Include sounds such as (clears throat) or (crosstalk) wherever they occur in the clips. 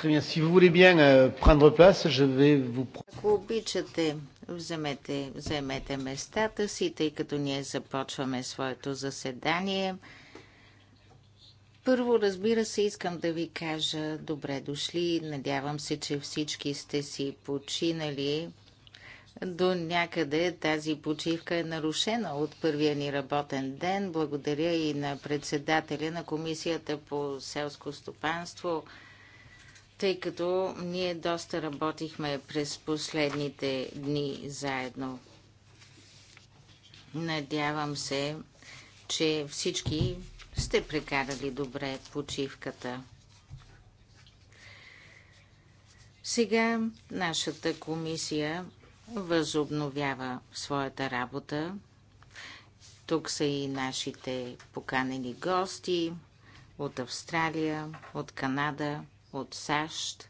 Ако обичате, вземете, вземете местата си, тъй като ние започваме своето заседание. Първо, разбира се, искам да ви кажа добре дошли. Надявам се, че всички сте си починали. До някъде тази почивка е нарушена от първия ни работен ден. Благодаря и на председателя на Комисията по селско стопанство – тъй като ние доста работихме през последните дни заедно. Надявам се, че всички сте прекарали добре почивката. Сега нашата комисия възобновява своята работа. Тук са и нашите поканени гости от Австралия, от Канада, от САЩ.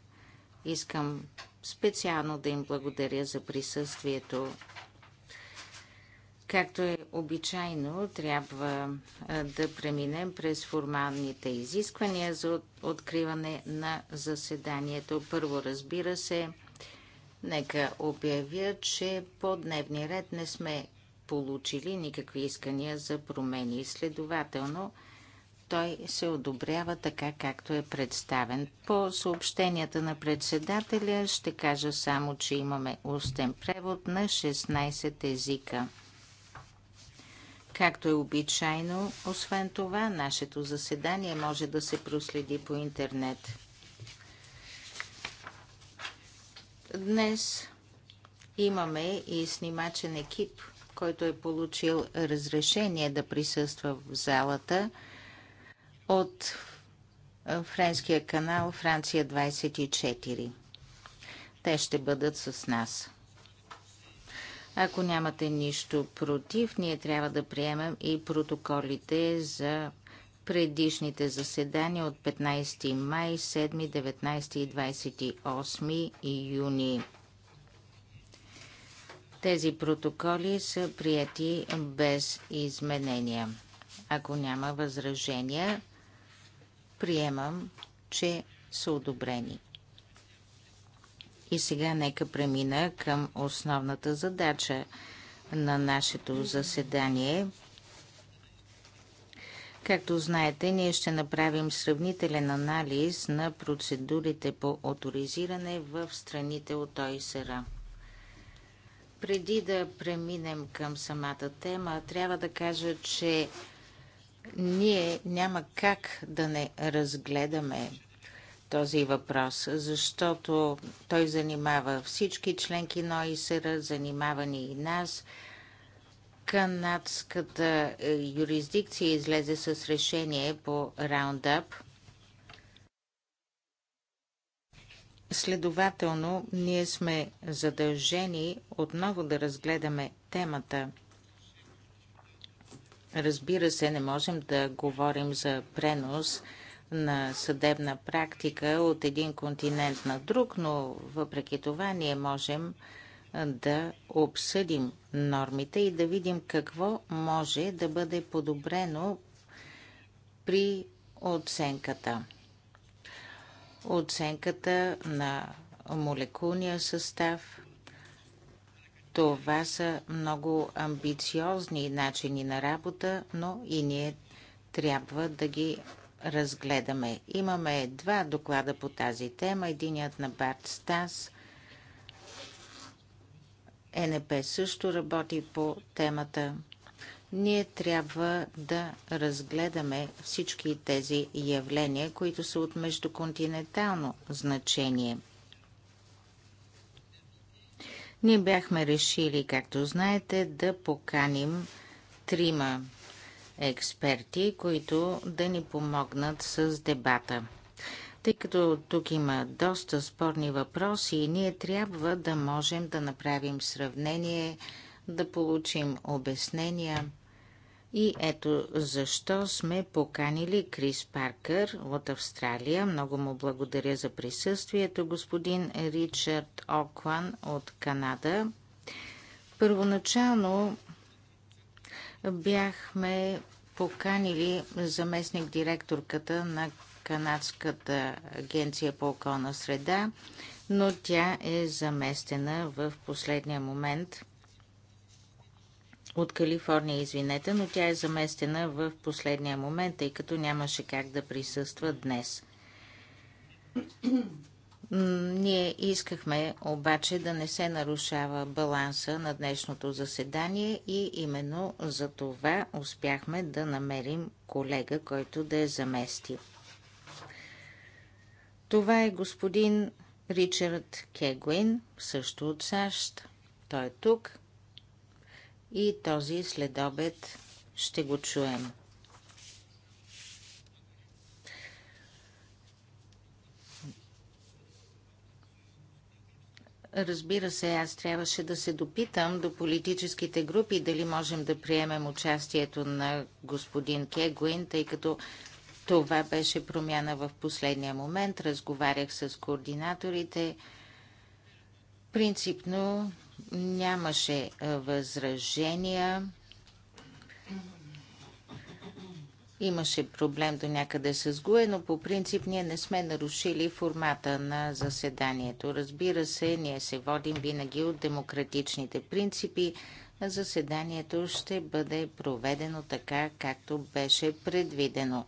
Искам специално да им благодаря за присъствието. Както е обичайно, трябва да преминем през формалните изисквания за откриване на заседанието. Първо, разбира се, нека обявя, че по дневния ред не сме получили никакви искания за промени. Следователно, той се одобрява така, както е представен. По съобщенията на председателя ще кажа само, че имаме устен превод на 16 езика. Както е обичайно, освен това, нашето заседание може да се проследи по интернет. Днес имаме и снимачен екип, който е получил разрешение да присъства в залата – от е, френския канал Франция 24. Те ще бъдат с нас. Ако нямате нищо против, ние трябва да приемем и протоколите за предишните заседания от 15 май, 7, 19 и 28 и юни. Тези протоколи са прияти без изменения. Ако няма възражения, Приемам, че са одобрени. И сега нека премина към основната задача на нашето заседание. Както знаете, ние ще направим сравнителен анализ на процедурите по авторизиране в страните от ОИСР. Преди да преминем към самата тема, трябва да кажа, че ние няма как да не разгледаме този въпрос, защото той занимава всички членки на ОИСР, занимава ни и нас. Канадската е, юрисдикция излезе с решение по раундап. Следователно, ние сме задължени отново да разгледаме темата. Разбира се, не можем да говорим за пренос на съдебна практика от един континент на друг, но въпреки това ние можем да обсъдим нормите и да видим какво може да бъде подобрено при оценката. Оценката на молекулния състав, това са много амбициозни начини на работа, но и ние трябва да ги разгледаме. Имаме два доклада по тази тема. Единият на Барт Стас. НП също работи по темата. Ние трябва да разгледаме всички тези явления, които са от междуконтинентално значение – ние бяхме решили, както знаете, да поканим трима експерти, които да ни помогнат с дебата. Тъй като тук има доста спорни въпроси и ние трябва да можем да направим сравнение, да получим обяснения. И ето защо сме поканили Крис Паркър от Австралия. Много му благодаря за присъствието, господин Ричард Окван от Канада. Първоначално бяхме поканили заместник директорката на Канадската агенция по околна среда, но тя е заместена в последния момент – от Калифорния, извинете, но тя е заместена в последния момент, тъй като нямаше как да присъства днес. Ние искахме обаче да не се нарушава баланса на днешното заседание и именно за това успяхме да намерим колега, който да я замести. Това е господин Ричард Кегуин, също от САЩ. Той е тук и този следобед ще го чуем. Разбира се, аз трябваше да се допитам до политическите групи дали можем да приемем участието на господин Кегуин, тъй като това беше промяна в последния момент. Разговарях с координаторите. Принципно Нямаше е, възражения. Имаше проблем до някъде с ГУЕ, но по принцип ние не сме нарушили формата на заседанието. Разбира се, ние се водим винаги от демократичните принципи. Заседанието ще бъде проведено така, както беше предвидено.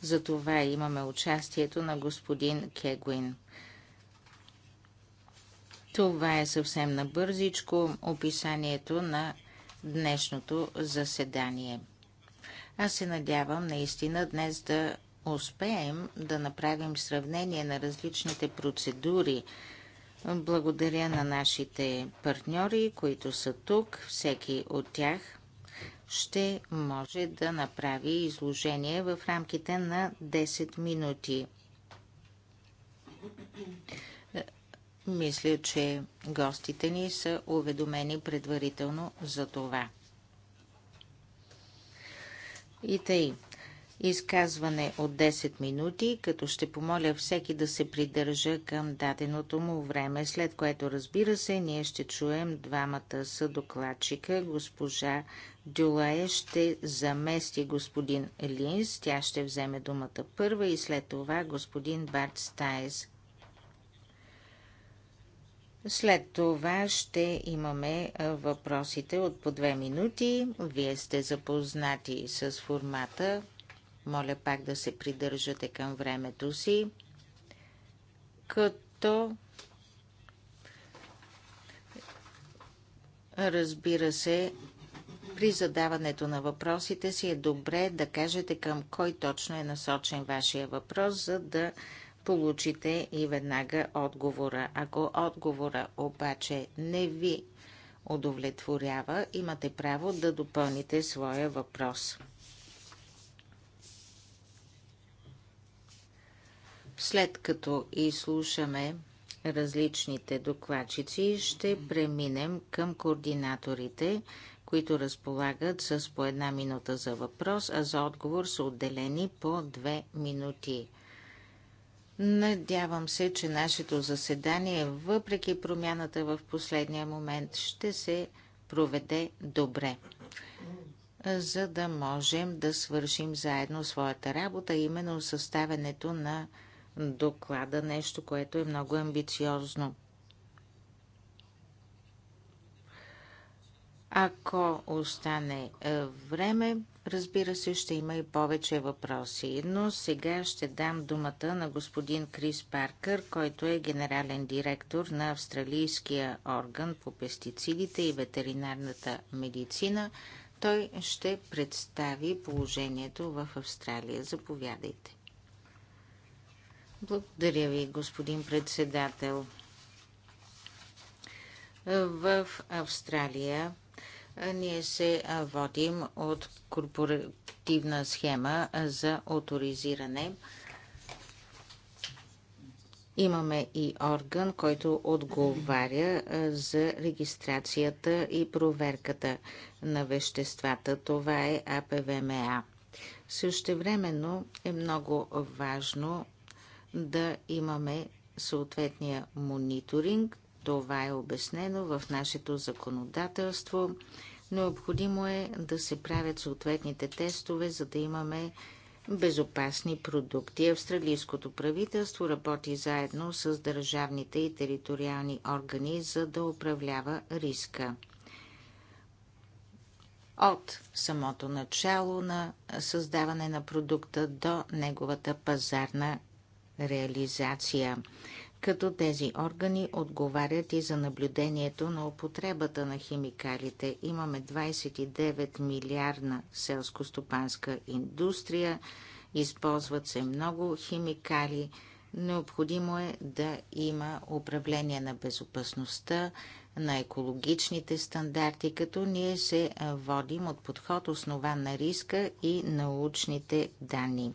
Затова имаме участието на господин Кегуин. Това е съвсем набързичко описанието на днешното заседание. Аз се надявам наистина днес да успеем да направим сравнение на различните процедури. Благодаря на нашите партньори, които са тук. Всеки от тях ще може да направи изложение в рамките на 10 минути. Мисля, че гостите ни са уведомени предварително за това. И тъй. Изказване от 10 минути, като ще помоля всеки да се придържа към даденото му време, след което, разбира се, ние ще чуем двамата съдокладчика. Госпожа Дюлае ще замести господин Линс, тя ще вземе думата първа и след това господин Барт Стайс. След това ще имаме въпросите от по две минути. Вие сте запознати с формата. Моля пак да се придържате към времето си. Като разбира се, при задаването на въпросите си е добре да кажете към кой точно е насочен вашия въпрос, за да получите и веднага отговора. Ако отговора обаче не ви удовлетворява, имате право да допълните своя въпрос. След като изслушаме различните докладчици, ще преминем към координаторите, които разполагат с по една минута за въпрос, а за отговор са отделени по две минути. Надявам се, че нашето заседание, въпреки промяната в последния момент, ще се проведе добре, за да можем да свършим заедно своята работа, именно съставянето на доклада, нещо, което е много амбициозно. Ако остане е, време, Разбира се, ще има и повече въпроси, но сега ще дам думата на господин Крис Паркър, който е генерален директор на Австралийския орган по пестицидите и ветеринарната медицина. Той ще представи положението в Австралия. Заповядайте. Благодаря ви, господин председател. В Австралия ние се водим от корпоративна схема за авторизиране. Имаме и орган, който отговаря за регистрацията и проверката на веществата. Това е АПВМА. времено е много важно да имаме съответния мониторинг това е обяснено в нашето законодателство. Необходимо е да се правят съответните тестове, за да имаме безопасни продукти. Австралийското правителство работи заедно с държавните и териториални органи, за да управлява риска. От самото начало на създаване на продукта до неговата пазарна реализация като тези органи отговарят и за наблюдението на употребата на химикалите. Имаме 29 милиардна селско-стопанска индустрия, използват се много химикали, необходимо е да има управление на безопасността, на екологичните стандарти, като ние се водим от подход основан на риска и научните данни.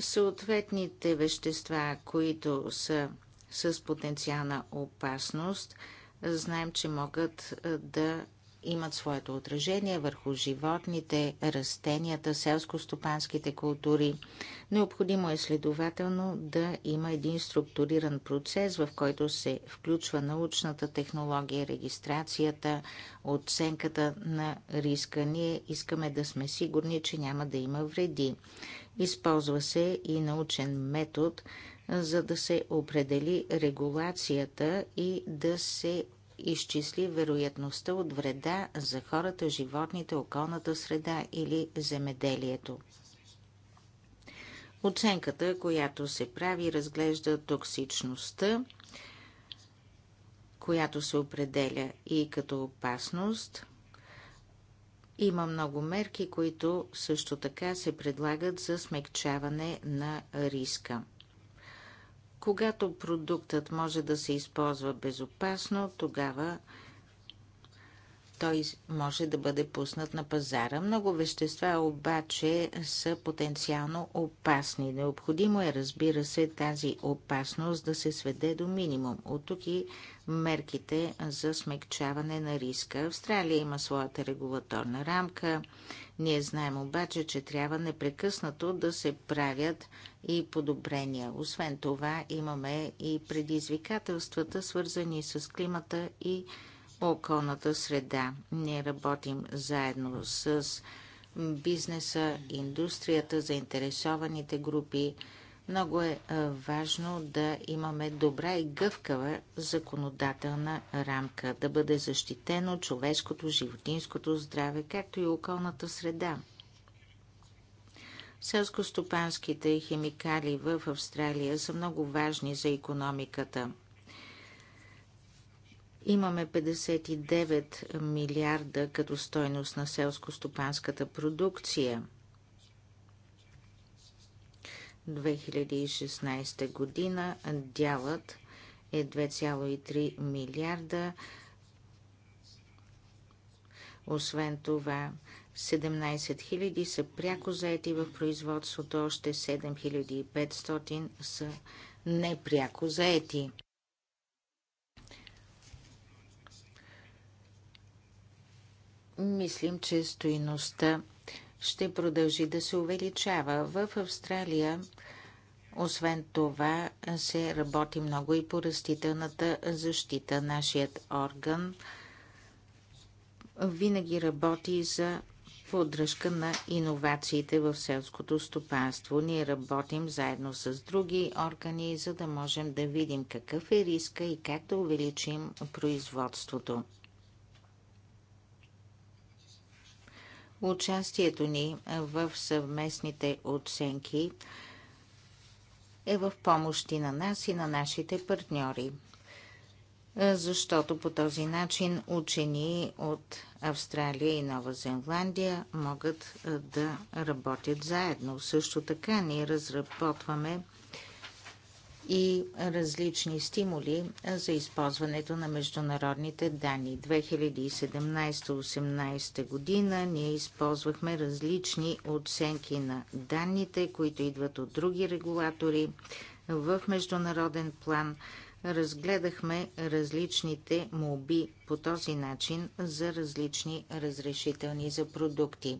Съответните вещества, които са с потенциална опасност, знаем, че могат да имат своето отражение върху животните, растенията, селско-стопанските култури. Необходимо е следователно да има един структуриран процес, в който се включва научната технология, регистрацията, оценката на риска. Ние искаме да сме сигурни, че няма да има вреди. Използва се и научен метод, за да се определи регулацията и да се изчисли вероятността от вреда за хората, животните, околната среда или земеделието. Оценката, която се прави, разглежда токсичността, която се определя и като опасност, има много мерки, които също така се предлагат за смягчаване на риска. Когато продуктът може да се използва безопасно, тогава той може да бъде пуснат на пазара. Много вещества обаче са потенциално опасни. Необходимо е, разбира се, тази опасност да се сведе до минимум. От тук и мерките за смягчаване на риска. Австралия има своята регулаторна рамка. Ние знаем обаче, че трябва непрекъснато да се правят и подобрения. Освен това, имаме и предизвикателствата, свързани с климата и околната среда. Ние работим заедно с бизнеса, индустрията, заинтересованите групи, много е важно да имаме добра и гъвкава законодателна рамка, да бъде защитено човешкото, животинското здраве, както и околната среда. Селскостопанските химикали в Австралия са много важни за економиката. Имаме 59 милиарда като стойност на селскостопанската продукция – 2016 година. Дялът е 2,3 милиарда. Освен това, 17 000 са пряко заети в производството, още 7500 са непряко заети. Мислим, че стоиността ще продължи да се увеличава. В Австралия, освен това, се работи много и по растителната защита. Нашият орган винаги работи за поддръжка на иновациите в селското стопанство. Ние работим заедно с други органи, за да можем да видим какъв е риска и как да увеличим производството. Участието ни в съвместните оценки е в помощ и на нас и на нашите партньори, защото по този начин учени от Австралия и Нова Зеландия могат да работят заедно. Също така ние разработваме и различни стимули за използването на международните данни. 2017 2018 година ние използвахме различни оценки на данните, които идват от други регулатори в международен план разгледахме различните моби по този начин за различни разрешителни за продукти.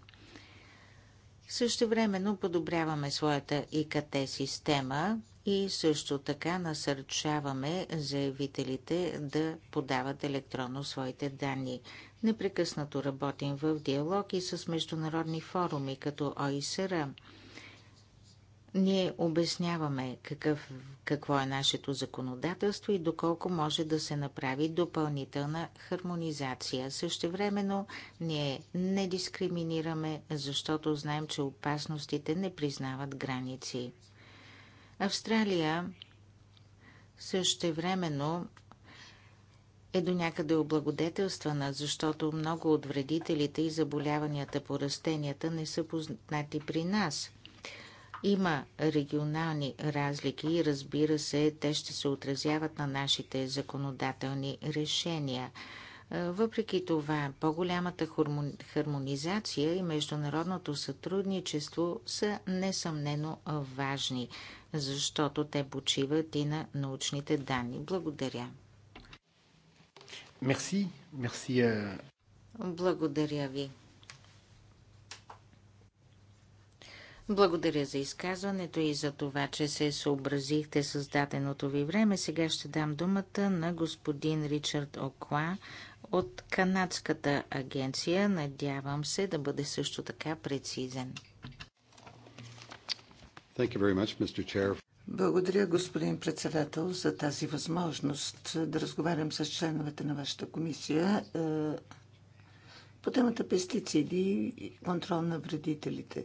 Също времено подобряваме своята ИКТ система и също така насърчаваме заявителите да подават електронно своите данни. Непрекъснато работим в диалог и с международни форуми, като ОИСР. Ние обясняваме какъв, какво е нашето законодателство и доколко може да се направи допълнителна хармонизация. Същевременно ние не дискриминираме, защото знаем, че опасностите не признават граници. Австралия също времено е до някъде облагодетелствана, защото много от вредителите и заболяванията по растенията не са познати при нас. Има регионални разлики и разбира се, те ще се отразяват на нашите законодателни решения. Е, въпреки това, по-голямата хармонизация и международното сътрудничество са несъмнено важни защото те почиват и на научните данни. Благодаря. Мерси, мерси. Благодаря ви. Благодаря за изказването и за това, че се съобразихте с даденото ви време. Сега ще дам думата на господин Ричард Окла от Канадската агенция. Надявам се да бъде също така прецизен. Благодаря, господин председател, за тази възможност да разговарям с членовете на вашата комисия е, по темата пестициди и контрол на вредителите.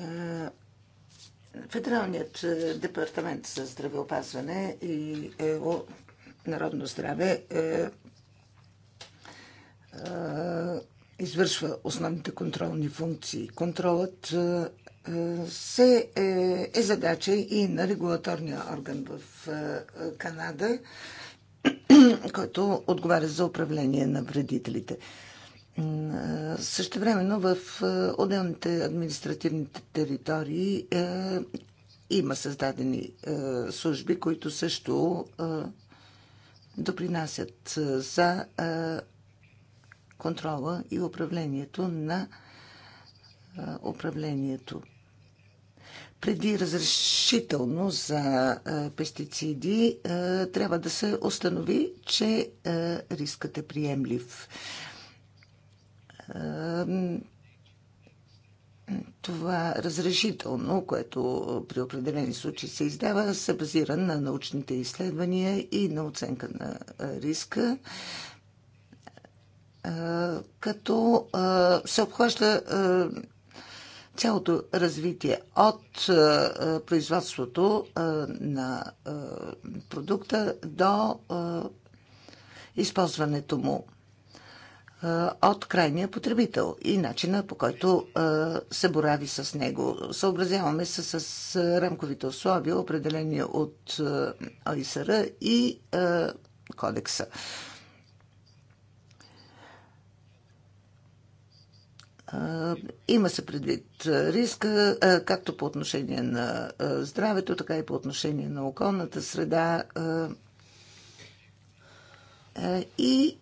Е, Федералният е, департамент за здравеопазване и Народно здраве извършва основните контролни функции. Контролът се е, е задача и на регулаторния орган в е, Канада, (clears throat) който отговаря за управление на вредителите. Е, също времено в е, отделните административните територии е, има създадени е, служби, които също е, допринасят за е, контрола и управлението на управлението преди разрешително за пестициди трябва да се установи, че рискът е приемлив. Това разрешително, което при определени случаи се издава, се базира на научните изследвания и на оценка на риска като се обхваща цялото развитие от е, е, производството е, на продукта до използването му от крайния потребител и начина по който се борави с него. Съобразяваме се с рамковите условия, определени от ОИСР и кодекса Има се предвид риска, както по отношение на здравето, така и по отношение на околната среда. И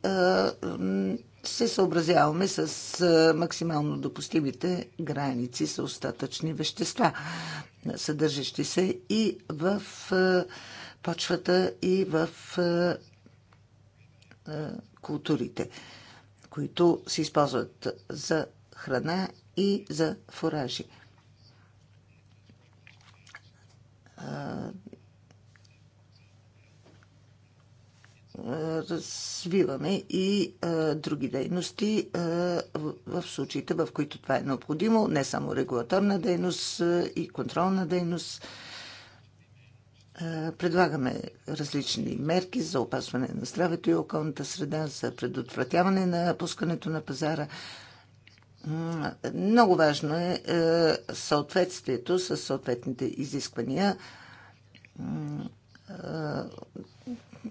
се съобразяваме с максимално допустимите граници с остатъчни вещества, съдържащи се и в почвата, и в културите, които се използват за храна и за фуражи. развиваме и а, други дейности а, в, в случаите, в които това е необходимо, не само регулаторна дейност а, и контролна дейност. А, предлагаме различни мерки за опасване на здравето и околната среда, за предотвратяване на пускането на пазара много важно е, е съответствието с съответните изисквания. Е,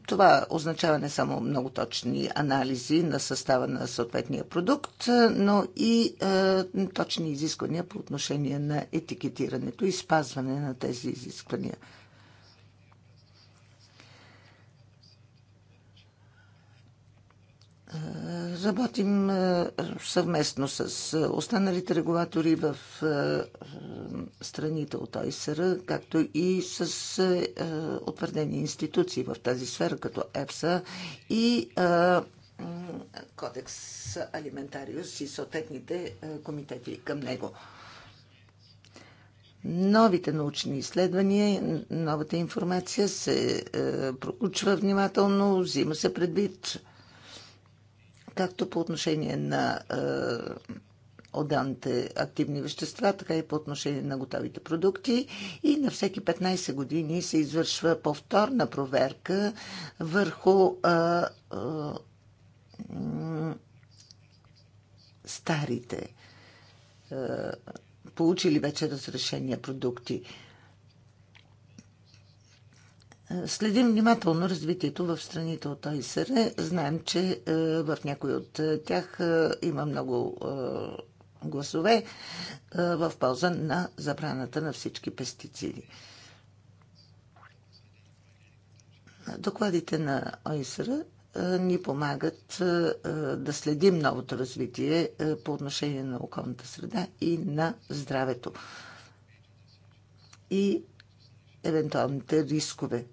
това означава не само много точни анализи на състава на съответния продукт, но и е, точни изисквания по отношение на етикетирането и спазване на тези изисквания. Работим съвместно с останалите регулатори в страните от ОИСР, както и с утвърдени институции в тази сфера, като ЕПСА и Кодекс Алиментариус и съответните комитети към него. Новите научни изследвания, новата информация се проучва внимателно, взима се предвид както по отношение на е, отделните активни вещества, така и по отношение на готовите продукти. И на всеки 15 години се извършва повторна проверка върху е, е, старите, е, получили вече разрешения продукти следим внимателно развитието в страните от ОИСР. Знаем, че е, в някои от е, тях е, има много гласове в полза на забраната на всички пестициди. Докладите на ОИСР ни помагат да следим новото развитие по отношение на околната среда и на здравето и евентуалните рискове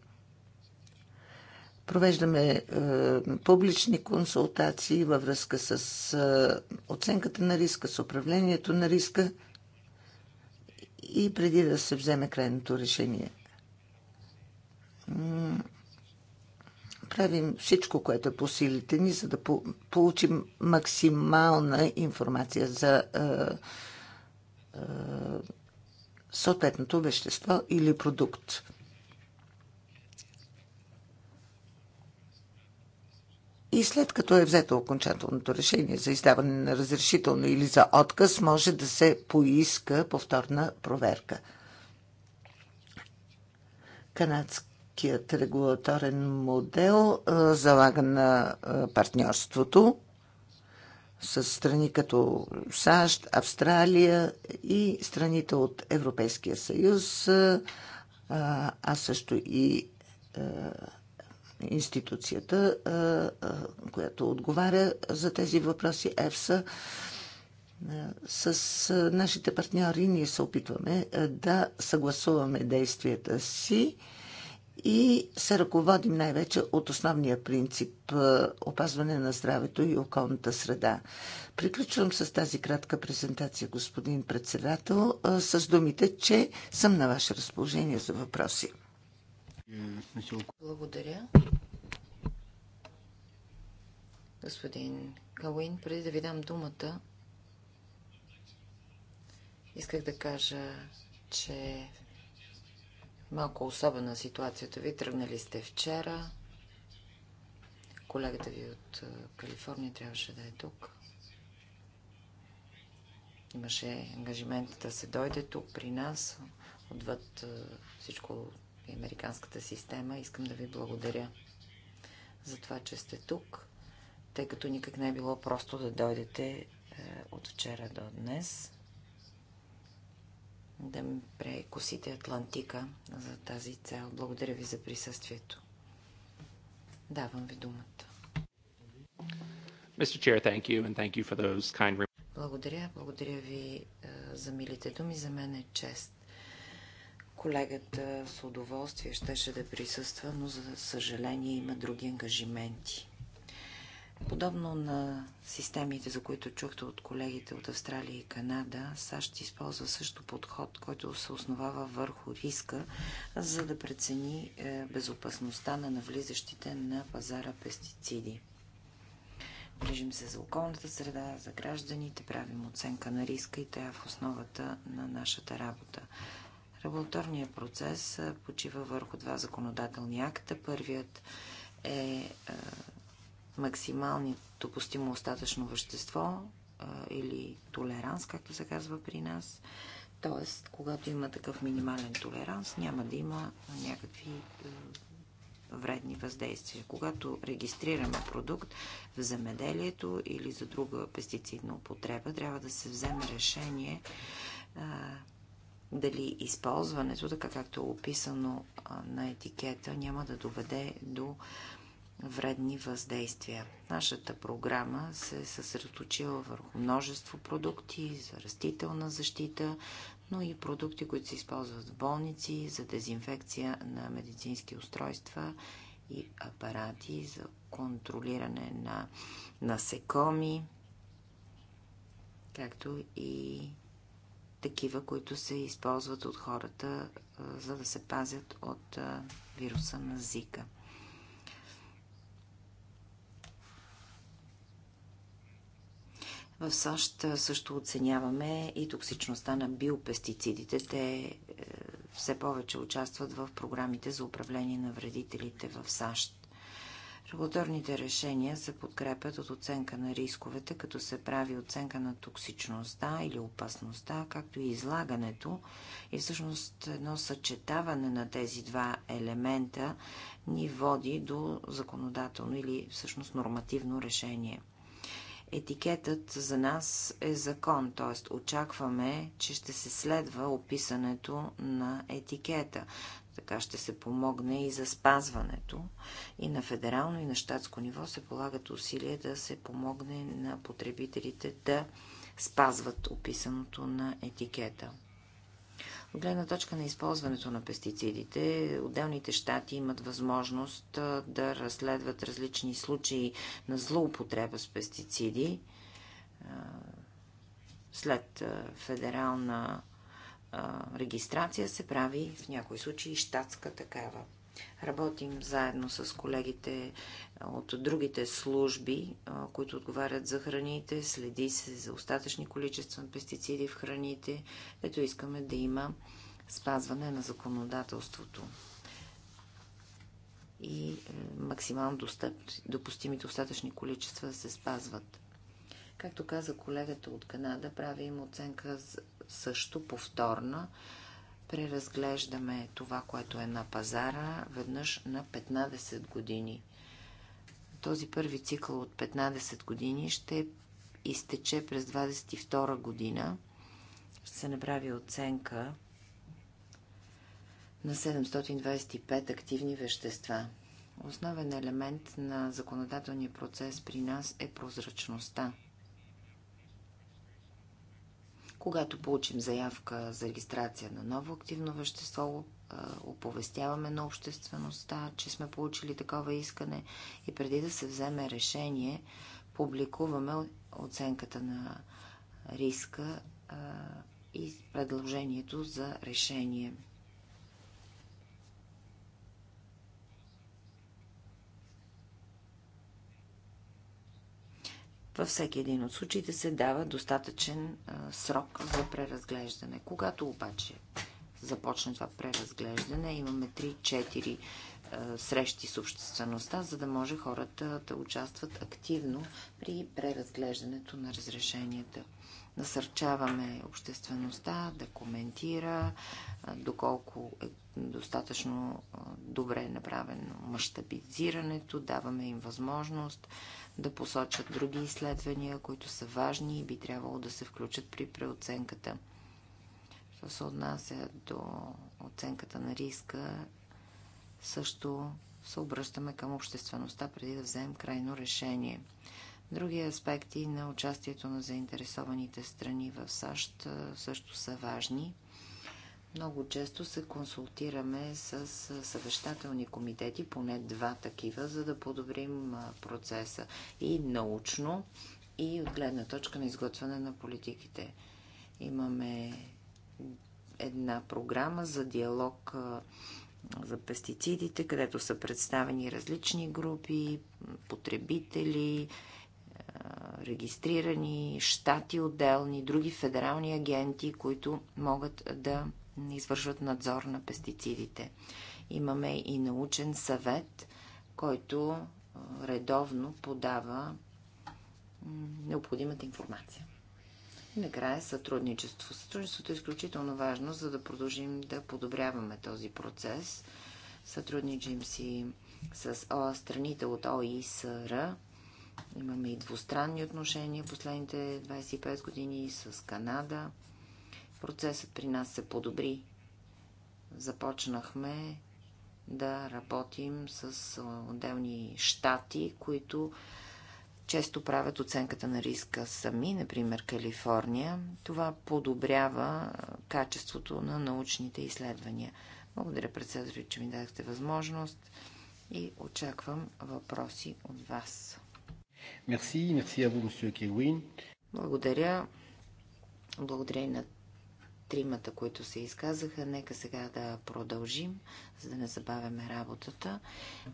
Провеждаме е, публични консултации във връзка с е, оценката на риска, с управлението на риска и преди да се вземе крайното решение. Правим всичко, което е по силите ни, за да получим максимална информация за е, съответното вещество или продукт. И след като е взето окончателното решение за издаване на разрешително или за отказ, може да се поиска повторна проверка. Канадският регулаторен модел залага на партньорството с страни като САЩ, Австралия и страните от Европейския съюз, а също и институцията, която отговаря за тези въпроси, ЕФСА, с нашите партньори ние се опитваме да съгласуваме действията си и се ръководим най-вече от основния принцип опазване на здравето и околната среда. Приключвам с тази кратка презентация, господин председател, с думите, че съм на ваше разположение за въпроси. Благодаря. Господин Калуин, преди да ви дам думата, исках да кажа, че малко особена ситуацията ви. Тръгнали сте вчера. Колегата ви от Калифорния трябваше да е тук. Имаше ангажимент да се дойде тук при нас, отвъд всичко и американската система. Искам да ви благодаря за това, че сте тук, тъй като никак не е било просто да дойдете е, от вчера до днес, да прекусите Атлантика за тази цел. Благодаря ви за присъствието. Давам ви думата. Благодаря, благодаря ви е, за милите думи. За мен е чест Колегата с удоволствие щеше да присъства, но за съжаление има други ангажименти. Подобно на системите, за които чухте от колегите от Австралия и Канада, САЩ използва също подход, който се основава върху риска, за да прецени е, безопасността на навлизащите на пазара пестициди. Грижим се за околната среда, за гражданите, правим оценка на риска и тя е в основата на нашата работа. Регулаторният процес почива върху два законодателни акта. Първият е, е максимално допустимо остатъчно вещество или толеранс, както се казва при нас. Тоест, когато има такъв минимален толеранс, няма да има някакви е, вредни въздействия. Когато регистрираме продукт в земеделието или за друга пестицидна употреба, трябва да се вземе решение дали използването, така както е описано на етикета, няма да доведе до вредни въздействия. Нашата програма се е съсредоточила върху множество продукти за растителна защита, но и продукти, които се използват в болници за дезинфекция на медицински устройства и апарати за контролиране на насекоми, както и такива, които се използват от хората, за да се пазят от вируса на Зика. В САЩ също оценяваме и токсичността на биопестицидите. Те е, все повече участват в програмите за управление на вредителите в САЩ. Регулаторните решения се подкрепят от оценка на рисковете, като се прави оценка на токсичността или опасността, както и излагането. И всъщност едно съчетаване на тези два елемента ни води до законодателно или всъщност нормативно решение. Етикетът за нас е закон, т.е. очакваме, че ще се следва описането на етикета. Така ще се помогне и за спазването. И на федерално, и на щатско ниво се полагат усилия да се помогне на потребителите да спазват описаното на етикета. От гледна точка на използването на пестицидите, отделните щати имат възможност да разследват различни случаи на злоупотреба с пестициди след федерална регистрация се прави в някои случаи щатска такава. Работим заедно с колегите от другите служби, които отговарят за храните, следи се за остатъчни количества на пестициди в храните. Ето искаме да има спазване на законодателството и е, максимално достъп, допустимите остатъчни количества да се спазват. Както каза колегата от Канада, правим оценка също повторна. Преразглеждаме това, което е на пазара, веднъж на 15 години. Този първи цикъл от 15 години ще изтече през 22 година. Ще се направи оценка на 725 активни вещества. Основен елемент на законодателния процес при нас е прозрачността – когато получим заявка за регистрация на ново активно вещество, оповестяваме на обществеността, че сме получили такова искане и преди да се вземе решение, публикуваме оценката на риска и предложението за решение. Във всеки един от случаите се дава достатъчен срок за преразглеждане. Когато обаче започне това преразглеждане, имаме 3-4 срещи с обществеността, за да може хората да участват активно при преразглеждането на разрешенията. Насърчаваме обществеността да коментира доколко е достатъчно добре направено мащабизирането, даваме им възможност да посочат други изследвания, които са важни и би трябвало да се включат при преоценката. Що се отнася до оценката на риска, също се обръщаме към обществеността преди да вземем крайно решение. Други аспекти на участието на заинтересованите страни в САЩ също са важни – много често се консултираме с съвещателни комитети, поне два такива, за да подобрим процеса и научно, и от гледна точка на изготвяне на политиките. Имаме една програма за диалог за пестицидите, където са представени различни групи, потребители, регистрирани щати отделни, други федерални агенти, които могат да извършват надзор на пестицидите. Имаме и научен съвет, който редовно подава необходимата информация. И накрая сътрудничество. Сътрудничеството е изключително важно, за да продължим да подобряваме този процес. Сътрудничим си с страните от ОИСР. Имаме и двустранни отношения последните 25 години с Канада. Процесът при нас се подобри. Започнахме да работим с отделни щати, които често правят оценката на риска сами, например Калифорния. Това подобрява качеството на научните изследвания. Благодаря, председател, че ми дадахте възможност и очаквам въпроси от вас. Мерси, мерси а Благодаря. Благодаря и на тримата, които се изказаха. Нека сега да продължим, за да не забавяме работата.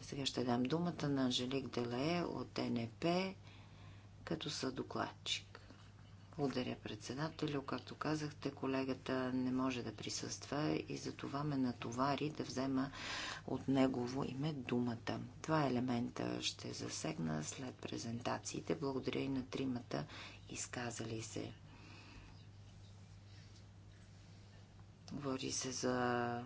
Сега ще дам думата на Анжелик Делее от НП като съдокладчик. Благодаря председателю. Както казахте, колегата не може да присъства и за това ме натовари да взема от негово име думата. Два елемента ще засегна след презентациите. Благодаря и на тримата изказали се. Говори се за...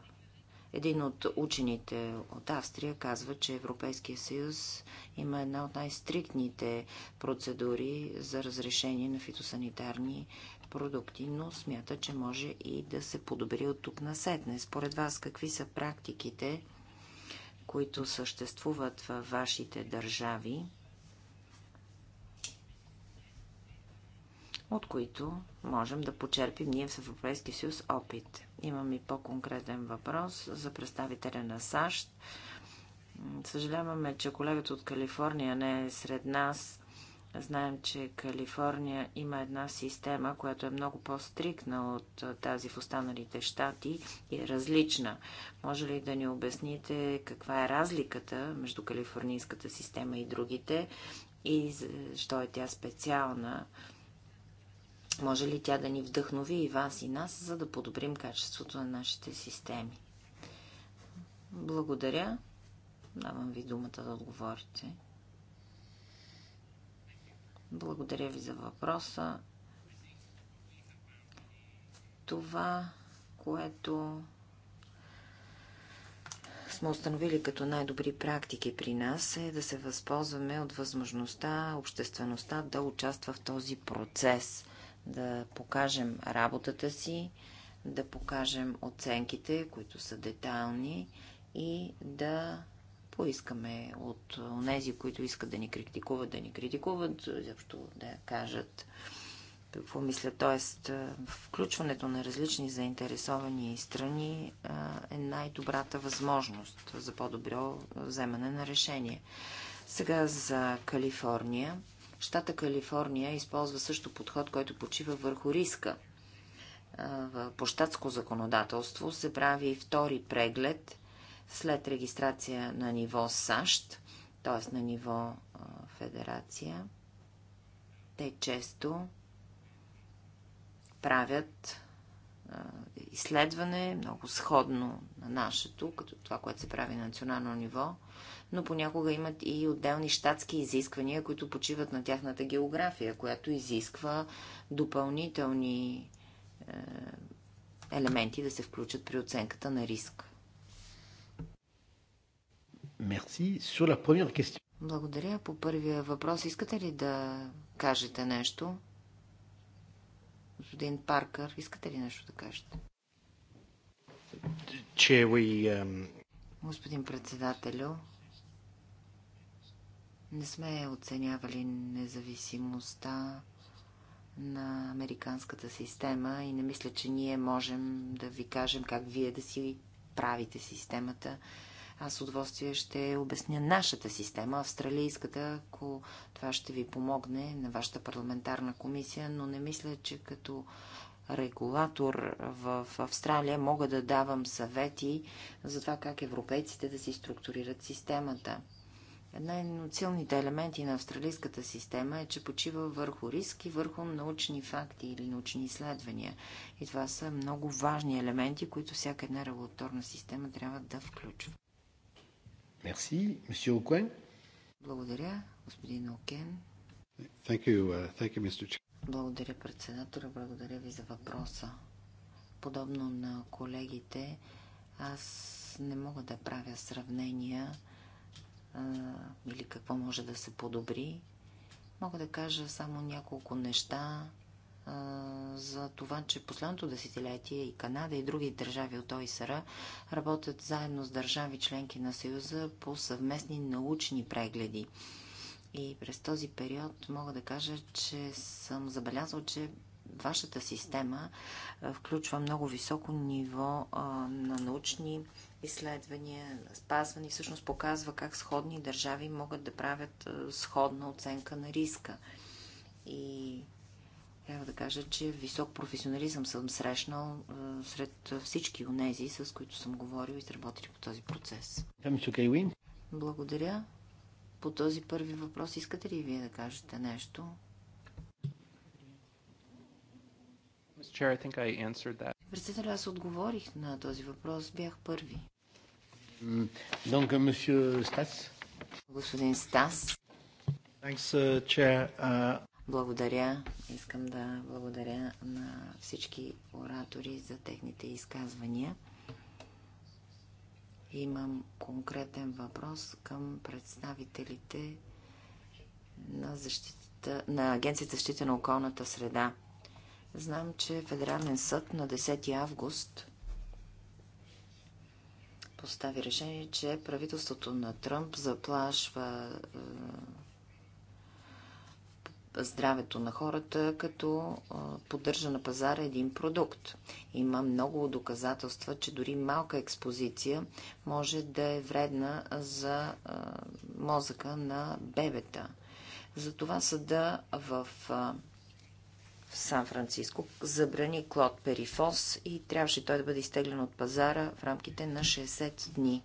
Един от учените от Австрия казва, че Европейския съюз има една от най-стриктните процедури за разрешение на фитосанитарни продукти, но смята, че може и да се подобри от тук на сетне. Според вас, какви са практиките, които съществуват във вашите държави, от които можем да почерпим ние в Европейския съюз опит. Имам и по-конкретен въпрос за представителя на САЩ. Съжаляваме, че колегата от Калифорния не е сред нас. Знаем, че Калифорния има една система, която е много по-стрикна от тази в останалите щати и е различна. Може ли да ни обясните каква е разликата между калифорнийската система и другите и защо е тя специална? Може ли тя да ни вдъхнови и вас и нас, за да подобрим качеството на нашите системи? Благодаря. Давам ви думата да отговорите. Благодаря ви за въпроса. Това, което сме установили като най-добри практики при нас е да се възползваме от възможността обществеността да участва в този процес да покажем работата си, да покажем оценките, които са детайлни и да поискаме от тези, които искат да ни критикуват, да ни критикуват, защото да кажат какво мисля. Тоест, включването на различни заинтересовани страни е най-добрата възможност за по-добро вземане на решение. Сега за Калифорния. Штата Калифорния използва също подход, който почива върху риска. По щатско законодателство се прави втори преглед след регистрация на ниво САЩ, т.е. на ниво федерация. Те често правят изследване, много сходно на нашето, като това, което се прави на национално ниво – но понякога имат и отделни щатски изисквания, които почиват на тяхната география, която изисква допълнителни е, елементи да се включат при оценката на риск. Merci. Sur la première question. Благодаря. По първия въпрос искате ли да кажете нещо? Господин Паркър, искате ли нещо да кажете? Че we, um... Господин председателю, не сме оценявали независимостта на американската система и не мисля, че ние можем да ви кажем как вие да си правите системата. Аз с удоволствие ще обясня нашата система, австралийската, ако това ще ви помогне на вашата парламентарна комисия, но не мисля, че като регулатор в Австралия мога да давам съвети за това как европейците да си структурират системата. Една от силните елементи на австралийската система е, че почива върху риски, върху научни факти или научни изследвания. И това са много важни елементи, които всяка една регулаторна система трябва да включва. Мерси, месье Окен. Благодаря, господин Окен. Thank you, uh, thank you, Mr. Благодаря, председателя. Благодаря ви за въпроса. Подобно на колегите, аз не мога да правя сравнения или какво може да се подобри, мога да кажа само няколко неща за това, че последното десетилетие и Канада и други държави от ОИСР работят заедно с държави членки на Съюза по съвместни научни прегледи. И през този период мога да кажа, че съм забелязал, че вашата система включва много високо ниво на научни изследвания на спазване и всъщност показва как сходни държави могат да правят сходна оценка на риска. И трябва да кажа, че висок професионализъм съм срещнал сред всички онези, с които съм говорил и работили по този процес. Е Благодаря. По този първи въпрос искате ли вие да кажете нещо? Председателя, аз отговорих на този въпрос, бях първи. Господин Стас. Uh, uh, благодаря. Искам да благодаря на всички оратори за техните изказвания. Имам конкретен въпрос към представителите на, защита, на Агенцията за защита на околната среда. Знам, че Федерален съд на 10 август постави решение, че правителството на Тръмп заплашва е, здравето на хората, като е, поддържа на пазара един продукт. Има много доказателства, че дори малка експозиция може да е вредна за е, мозъка на бебета. Затова съда в в Сан-Франциско забрани Клод Перифос и трябваше той да бъде изтеглен от пазара в рамките на 60 дни.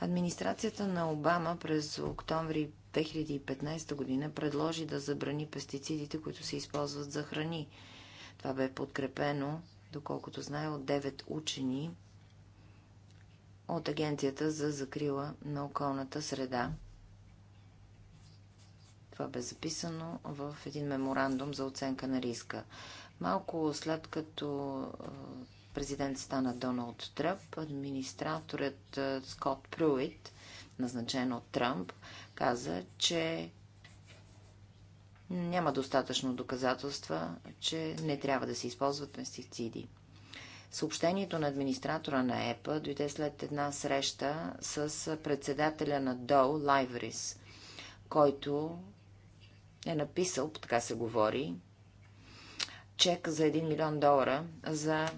Администрацията на Обама през октомври 2015 година предложи да забрани пестицидите, които се използват за храни. Това бе подкрепено, доколкото знае, от 9 учени от Агенцията за закрила на околната среда това бе записано в един меморандум за оценка на риска. Малко след като президент стана Доналд Тръмп, администраторът Скот Пруит, назначен от Тръмп, каза, че няма достатъчно доказателства, че не трябва да се използват пестициди. Съобщението на администратора на ЕПА дойде след една среща с председателя на ДОУ Лайврис, който е написал, така се говори, чек за 1 милион долара за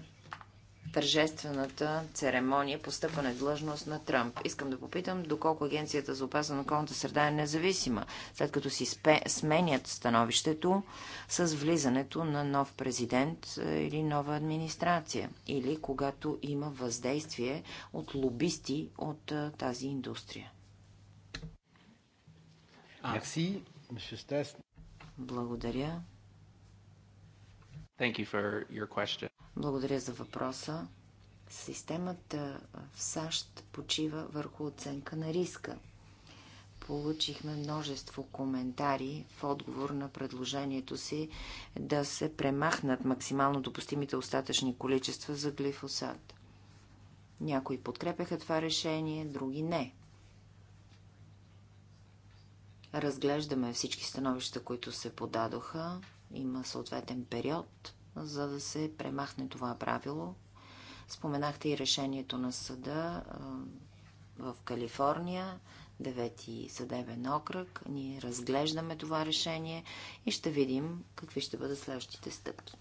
тържествената церемония по стъпане длъжност на Тръмп. Искам да попитам доколко Агенцията за опазване на околната среда е независима, след като си спе, сменят становището с влизането на нов президент е, или нова администрация, или когато има въздействие от лобисти от е, тази индустрия. Мерси. Благодаря. Thank you for your question. Благодаря за въпроса. Системата в САЩ почива върху оценка на риска. Получихме множество коментари в отговор на предложението си да се премахнат максимално допустимите остатъчни количества за глифосат. Някои подкрепяха това решение, други не. Разглеждаме всички становища, които се подадоха. Има съответен период, за да се премахне това правило. Споменахте и решението на съда в Калифорния, 9 съдебен окръг. Ние разглеждаме това решение и ще видим какви ще бъдат следващите стъпки.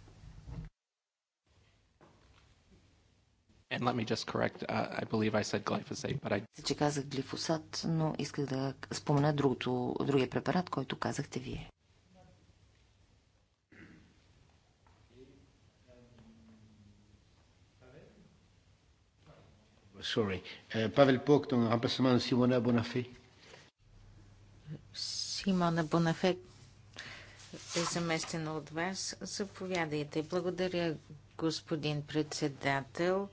And let me just correct, uh, I believe I said glyphosate, but I... Че казах глифосат, но исках да спомена другото, другия препарат, който казахте вие. Sorry. Павел Поктон, рампасаман Симона Бонафе. Симона Бонафе е заместена от вас. Заповядайте. Благодаря, господин председател.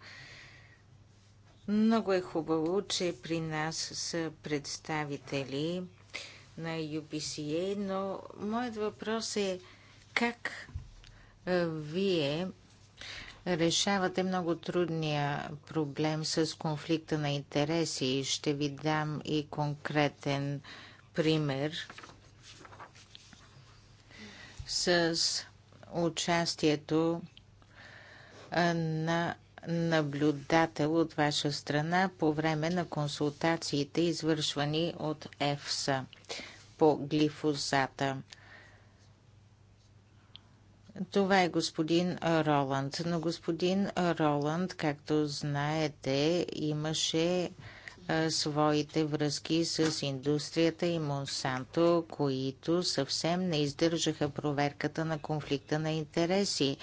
Много е хубаво, че при нас са представители на UBCA, но моят въпрос е как вие решавате много трудния проблем с конфликта на интереси. Ще ви дам и конкретен пример с участието на наблюдател от ваша страна по време на консултациите, извършвани от ЕФСА по глифозата. Това е господин Роланд. Но господин Роланд, както знаете, имаше а, своите връзки с индустрията и Монсанто, които съвсем не издържаха проверката на конфликта на интереси.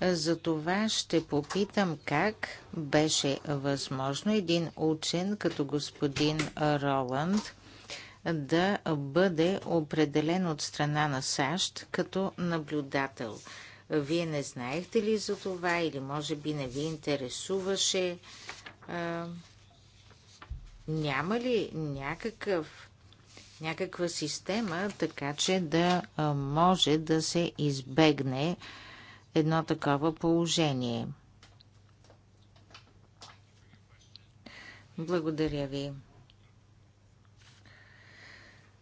Затова ще попитам как беше възможно един учен като господин Роланд да бъде определен от страна на САЩ като наблюдател. Вие не знаехте ли за това или може би не ви интересуваше? А, няма ли някакъв, някаква система, така че да може да се избегне а, едно такова положение. Благодаря ви.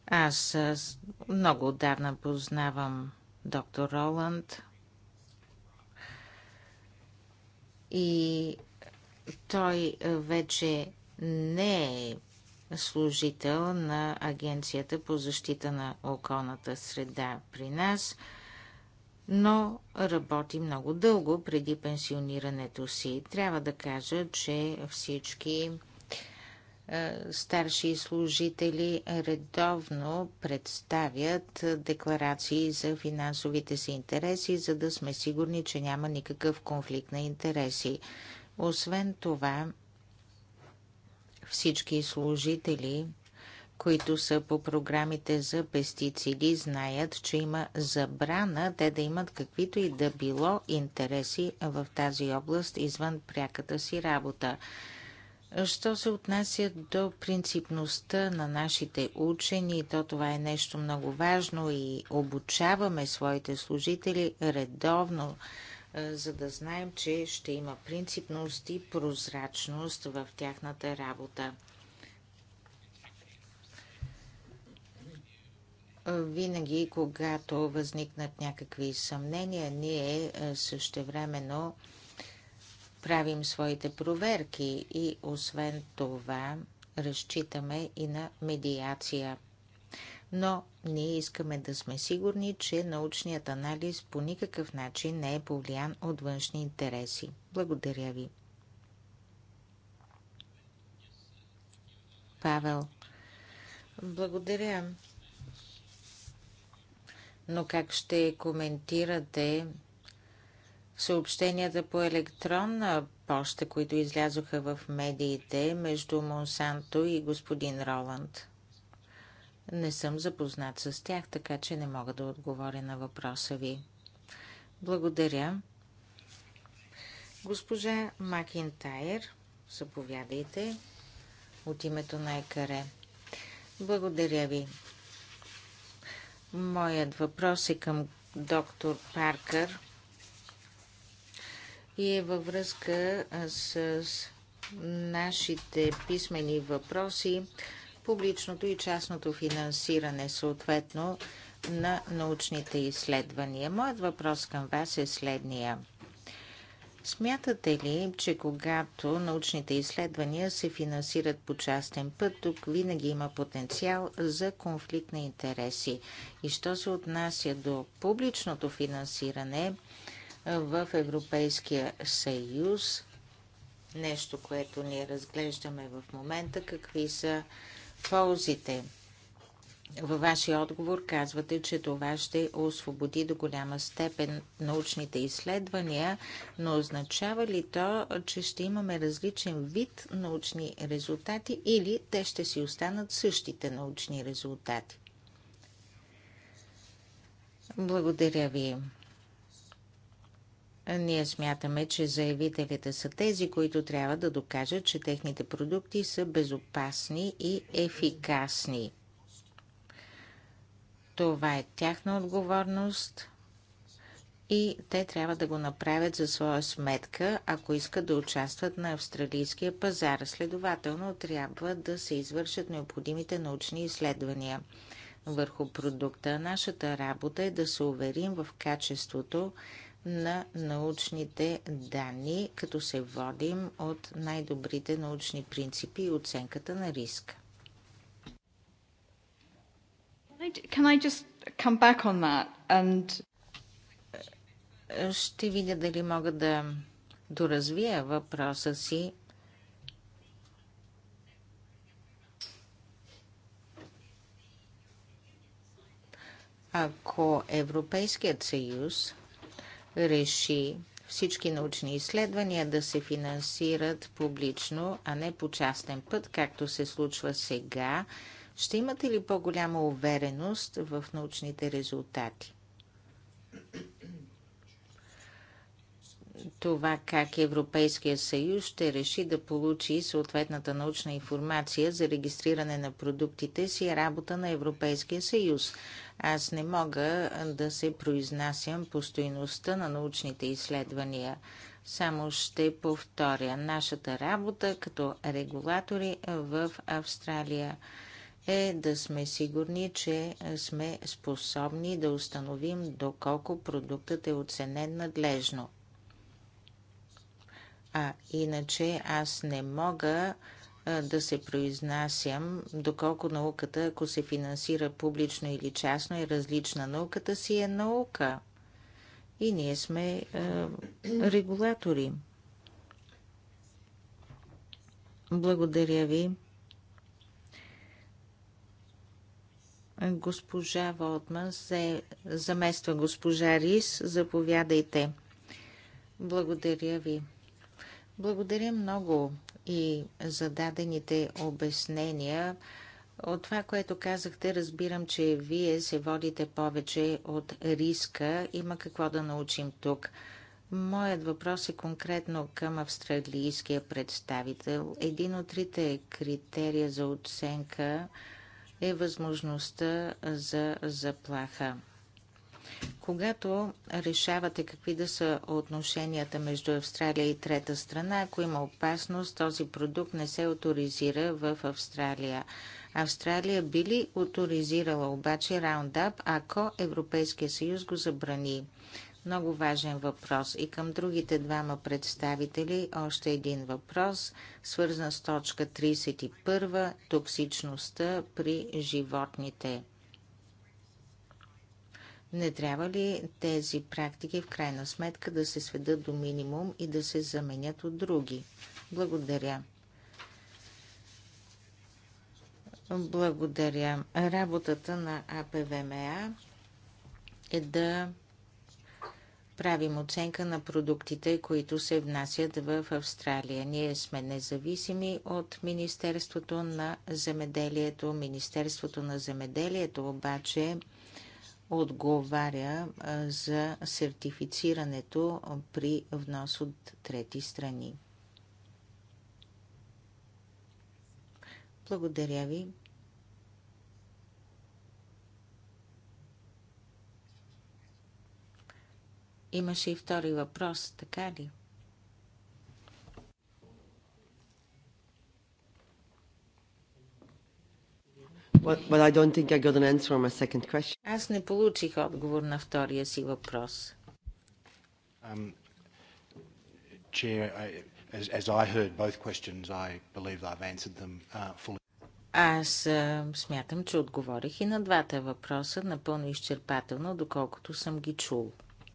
Аз много отдавна познавам доктор Роланд и той вече не е служител на Агенцията по защита на околната среда при нас – но работи много дълго преди пенсионирането си. Трябва да кажа, че всички е, старши служители редовно представят декларации за финансовите си интереси, за да сме сигурни, че няма никакъв конфликт на интереси. Освен това, всички служители които са по програмите за пестициди, знаят, че има забрана те да имат каквито и да било интереси в тази област извън пряката си работа. Що се отнася до принципността на нашите учени, то това е нещо много важно и обучаваме своите служители редовно, е, за да знаем, че ще има принципност и прозрачност в тяхната работа. Винаги, когато възникнат някакви съмнения, ние е, същевременно правим своите проверки и освен това разчитаме и на медиация. Но ние искаме да сме сигурни, че научният анализ по никакъв начин не е повлиян от външни интереси. Благодаря ви. Павел. Благодаря но как ще коментирате съобщенията по електронна поща, които излязоха в медиите между Монсанто и господин Роланд? Не съм запознат с тях, така че не мога да отговоря на въпроса ви. Благодаря. Госпожа Макинтайр, заповядайте от името на ЕКАРЕ. Благодаря ви. Моят въпрос е към доктор Паркър и е във връзка с нашите писмени въпроси, публичното и частното финансиране, съответно на научните изследвания. Моят въпрос към вас е следния – Смятате ли, че когато научните изследвания се финансират по частен път, тук винаги има потенциал за конфликт на интереси? И що се отнася до публичното финансиране в Европейския съюз, нещо, което ние разглеждаме в момента, какви са ползите? Във вашия отговор казвате, че това ще освободи до голяма степен научните изследвания, но означава ли то, че ще имаме различен вид научни резултати или те ще си останат същите научни резултати? Благодаря ви. Ние смятаме, че заявителите са тези, които трябва да докажат, че техните продукти са безопасни и ефикасни. Това е тяхна отговорност и те трябва да го направят за своя сметка, ако искат да участват на австралийския пазар. Следователно, трябва да се извършат необходимите научни изследвания върху продукта. Нашата работа е да се уверим в качеството на научните данни, като се водим от най-добрите научни принципи и оценката на риска. Can I just come back on that and... Ще видя дали мога да доразвия въпроса си. Ако Европейският съюз реши всички научни изследвания да се финансират публично, а не по частен път, както се случва сега, ще имате ли по-голяма увереност в научните резултати? това как Европейския съюз ще реши да получи съответната научна информация за регистриране на продуктите си е работа на Европейския съюз. Аз не мога да се произнасям по стоиността на научните изследвания. Само ще повторя нашата работа като регулатори в Австралия – е да сме сигурни, че сме способни да установим доколко продуктът е оценен надлежно. А иначе аз не мога да се произнасям, доколко науката, ако се финансира публично или частно, е различна. Науката си е наука. И ние сме е, регулатори. Благодаря ви. Госпожа Волтман се замества госпожа Рис. Заповядайте. Благодаря ви. Благодаря много и за дадените обяснения. От това, което казахте, разбирам, че вие се водите повече от риска. Има какво да научим тук. Моят въпрос е конкретно към австралийския представител. Един от трите критерия за оценка е възможността за заплаха. Когато решавате какви да са отношенията между Австралия и трета страна, ако има опасност, този продукт не се авторизира в Австралия. Австралия би ли авторизирала обаче Roundup, ако Европейския съюз го забрани? Много важен въпрос. И към другите двама представители още един въпрос, свързан с точка 31 токсичността при животните. Не трябва ли тези практики в крайна сметка да се сведат до минимум и да се заменят от други? Благодаря. Благодаря. Работата на АПВМА е да правим оценка на продуктите, които се внасят в Австралия. Ние сме независими от Министерството на земеделието. Министерството на земеделието обаче отговаря за сертифицирането при внос от трети страни. Благодаря ви. Имаше и втори въпрос, така ли? An Аз не получих отговор на втория си въпрос. Um, chair, I, as, as I heard both questions, I believe I've answered them uh, fully. Аз а, смятам, че отговорих и на двата въпроса напълно изчерпателно, доколкото съм ги чул.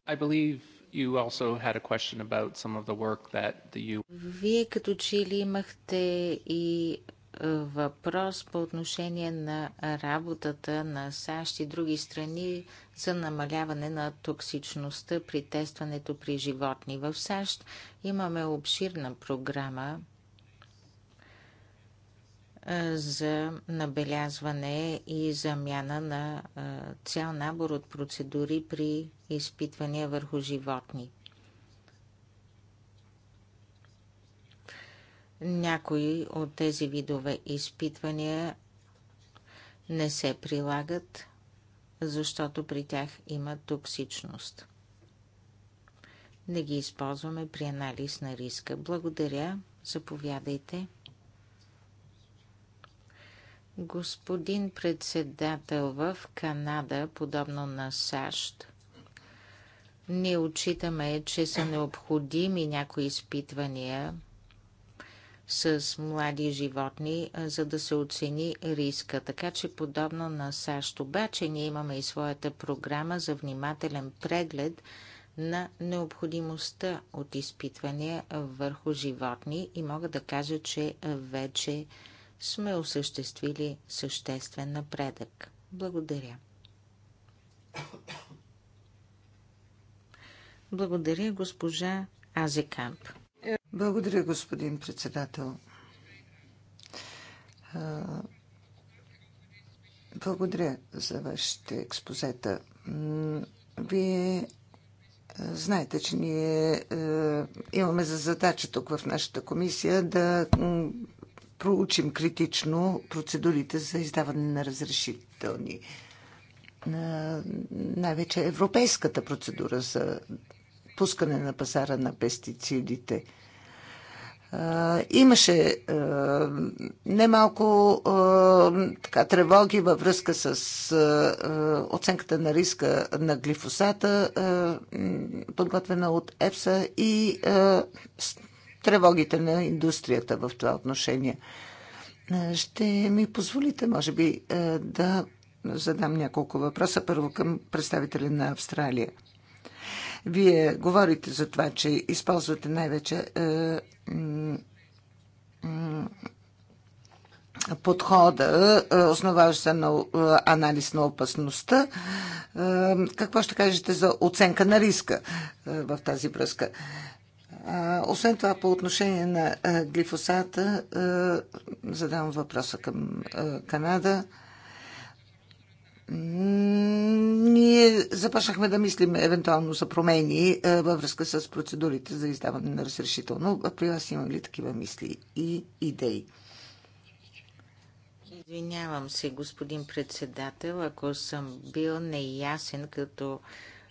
I believe you also had a question about some of the work that the U... Вие като че ли имахте и е, въпрос по отношение на работата на САЩ и други страни за намаляване на токсичността при тестването при животни. В САЩ имаме обширна програма е, за набелязване и замяна на е, цял набор от процедури при изпитвания върху животни. Някои от тези видове изпитвания не се прилагат, защото при тях има токсичност. Не ги използваме при анализ на риска. Благодаря. Заповядайте. Господин председател в Канада, подобно на САЩ, ние отчитаме, че са необходими някои изпитвания с млади животни, за да се оцени риска. Така че подобно на САЩ, обаче ние имаме и своята програма за внимателен преглед на необходимостта от изпитвания върху животни и мога да кажа, че вече сме осъществили съществен напредък. Благодаря. Благодаря, госпожа Азикамп. Благодаря, господин председател. Благодаря за вашите експозета. Вие знаете, че ние имаме за задача тук в нашата комисия да проучим критично процедурите за издаване на разрешителни. Най-вече европейската процедура за пускане на пазара на пестицидите. Имаше немалко така, тревоги във връзка с оценката на риска на глифосата, подготвена от ЕПСА и тревогите на индустрията в това отношение. Ще ми позволите, може би, да задам няколко въпроса. Първо към представителя на Австралия. Вие говорите за това, че използвате най-вече е, подхода, е, основаващ се на е, анализ на опасността. Какво ще кажете за оценка на риска в тази връзка? Освен това, по отношение на глифосата, задавам въпроса към Канада. Ние започнахме да мислим евентуално за промени е, във връзка с процедурите за издаване на разрешително. При вас имам ли такива мисли и идеи? Извинявам се, господин председател, ако съм бил неясен, като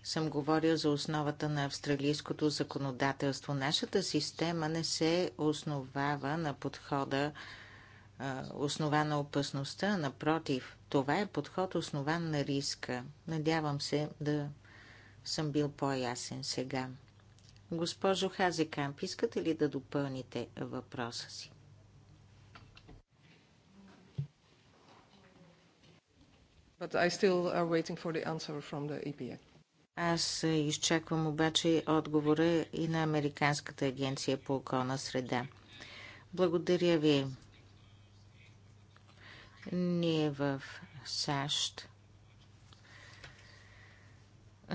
съм говорил за основата на австралийското законодателство. Нашата система не се основава на подхода, е, основа на опасността, напротив – това е подход основан на риска. Надявам се да съм бил по-ясен сега. Госпожо Хазекамп, искате ли да допълните въпроса си? But I still are waiting for the answer from the EPA. Аз изчаквам обаче отговора и на Американската агенция по околна среда. Благодаря ви. Ние в САЩ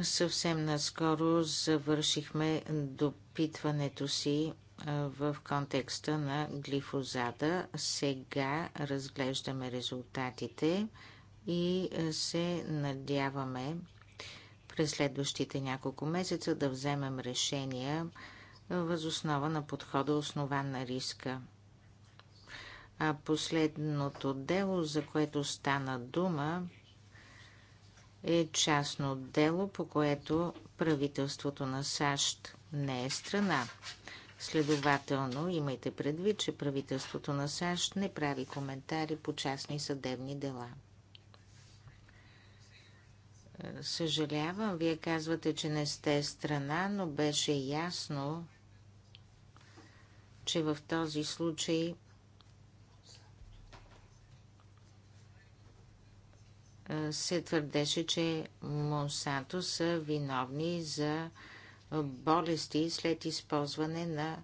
съвсем наскоро завършихме допитването си в контекста на глифозата. Сега разглеждаме резултатите и се надяваме през следващите няколко месеца да вземем решения възоснова на подхода основан на риска. А последното дело, за което стана дума, е частно дело, по което правителството на САЩ не е страна. Следователно, имайте предвид, че правителството на САЩ не прави коментари по частни съдебни дела. Съжалявам, вие казвате, че не сте страна, но беше ясно, че в този случай се твърдеше, че Монсанто са виновни за болести след използване на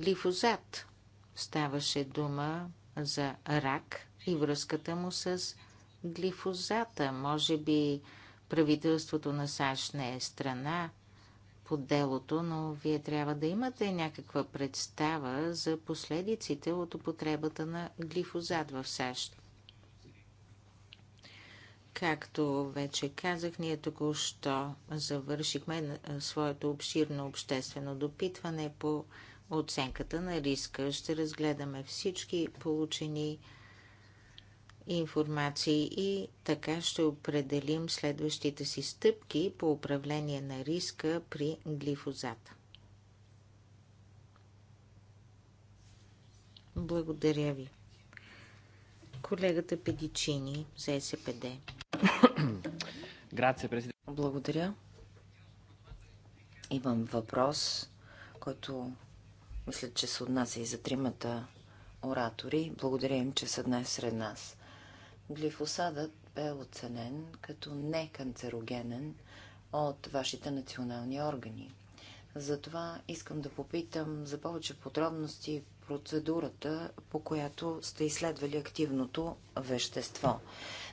глифозат. Ставаше дума за рак и връзката му с глифозата. Може би правителството на САЩ не е страна по делото, но вие трябва да имате някаква представа за последиците от употребата на глифозат в САЩ. Както вече казах, ние току-що завършихме своето обширно обществено допитване по оценката на риска. Ще разгледаме всички получени информации и така ще определим следващите си стъпки по управление на риска при глифозата. Благодаря ви. Колегата Педичини за СПД. Благодаря. Имам въпрос, който мисля, че се отнася и за тримата оратори. Благодаря им, че са днес сред нас. Глифосадът бе оценен като неканцерогенен от вашите национални органи. Затова искам да попитам за повече подробности процедурата, по която сте изследвали активното вещество.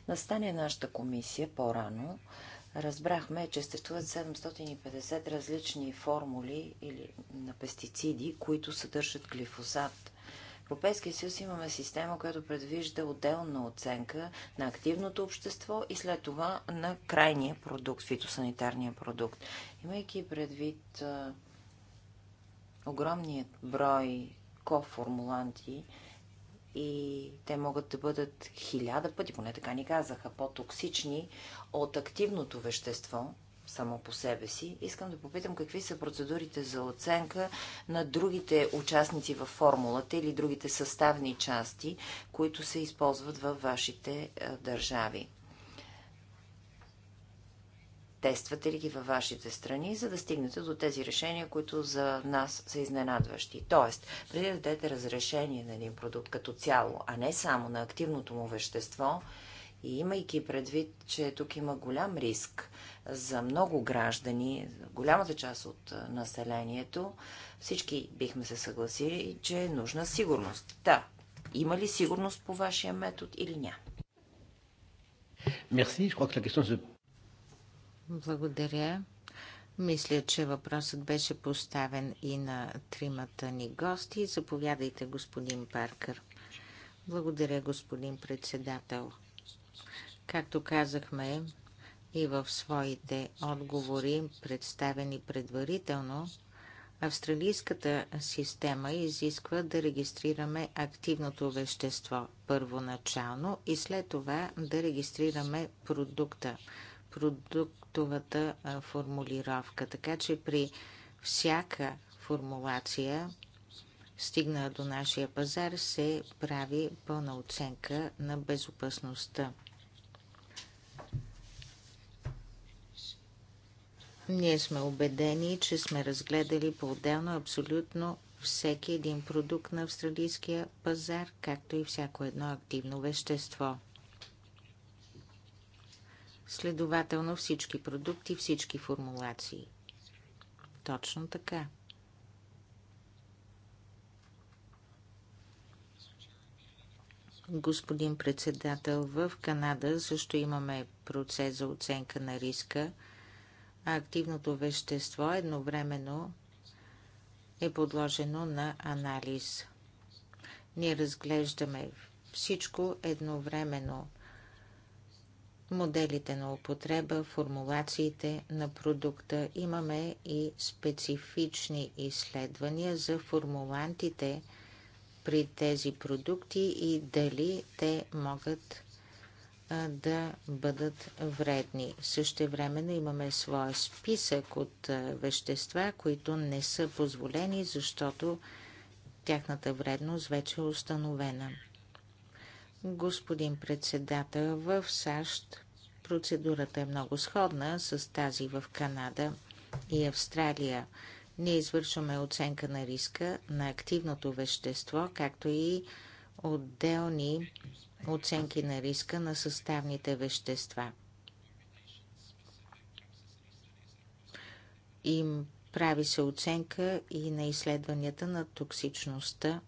Настане нашата комисия по-рано. Разбрахме, че съществуват 750 различни формули или на пестициди, които съдържат глифосат. В Европейския съюз имаме система, която предвижда отделна оценка на активното общество и след това на крайния продукт, фитосанитарния продукт. Имайки предвид огромният брой коформуланти и те могат да бъдат хиляда пъти, поне така ни казаха, по-токсични от активното вещество само по себе си. Искам да попитам какви са процедурите за оценка на другите участници във формулата или другите съставни части, които се използват във вашите държави. Тествате ли ги във вашите страни, за да стигнете до тези решения, които за нас са изненадващи? Тоест, преди да дадете разрешение на един продукт като цяло, а не само на активното му вещество, и имайки предвид, че тук има голям риск за много граждани, за голямата част от населението, всички бихме се съгласили, че е нужна сигурност. Да, има ли сигурност по вашия метод или няма? Мерси, благодаря. Мисля, че въпросът беше поставен и на тримата ни гости. Заповядайте, господин Паркър. Благодаря, господин председател. Както казахме и в своите отговори, представени предварително, австралийската система изисква да регистрираме активното вещество първоначално и след това да регистрираме продукта продуктовата формулировка. Така че при всяка формулация, стигна до нашия пазар, се прави пълна оценка на безопасността. Ние сме убедени, че сме разгледали по-отделно абсолютно всеки един продукт на австралийския пазар, както и всяко едно активно вещество. Следователно всички продукти, всички формулации. Точно така. Господин председател, в Канада също имаме процес за оценка на риска, а активното вещество едновременно е подложено на анализ. Ние разглеждаме всичко едновременно – моделите на употреба, формулациите на продукта. Имаме и специфични изследвания за формулантите при тези продукти и дали те могат да бъдат вредни. време имаме своя списък от вещества, които не са позволени, защото тяхната вредност вече е установена. Господин председател, в САЩ процедурата е много сходна с тази в Канада и Австралия. Ние извършваме оценка на риска на активното вещество, както и отделни оценки на риска на съставните вещества. Им прави се оценка и на изследванията на токсичността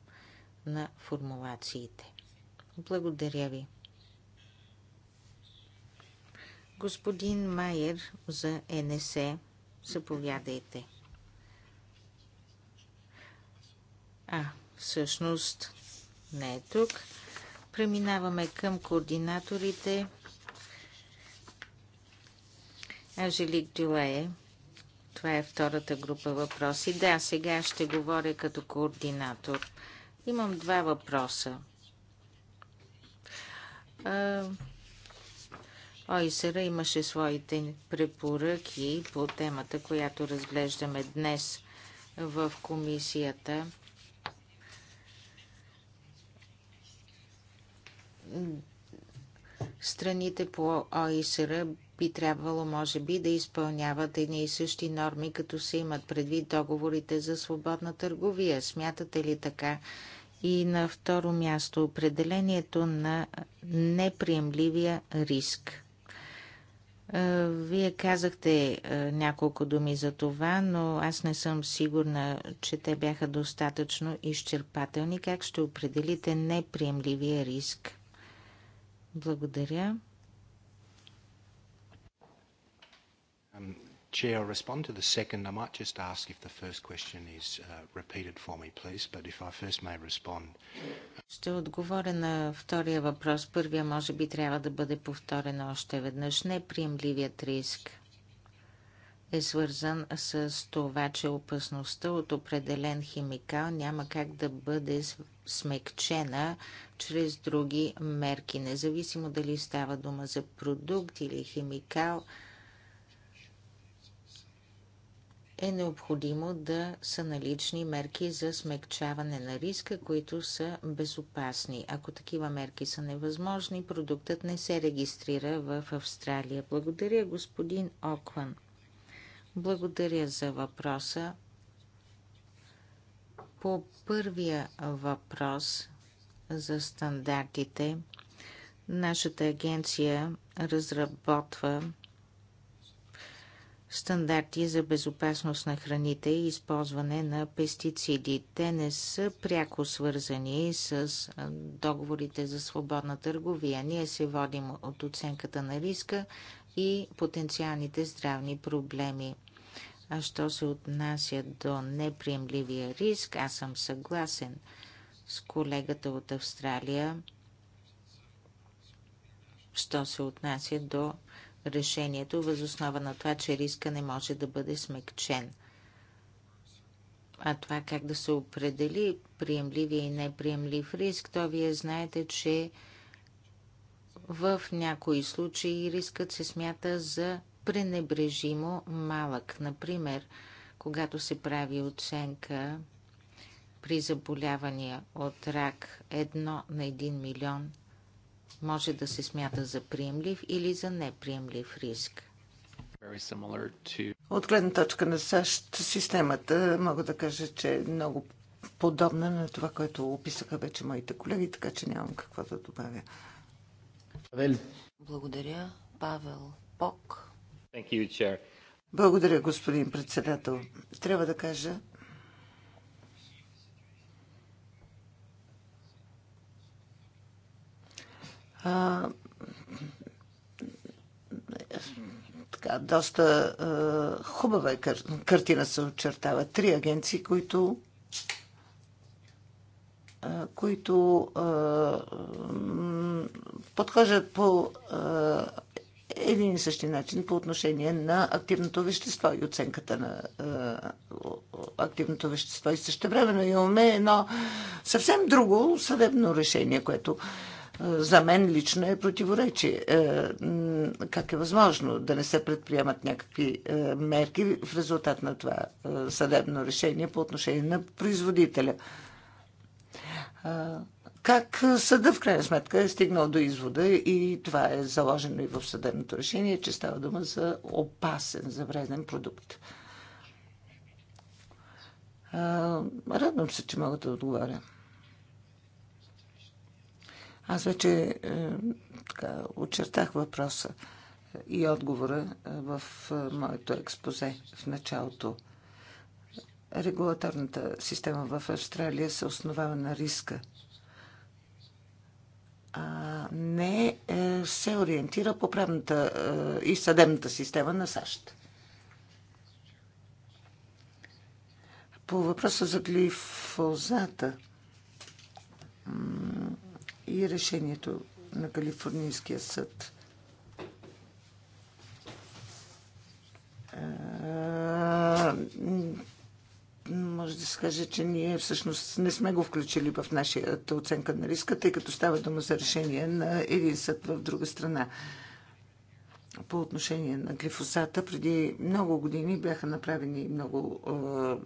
на формулациите. Благодаря ви. Господин Майер за НСЕ, заповядайте. А, всъщност не е тук. Преминаваме към координаторите. Анжелик Дюлее, Това е втората група въпроси. Да, сега ще говоря като координатор. Имам два въпроса. ОИСР имаше своите препоръки по темата, която разглеждаме днес в комисията. Страните по ОИСР би трябвало, може би, да изпълняват едни и същи норми, като се имат предвид договорите за свободна търговия. Смятате ли така? И на второ място определението на неприемливия риск. Е, вие казахте е, няколко думи за това, но аз не съм сигурна, че те бяха достатъчно изчерпателни. Как ще определите неприемливия риск? Благодаря. Chair, I'll respond to the second. I might just ask if the first question is uh, repeated for me, please, but if I first may respond. Ще отговоря на втория въпрос. Първия може би трябва да бъде повторен още веднъж. Неприемливият риск е свързан с това, че опасността от определен химикал няма как да бъде смекчена чрез други мерки, независимо дали става дума за продукт или химикал – е необходимо да са налични мерки за смекчаване на риска, които са безопасни. Ако такива мерки са невъзможни, продуктът не се регистрира в Австралия. Благодаря, господин Окван. Благодаря за въпроса. По първия въпрос за стандартите, нашата агенция разработва стандарти за безопасност на храните и използване на пестициди. Те не са пряко свързани с договорите за свободна търговия. Ние се водим от оценката на риска и потенциалните здравни проблеми. А що се отнася до неприемливия риск, аз съм съгласен с колегата от Австралия, що се отнася до решението възоснова на това, че риска не може да бъде смекчен. А това как да се определи приемливия и неприемлив риск, то вие знаете, че в някои случаи рискът се смята за пренебрежимо малък. Например, когато се прави оценка при заболявания от рак 1 на 1 милион може да се смята за приемлив или за неприемлив риск. От гледна точка на САЩ, системата мога да кажа, че е много подобна на това, което описаха вече моите колеги, така че нямам какво да добавя. Павел. Благодаря. Павел Пок. Благодаря, господин председател. Трябва да кажа, а, така, доста а, хубава е кар... картина се очертава. Три агенции, които които а, подхожат по а, един и същи начин по отношение на активното вещество и оценката на активното вещество. И също времено имаме едно съвсем друго съдебно решение, което за мен лично е противоречие. Е, как е възможно да не се предприемат някакви е, мерки в резултат на това е, съдебно решение по отношение на производителя? Как съда в крайна сметка е стигнал до извода и това е заложено и в съдебното решение, че става дума за опасен, за вреден продукт? Радвам се, че мога да отговарям. Аз вече е, така, очертах въпроса е, и отговора е, в моето експозе в началото. Регулаторната система в Австралия се основава на риска. А не се ориентира по правната и съдебната система на САЩ. По въпроса за глифозата и решението на Калифорнийския съд. Може да се каже, че ние всъщност не сме го включили в нашата оценка на риска, тъй като става дума за решение на един съд в друга страна по отношение на глифосата. Преди много години бяха направени много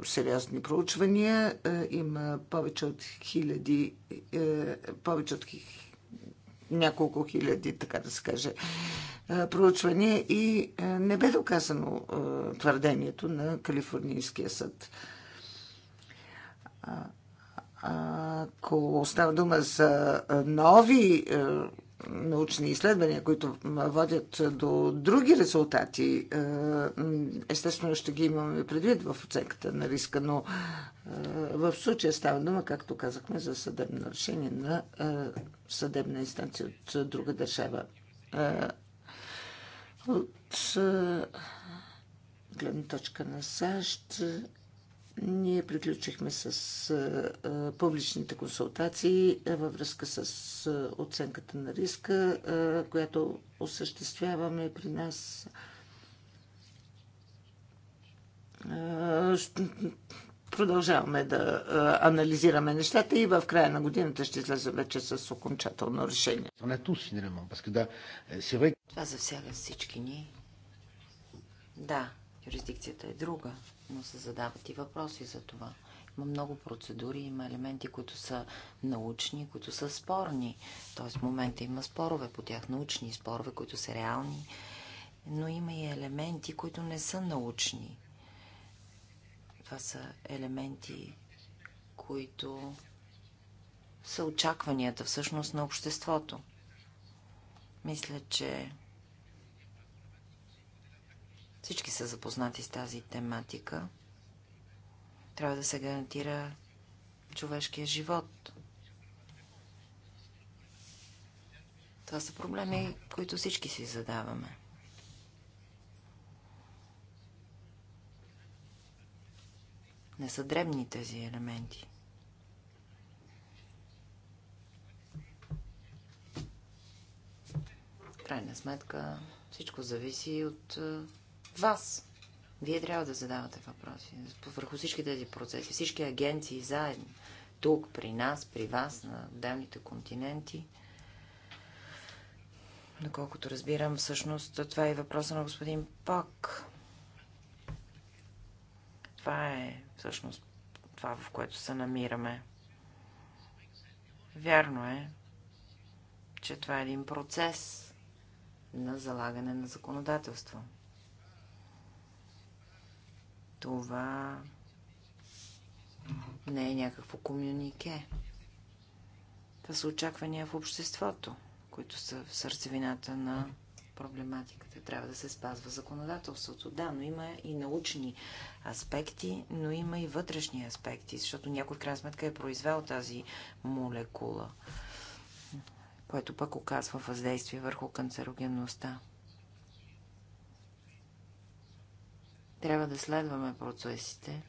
е, сериозни проучвания. Е, има повече от хиляди, е, повече от няколко хиляди, така да се каже, е, проучвания и е, не бе доказано е, твърдението на Калифорнийския съд. Ако става дума за нови научни изследвания, които водят до други резултати, е, естествено ще ги имаме предвид в оценката на риска, но е, в случая става дума, както казахме, за съдебно решение на е, съдебна инстанция от друга държава. От гледна точка на САЩ ние приключихме с публичните консултации във връзка с оценката на риска, която осъществяваме при нас. Продължаваме да анализираме нещата и в края на годината ще излезе вече с окончателно решение. Е, Това засяга всички ни. Да, юрисдикцията е друга но се задават и въпроси за това. Има много процедури, има елементи, които са научни, които са спорни. Тоест в момента има спорове по тях, научни спорове, които са реални, но има и елементи, които не са научни. Това са елементи, които са очакванията всъщност на обществото. Мисля, че всички са запознати с тази тематика. Трябва да се гарантира човешкия живот. Това са проблеми, които всички си задаваме. Не са дребни тези елементи. крайна сметка всичко зависи от вас. Вие трябва да задавате въпроси върху всички тези процеси, всички агенции заедно, тук, при нас, при вас, на отделните континенти. Доколкото разбирам, всъщност това е въпроса на господин Пак. Това е всъщност това, в което се намираме. Вярно е, че това е един процес на залагане на законодателство. Това не е някакво комюнике. Това са очаквания в обществото, които са в сърцевината на проблематиката. Трябва да се спазва законодателството. Да, но има и научни аспекти, но има и вътрешни аспекти, защото някой в крайна сметка е произвел тази молекула, което пък оказва въздействие върху канцерогенността. Трябва да следваме процесите,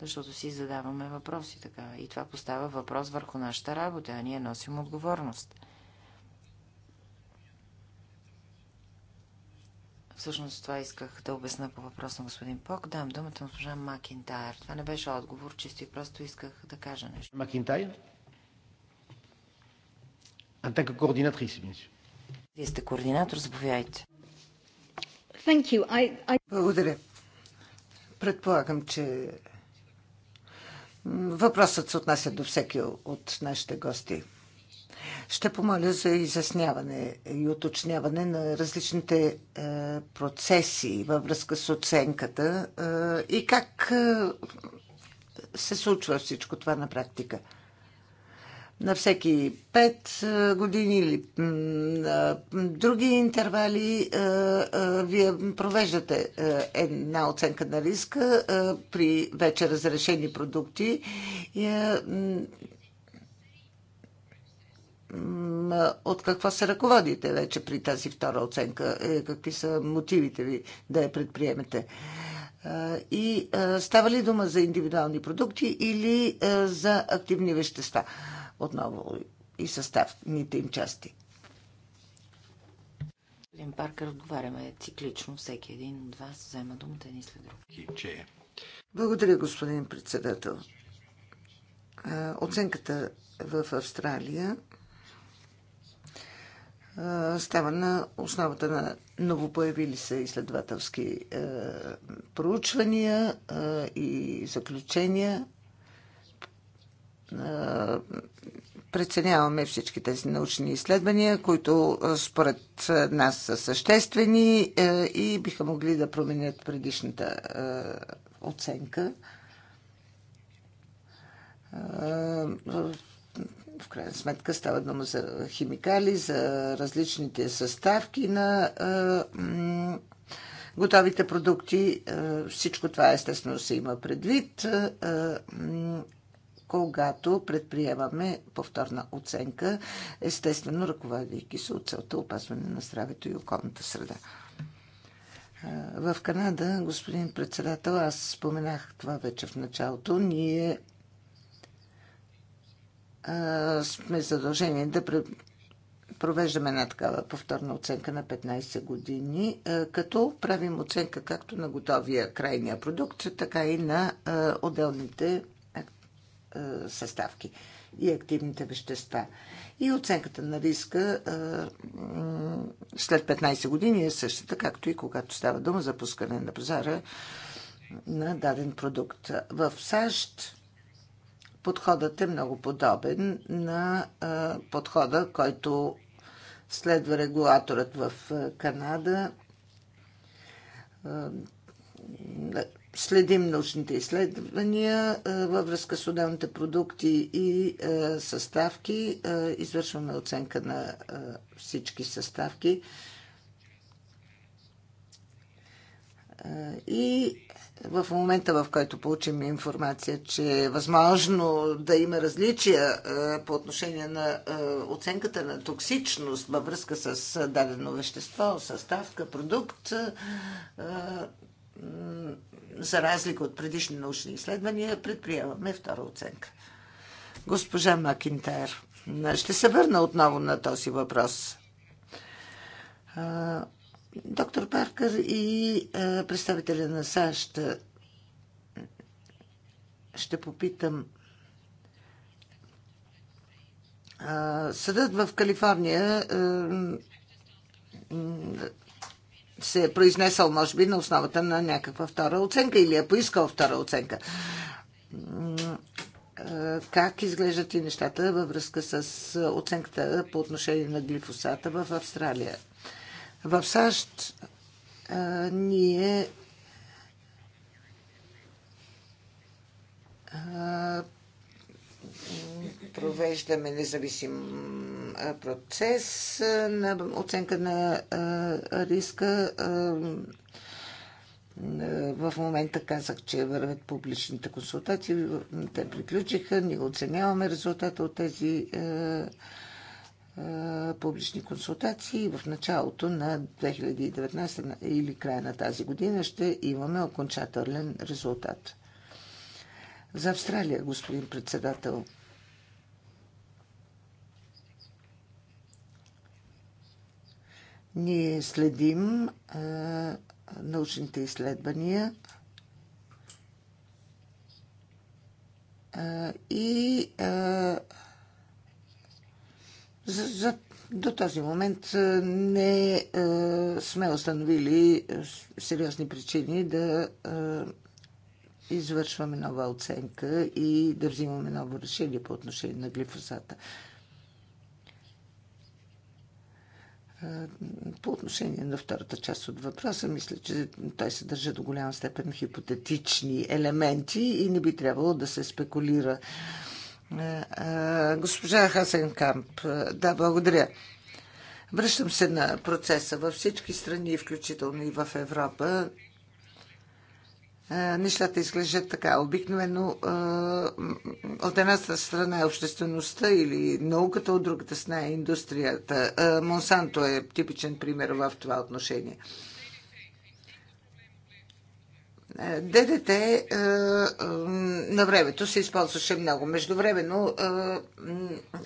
защото си задаваме въпроси така. И това поставя въпрос върху нашата работа, а ние носим отговорност. Всъщност това исках да обясна по въпрос на господин Пок. Дам думата на госпожа Макинтайр. Това не беше отговор, чисто и просто исках да кажа нещо. Макинтайр? Антека координатрис, Вие сте координатор, заповядайте. I, I... Благодаря. Предполагам, че въпросът се отнася до всеки от нашите гости. Ще помоля за изясняване и уточняване на различните е, процеси във връзка с оценката е, и как е, се случва всичко това на практика на всеки 5 е, години или други интервали е, е, вие провеждате една оценка на риска при вече разрешени продукти. От какво се ръководите вече при тази втора оценка? Какви са мотивите ви да я предприемете? И става ли дума за индивидуални продукти или за активни вещества? отново и съставните им части. Господин Паркър, отговаряме циклично. Всеки един от вас взема думата ни след друг. Благодаря, господин председател. Оценката в Австралия става на основата на новопоявили се изследователски проучвания и заключения е, преценяваме всички тези научни изследвания, които е, според нас са съществени е, и биха могли да променят предишната оценка. В крайна сметка става дума за химикали, за различните съставки на готовите продукти. Всичко това естествено се има предвид когато предприемаме повторна оценка, естествено ръководейки се от целта опазване на здравето и околната среда. В Канада, господин председател, аз споменах това вече в началото, ние сме задължени да провеждаме една такава повторна оценка на 15 години, като правим оценка както на готовия крайния продукт, така и на отделните е, съставки и активните вещества. И оценката на риска е, след 15 години е същата, както и когато става дума за пускане на пазара на даден продукт. В САЩ подходът е много подобен на е, подхода, който следва регулаторът в Канада следим научните изследвания е, във връзка с отделните продукти и е, съставки. Е, извършваме оценка на всички съставки. И в момента, в който получим информация, че е възможно да има различия по отношение на оценката на токсичност във връзка с дадено вещество, съставка, продукт, за разлика от предишни научни изследвания, предприемаме втора оценка. Госпожа Макинтайр, ще се върна отново на този въпрос. Доктор Паркър и представителя на САЩ ще попитам. Съдът в Калифорния се е произнесъл, може би, на основата на някаква втора оценка или е поискал втора оценка. Как изглеждат и нещата във връзка с оценката по отношение на глифосата в Австралия? В САЩ ние провеждаме независим процес на оценка на риска. В момента казах, че вървят публичните консултации. Те приключиха. Ние оценяваме резултата от тези публични консултации. В началото на 2019 или края на тази година ще имаме окончателен резултат. За Австралия, господин председател. Ние следим а, научните изследвания а, и а, за, за, до този момент не а, сме установили сериозни причини да а, извършваме нова оценка и да взимаме ново решение по отношение на глифосата. По отношение на втората част от въпроса, мисля, че той съдържа до голяма степен хипотетични елементи и не би трябвало да се спекулира. Госпожа Хасенкамп, да, благодаря. Връщам се на процеса. Във всички страни, включително и в Европа, е, нещата изглеждат така. Обикновено е, от едната страна е обществеността или науката, от другата страна е индустрията. Е, Монсанто е типичен пример в това отношение. ДДТ е, е, на времето се използваше много. Междувременно е,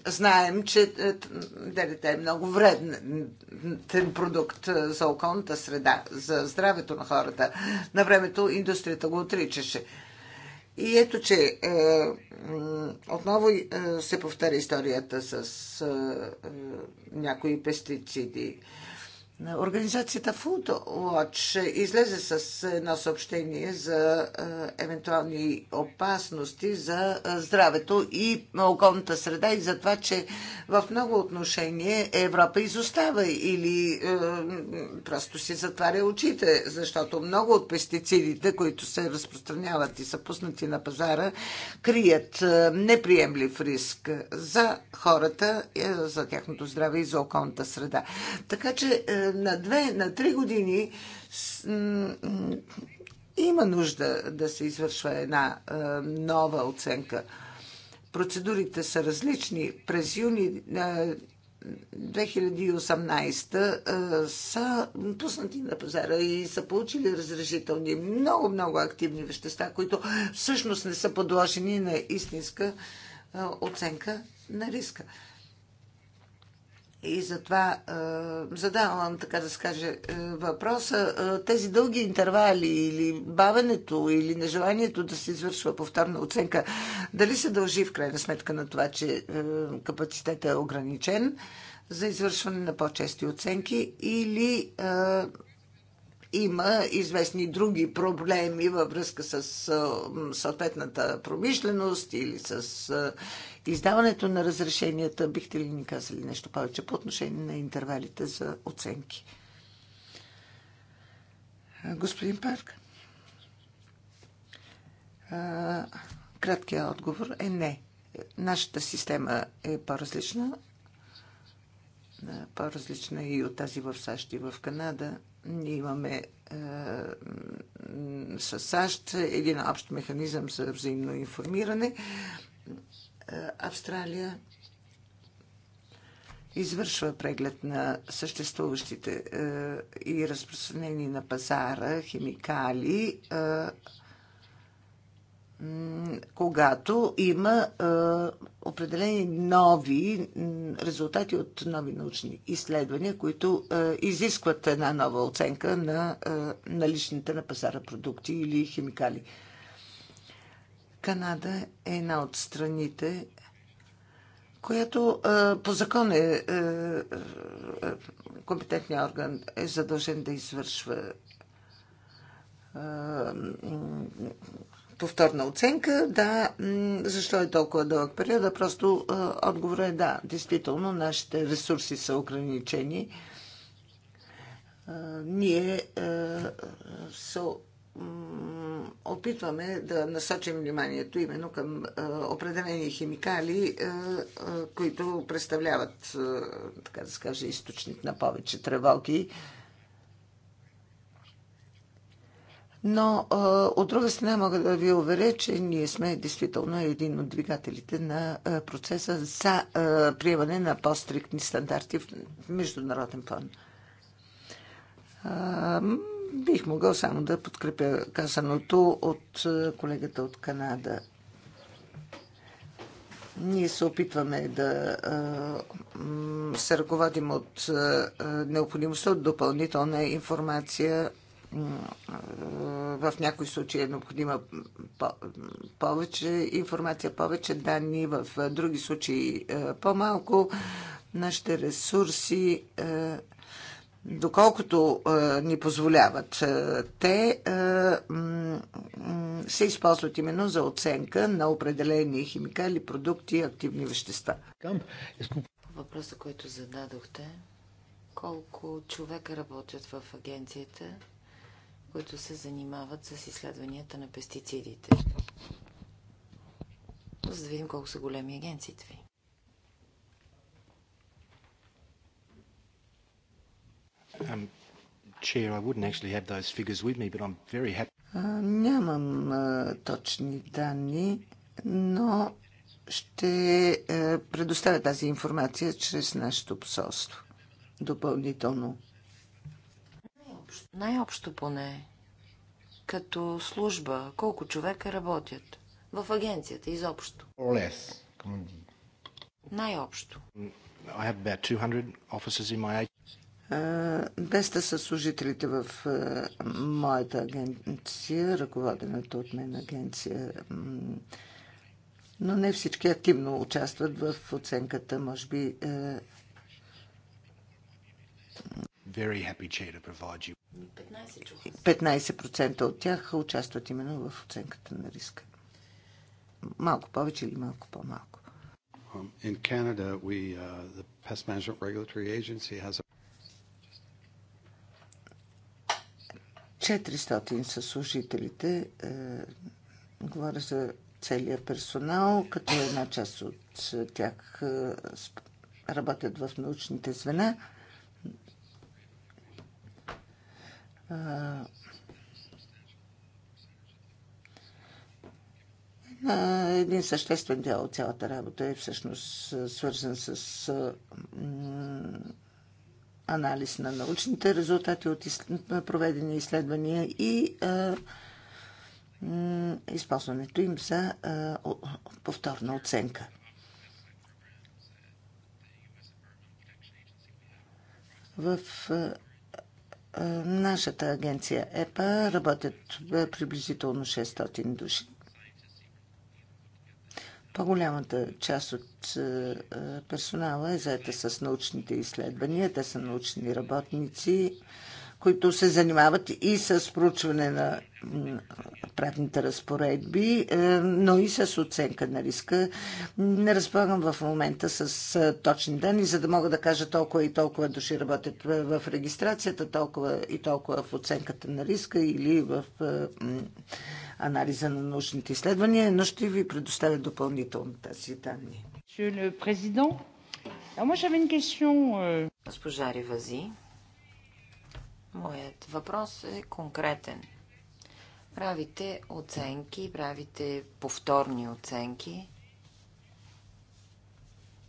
знаем, че ДДТ е много вреден продукт за околната среда, за здравето на хората. На времето индустрията го отричаше. И ето, че е, отново е, се повтаря историята с е, някои пестициди. Е, Организацията Food Watch излезе с едно съобщение за е, евентуални опасности за е, здравето и околната среда и за това, че в много отношение Европа изостава или е, просто си затваря очите, защото много от пестицидите, които се разпространяват и са пуснати на пазара, крият неприемлив риск за хората, за тяхното здраве и за околната среда. Така че на две, на три години има нужда да се извършва една нова оценка. Процедурите са различни. През юни 2018 са пуснати на пазара и са получили разрешителни много-много активни вещества, които всъщност не са подложени на истинска оценка на риска. И затова задавам, така да скаже, е, въпроса. Тези дълги интервали или бавенето или нежеланието да се извършва повторна оценка, дали се дължи в крайна сметка на това, че е, капацитетът е ограничен за извършване на по-чести оценки или е, има известни други проблеми във връзка с е, съответната промишленост или с издаването на разрешенията. Бихте ли ни казали нещо повече по отношение на интервалите за оценки? Господин Парк? Краткият отговор е не. Нашата система е по-различна. По-различна и от тази в САЩ и в Канада. Ние имаме е, с САЩ един общ механизъм за взаимно информиране е, Австралия извършва преглед на съществуващите е, и разпространени на пазара химикали, е, когато има определени нови резултати от нови научни изследвания, които изискват една нова оценка на наличните на пазара продукти или химикали. Канада е една от страните, която по закон е, е, е компетентният орган е задължен да извършва повторна оценка. Да, защо е толкова дълъг период? Просто отговорът е да. Действително, нашите ресурси са ограничени. Ние са опитваме да насочим вниманието именно към е, определени химикали, е, е, които представляват, така да скажа, източник на повече тревоги. Но от друга страна мога да ви уверя, че ние сме действително един от двигателите на процеса за приемане на по-стриктни стандарти в международен план. Бих могъл само да подкрепя казаното от е, колегата от Канада. Ние се опитваме да е, се ръководим от е, необходимостта от допълнителна информация. В някои случаи е необходима повече информация, повече данни, в други случаи по-малко. Нашите ресурси доколкото а, ни позволяват а, те, м- се използват именно за оценка на определени химикали, продукти и активни вещества. Въпросът, който зададохте, колко човека работят в агенцията, които се занимават с изследванията на пестицидите? За да видим колко са големи агенциите ви. Um, chair, I wouldn't actually have those figures with me, but I'm very happy. А, нямам а, точни данни, но ще а, е, предоставя тази информация чрез нашето посолство. Допълнително. Най-общо, най поне. Като служба, колко човека работят? В агенцията, изобщо. Най-общо без да са служителите в моята агенция, ръководената от мен агенция. Но не всички активно участват в оценката, може би. Very happy to provide you. 15% от тях участват именно в оценката на риска. Малко повече или малко по-малко. Um, in Canada, we, uh, the Pest Management Regulatory Agency has a 400 са служителите. Е, говоря за целият персонал, като една част от е, тях е, работят в научните звена. един съществен дял от цялата работа е всъщност свързан с анализ на научните резултати от проведени изследвания и използването им за повторна оценка. В нашата агенция ЕПА работят приблизително 600 души. По-голямата част от е, е, персонала е заета с научните изследвания. Те са научни работници, които се занимават и с проучване на правните разпоредби, е, но и с оценка на риска. Не разполагам в момента с точни данни, за да мога да кажа толкова и толкова души работят в регистрацията, толкова и толкова в оценката на риска или в анализа на научните изследвания, но ще ви предоставя допълнително тази данни. Euh, Госпожа Ривази, моят въпрос е конкретен. Правите оценки, правите повторни оценки.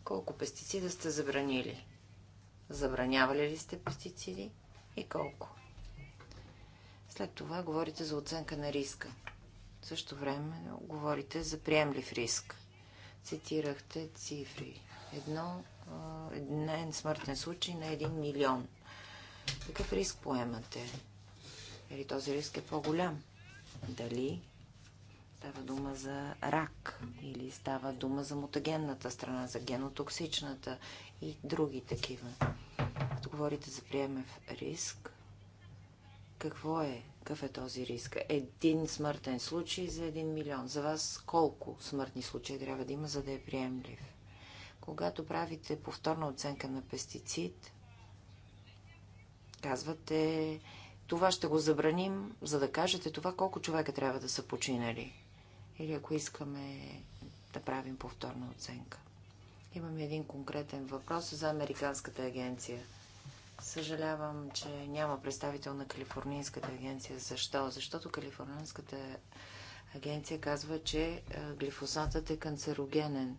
Колко пестицида сте забранили? Забранявали ли сте пестициди и колко? След това говорите за оценка на риска също време говорите за приемлив риск. Цитирахте цифри. Едно, един смъртен случай на един милион. Какъв риск поемате? Или този риск е по-голям? Дали става дума за рак или става дума за мутагенната страна, за генотоксичната и други такива? Като говорите за приемев риск, какво е какъв е този риск? Един смъртен случай за един милион. За вас колко смъртни случаи трябва да има, за да е приемлив? Когато правите повторна оценка на пестицид, казвате, това ще го забраним, за да кажете това колко човека трябва да са починали. Или ако искаме да правим повторна оценка. Имам един конкретен въпрос за Американската агенция – Съжалявам, че няма представител на Калифорнийската агенция. Защо? Защото Калифорнийската агенция казва, че е, глифосатът е канцерогенен.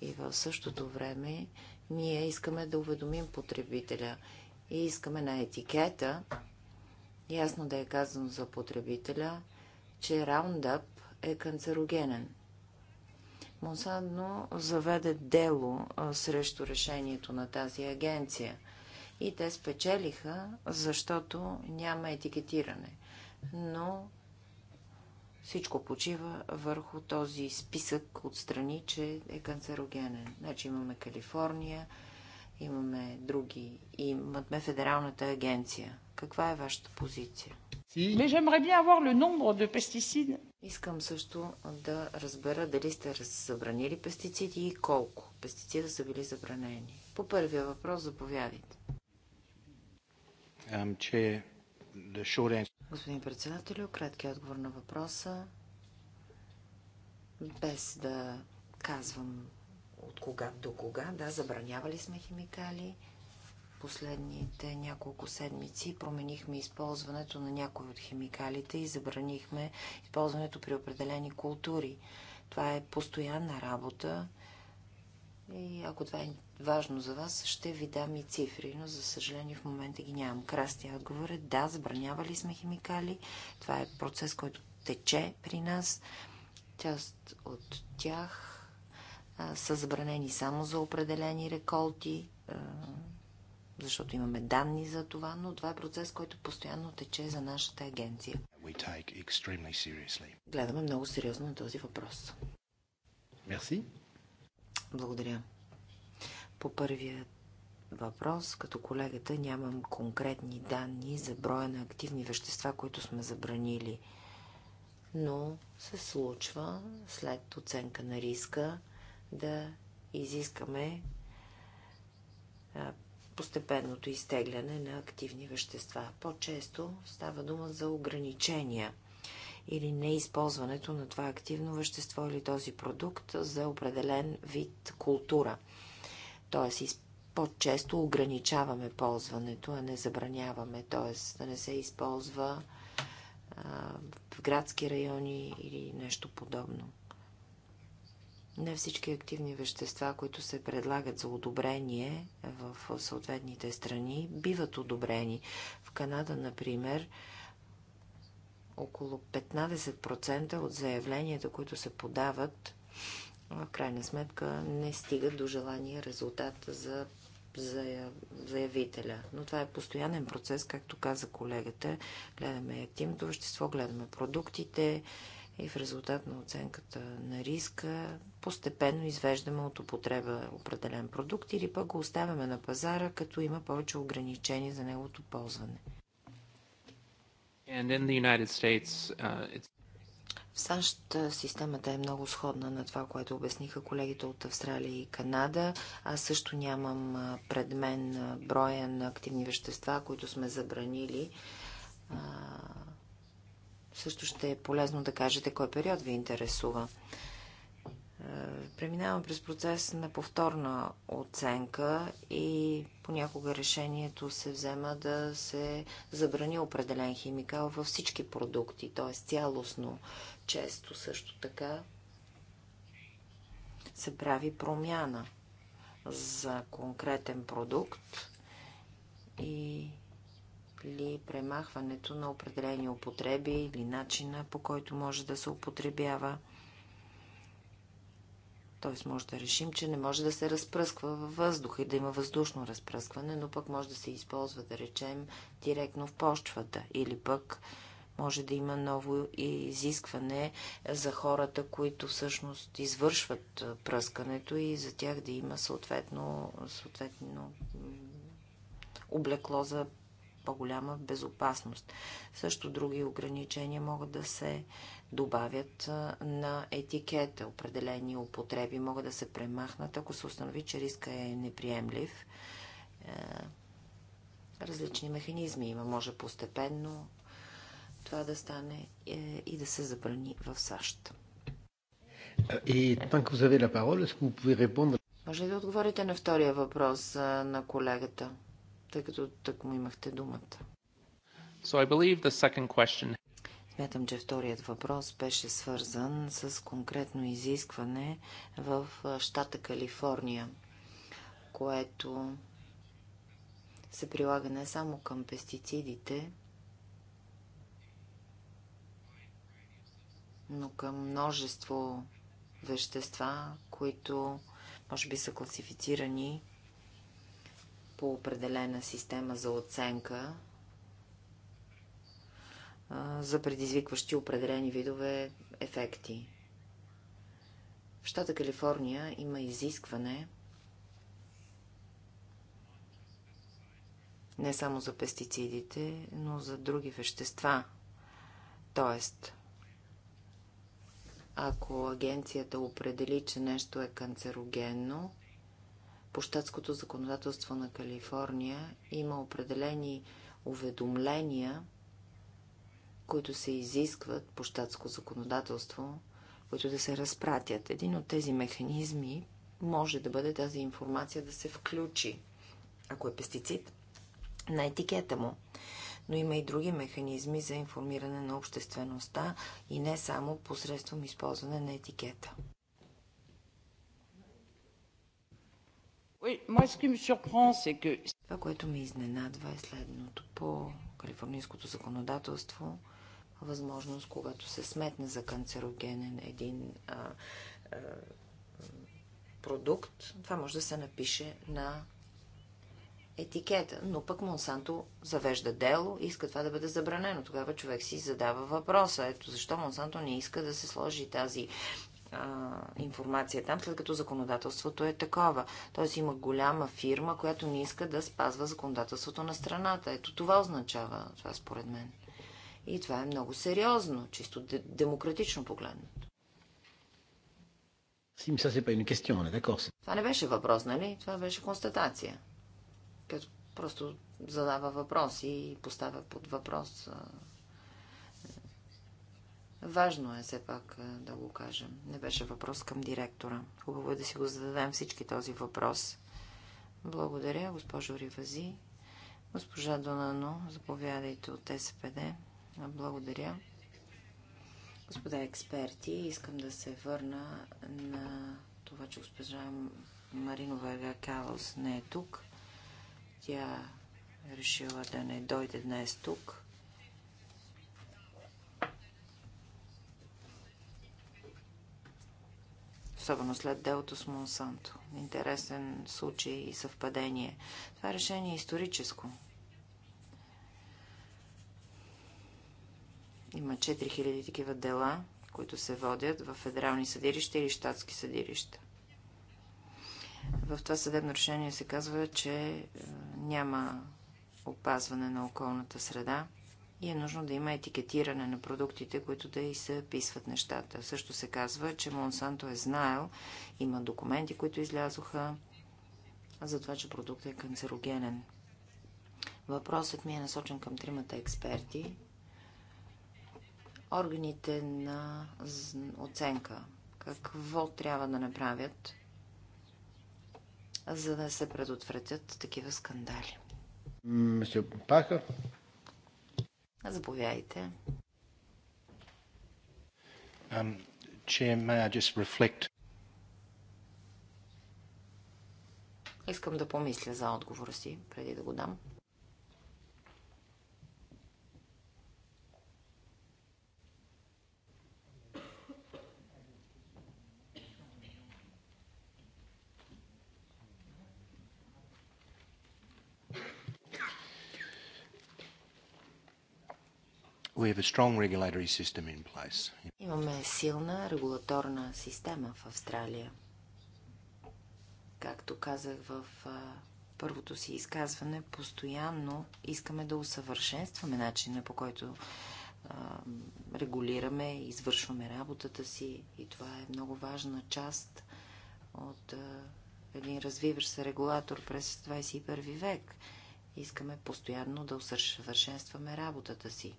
И в същото време ние искаме да уведомим потребителя и искаме на етикета ясно да е казано за потребителя, че Roundup е канцерогенен. Монсадно заведе дело срещу решението на тази агенция – и те спечелиха, защото няма етикетиране. Но всичко почива върху този списък от страни, че е канцерогенен. Значи имаме Калифорния, имаме други, имаме Федералната агенция. Каква е вашата позиция? Искам също да разбера дали сте забранили пестициди и колко пестицида са били забранени. По първия въпрос заповядайте че um, Господин председател, кратки отговор на въпроса. Без да казвам от кога до кога, да, забранявали сме химикали. Последните няколко седмици променихме използването на някои от химикалите и забранихме използването при определени култури. Това е постоянна работа и ако това е важно за вас, ще ви дам и цифри, но за съжаление в момента ги нямам. красти отговор е да, забранявали сме химикали. Това е процес, който тече при нас. Част от тях а, са забранени само за определени реколти, а, защото имаме данни за това, но това е процес, който постоянно тече за нашата агенция. Гледаме много сериозно на този въпрос. Благодаря. По първия въпрос, като колегата, нямам конкретни данни за броя на активни вещества, които сме забранили. Но се случва след оценка на риска да изискаме постепенното изтегляне на активни вещества. По-често става дума за ограничения или неизползването на това активно вещество или този продукт за определен вид култура – Тоест, по-често ограничаваме ползването, а не забраняваме. т.е. да не се използва а, в градски райони или нещо подобно. Не всички активни вещества, които се предлагат за одобрение в съответните страни, биват одобрени. В Канада, например, около 15% от заявленията, които се подават, в крайна сметка не стига до желания резултат за заявителя. Но това е постоянен процес, както каза колегата. Гледаме активното вещество, гледаме продуктите и в резултат на оценката на риска постепенно извеждаме от употреба определен продукт или пък го оставяме на пазара, като има повече ограничения за неговото ползване. And in the United States, uh, it's... В САЩ системата е много сходна на това, което обясниха колегите от Австралия и Канада. Аз също нямам пред мен броя на активни вещества, които сме забранили. също ще е полезно да кажете кой период ви интересува. Преминавам през процес на повторна оценка и понякога решението се взема да се забрани определен химикал във всички продукти, т.е. цялостно. Често също така се прави промяна за конкретен продукт и ли премахването на определени употреби или начина по който може да се употребява. Т.е. може да решим, че не може да се разпръсква във въздуха и да има въздушно разпръскване, но пък може да се използва, да речем, директно в почвата. Или пък може да има ново изискване за хората, които всъщност извършват пръскането и за тях да има съответно, съответно облекло за по-голяма безопасност. Също други ограничения могат да се добавят на етикета. Определени употреби могат да се премахнат, ако се установи, че риска е неприемлив. Е, различни механизми има. Може постепенно това да стане е, и да се забрани в САЩ. Може ли да отговорите на втория въпрос на колегата, тъй като так му имахте думата? So I believe the second question Смятам, че вторият въпрос беше свързан с конкретно изискване в щата Калифорния, което се прилага не само към пестицидите, но към множество вещества, които може би са класифицирани по определена система за оценка за предизвикващи определени видове ефекти. В щата Калифорния има изискване не само за пестицидите, но за други вещества. Тоест, ако агенцията определи, че нещо е канцерогенно, по щатското законодателство на Калифорния има определени уведомления, които се изискват по щатско законодателство, които да се разпратят. Един от тези механизми може да бъде тази информация да се включи, ако е пестицид, на етикета му. Но има и други механизми за информиране на обществеността и не само посредством използване на етикета. Това, което ме изненадва е следното. По калифорнийското законодателство възможност, когато се сметне за канцерогенен един а, а, продукт, това може да се напише на етикета. Но пък Монсанто завежда дело и иска това да бъде забранено. Тогава човек си задава въпроса. Ето защо Монсанто не иска да се сложи тази а, информация там, след като законодателството е такова. Тоест има голяма фирма, която не иска да спазва законодателството на страната. Ето това означава това според мен. И това е много сериозно, чисто демократично погледнато. Това не беше въпрос, нали? Това беше констатация. Като просто задава въпроси и поставя под въпрос. Важно е все пак да го кажем. Не беше въпрос към директора. Хубаво е да си го зададем всички този въпрос. Благодаря, госпожо Ривази. Госпожа Донано, заповядайте от СПД. Благодаря. Господа експерти, искам да се върна на това, че госпожа Маринова Гакалос не е тук. Тя решила да не дойде днес тук. особено след делото с Монсанто. Интересен случай и съвпадение. Това решение е историческо. Има 4000 такива дела, които се водят в федерални съдилища или щатски съдилища. В това съдебно решение се казва, че е, няма опазване на околната среда и е нужно да има етикетиране на продуктите, които да и се писват нещата. Също се казва, че Монсанто е знаел, има документи, които излязоха за това, че продуктът е канцерогенен. Въпросът ми е насочен към тримата експерти органите на оценка. Какво трябва да направят, за да се предотвратят такива скандали? Мисля Паха. Заповядайте. Um, Искам да помисля за отговора си, преди да го дам. a strong regulatory system in place. Имаме силна регулаторна система в Австралия. Както казах в първото си изказване, постоянно искаме да усъвършенстваме начина по който регулираме, извършваме работата си и това е много важна част от един развиващ се регулатор през 21 век. Искаме постоянно да усъвършенстваме работата си.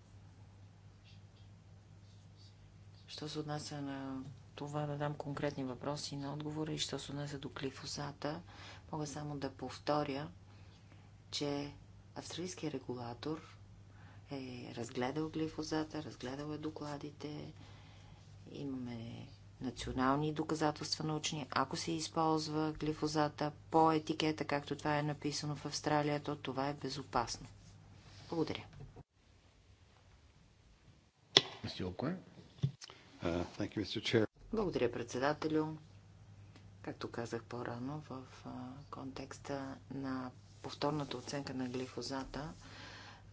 Що се отнася на това да дам конкретни въпроси на отговори, що се отнася до клифосата, мога само да повторя, че австрийският регулатор е разгледал глифозата, разгледал е докладите, имаме национални доказателства научни. Ако се използва глифозата по етикета, както това е написано в Австралия, то това е безопасно. Благодаря. Мисля, благодаря, председателю. Както казах по-рано, в контекста на повторната оценка на глифозата,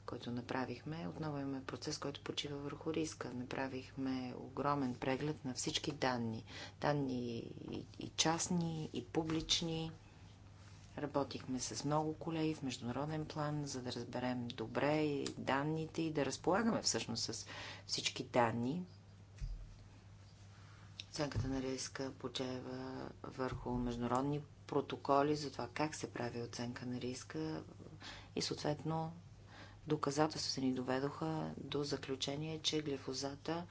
който направихме, отново имаме процес, който почива върху риска. Направихме огромен преглед на всички данни. Данни и частни, и публични. Работихме с много колеги в международен план, за да разберем добре данните и да разполагаме всъщност с всички данни, Оценката на риска почева върху международни протоколи за това как се прави оценка на риска и съответно доказателствата ни доведоха до заключение, че глифозата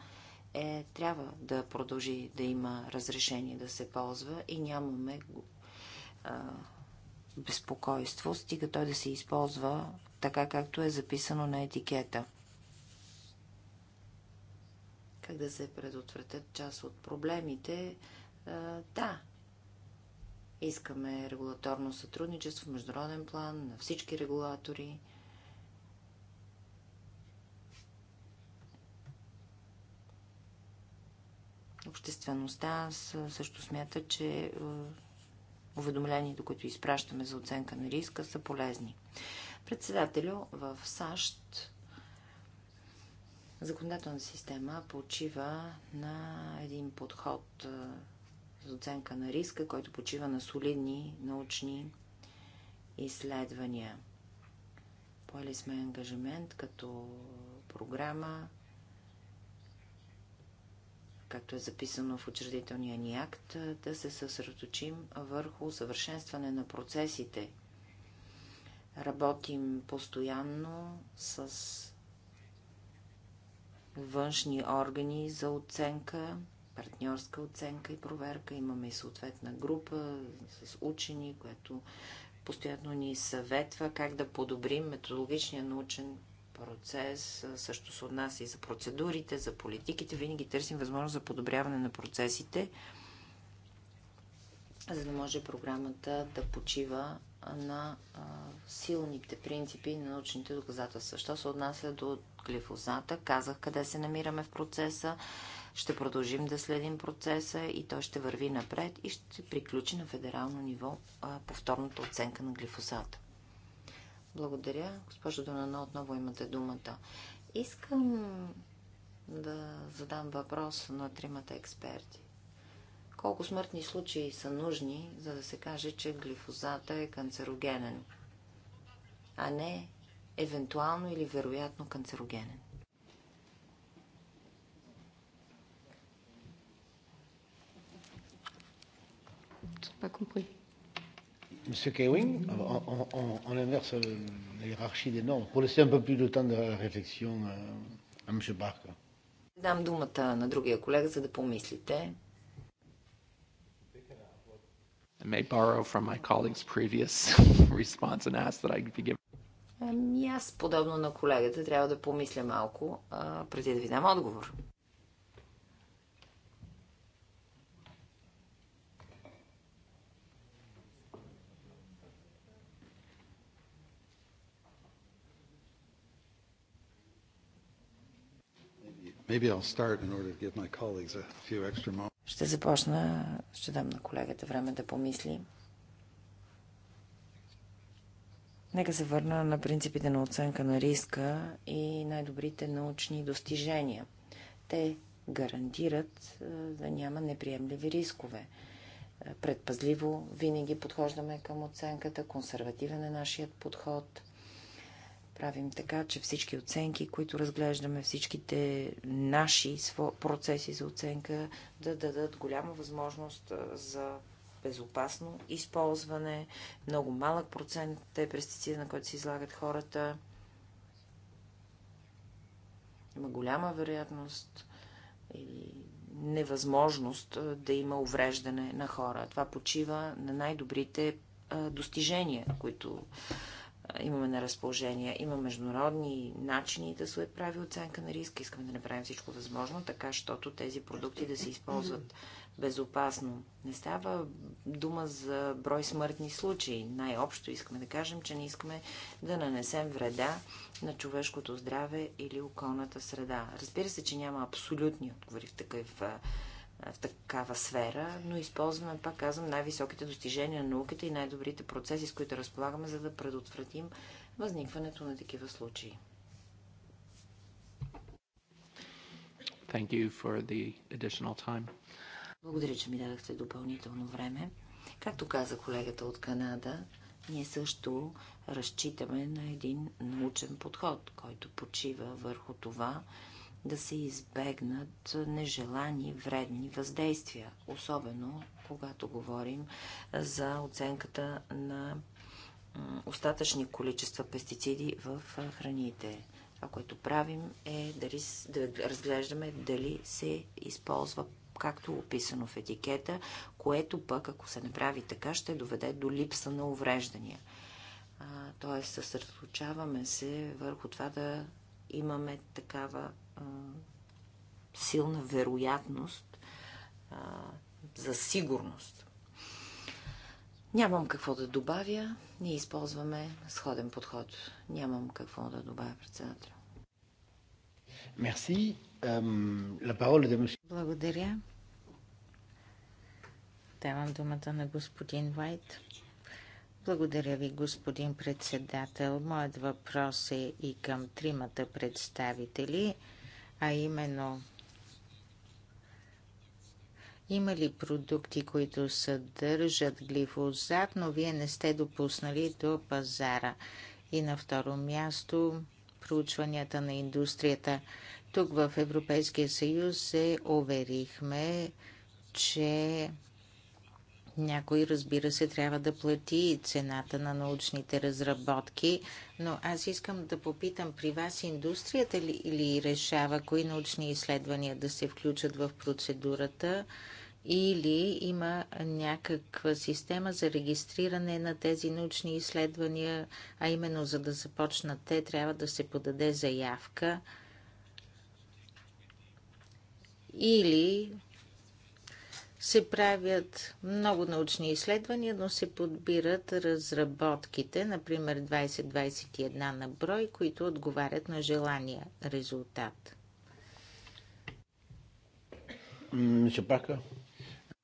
е, трябва да продължи да има разрешение да се ползва и нямаме а, безпокойство, стига той да се използва така, както е записано на етикета как да се предотвратят част от проблемите. Да, искаме регулаторно сътрудничество в международен план на всички регулатори. Обществеността също смята, че уведомленията, които изпращаме за оценка на риска, са полезни. Председателю в САЩ Законодателна система почива на един подход за оценка на риска, който почива на солидни научни изследвания. Поели сме ангажимент като програма, както е записано в учредителния ни акт, да се съсредоточим върху съвършенстване на процесите. Работим постоянно с външни органи за оценка, партньорска оценка и проверка. Имаме и съответна група с учени, което постоянно ни съветва как да подобрим методологичния научен процес. Също се отнася и за процедурите, за политиките. Винаги търсим възможност за подобряване на процесите, за да може програмата да почива на а, силните принципи на научните доказателства. Що се отнася до глифозата, казах къде се намираме в процеса, ще продължим да следим процеса и той ще върви напред и ще приключи на федерално ниво а, повторната оценка на глифозата. Благодаря. Госпожо Донано, отново имате думата. Искам да задам въпрос на тримата експерти колко смъртни случаи са нужни, за да се каже, че глифозата е канцерогенен, а не евентуално или вероятно канцерогенен. pas compris. Monsieur Kewing, on, on, on inverse la hiérarchie des normes pour laisser un peu plus de temps de réflexion à, euh, à M. Barker. Дам думата на другия колега, за да помислите may borrow from my colleague's previous response and ask that I be given. Ами аз, подобно на колегата, трябва да помисля малко, а, преди да ви дам отговор. Maybe I'll start in order to give my colleagues a few extra moments. Ще започна, ще дам на колегата време да помисли. Нека се върна на принципите на оценка на риска и най-добрите научни достижения. Те гарантират да няма неприемливи рискове. Предпазливо винаги подхождаме към оценката, консервативен е нашият подход правим така, че всички оценки, които разглеждаме, всичките наши процеси за оценка, да дадат голяма възможност за безопасно използване, много малък процент е пестициди, на който се излагат хората. Има голяма вероятност или невъзможност да има увреждане на хора. Това почива на най-добрите достижения, които имаме на разположение. Има международни начини да се прави оценка на риска. Искаме да направим всичко възможно, така, щото тези продукти да се използват безопасно. Не става дума за брой смъртни случаи. Най-общо искаме да кажем, че не искаме да нанесем вреда на човешкото здраве или околната среда. Разбира се, че няма абсолютни отговори в такъв в такава сфера, но използваме, пак казвам, най-високите достижения на науката и най-добрите процеси, с които разполагаме, за да предотвратим възникването на такива случаи. Thank you for the additional time. Благодаря, че ми дадахте допълнително време. Както каза колегата от Канада, ние също разчитаме на един научен подход, който почива върху това, да се избегнат нежелани вредни въздействия, особено когато говорим за оценката на остатъчни количества пестициди в храните. Това, което правим е дали, да разглеждаме дали се използва както описано в етикета, което пък, ако се направи така, ще доведе до липса на увреждания. Тоест, съсредоточаваме се върху това да имаме такава силна вероятност а, за сигурност. Нямам какво да добавя. Ние използваме сходен подход. Нямам какво да добавя, председател. Мерси. Благодаря. Давам думата на господин Вайт. Благодаря ви, господин председател. Моят въпрос е и към тримата представители а именно има ли продукти, които съдържат глифозат, но вие не сте допуснали до пазара? И на второ място проучванията на индустрията. Тук в Европейския съюз се уверихме, че някой, разбира се, трябва да плати цената на научните разработки, но аз искам да попитам при вас индустрията ли, или решава кои научни изследвания да се включат в процедурата или има някаква система за регистриране на тези научни изследвания, а именно за да започнат те трябва да се подаде заявка или се правят много научни изследвания, но се подбират разработките, например 20-21 на брой, които отговарят на желания резултат. Паркър.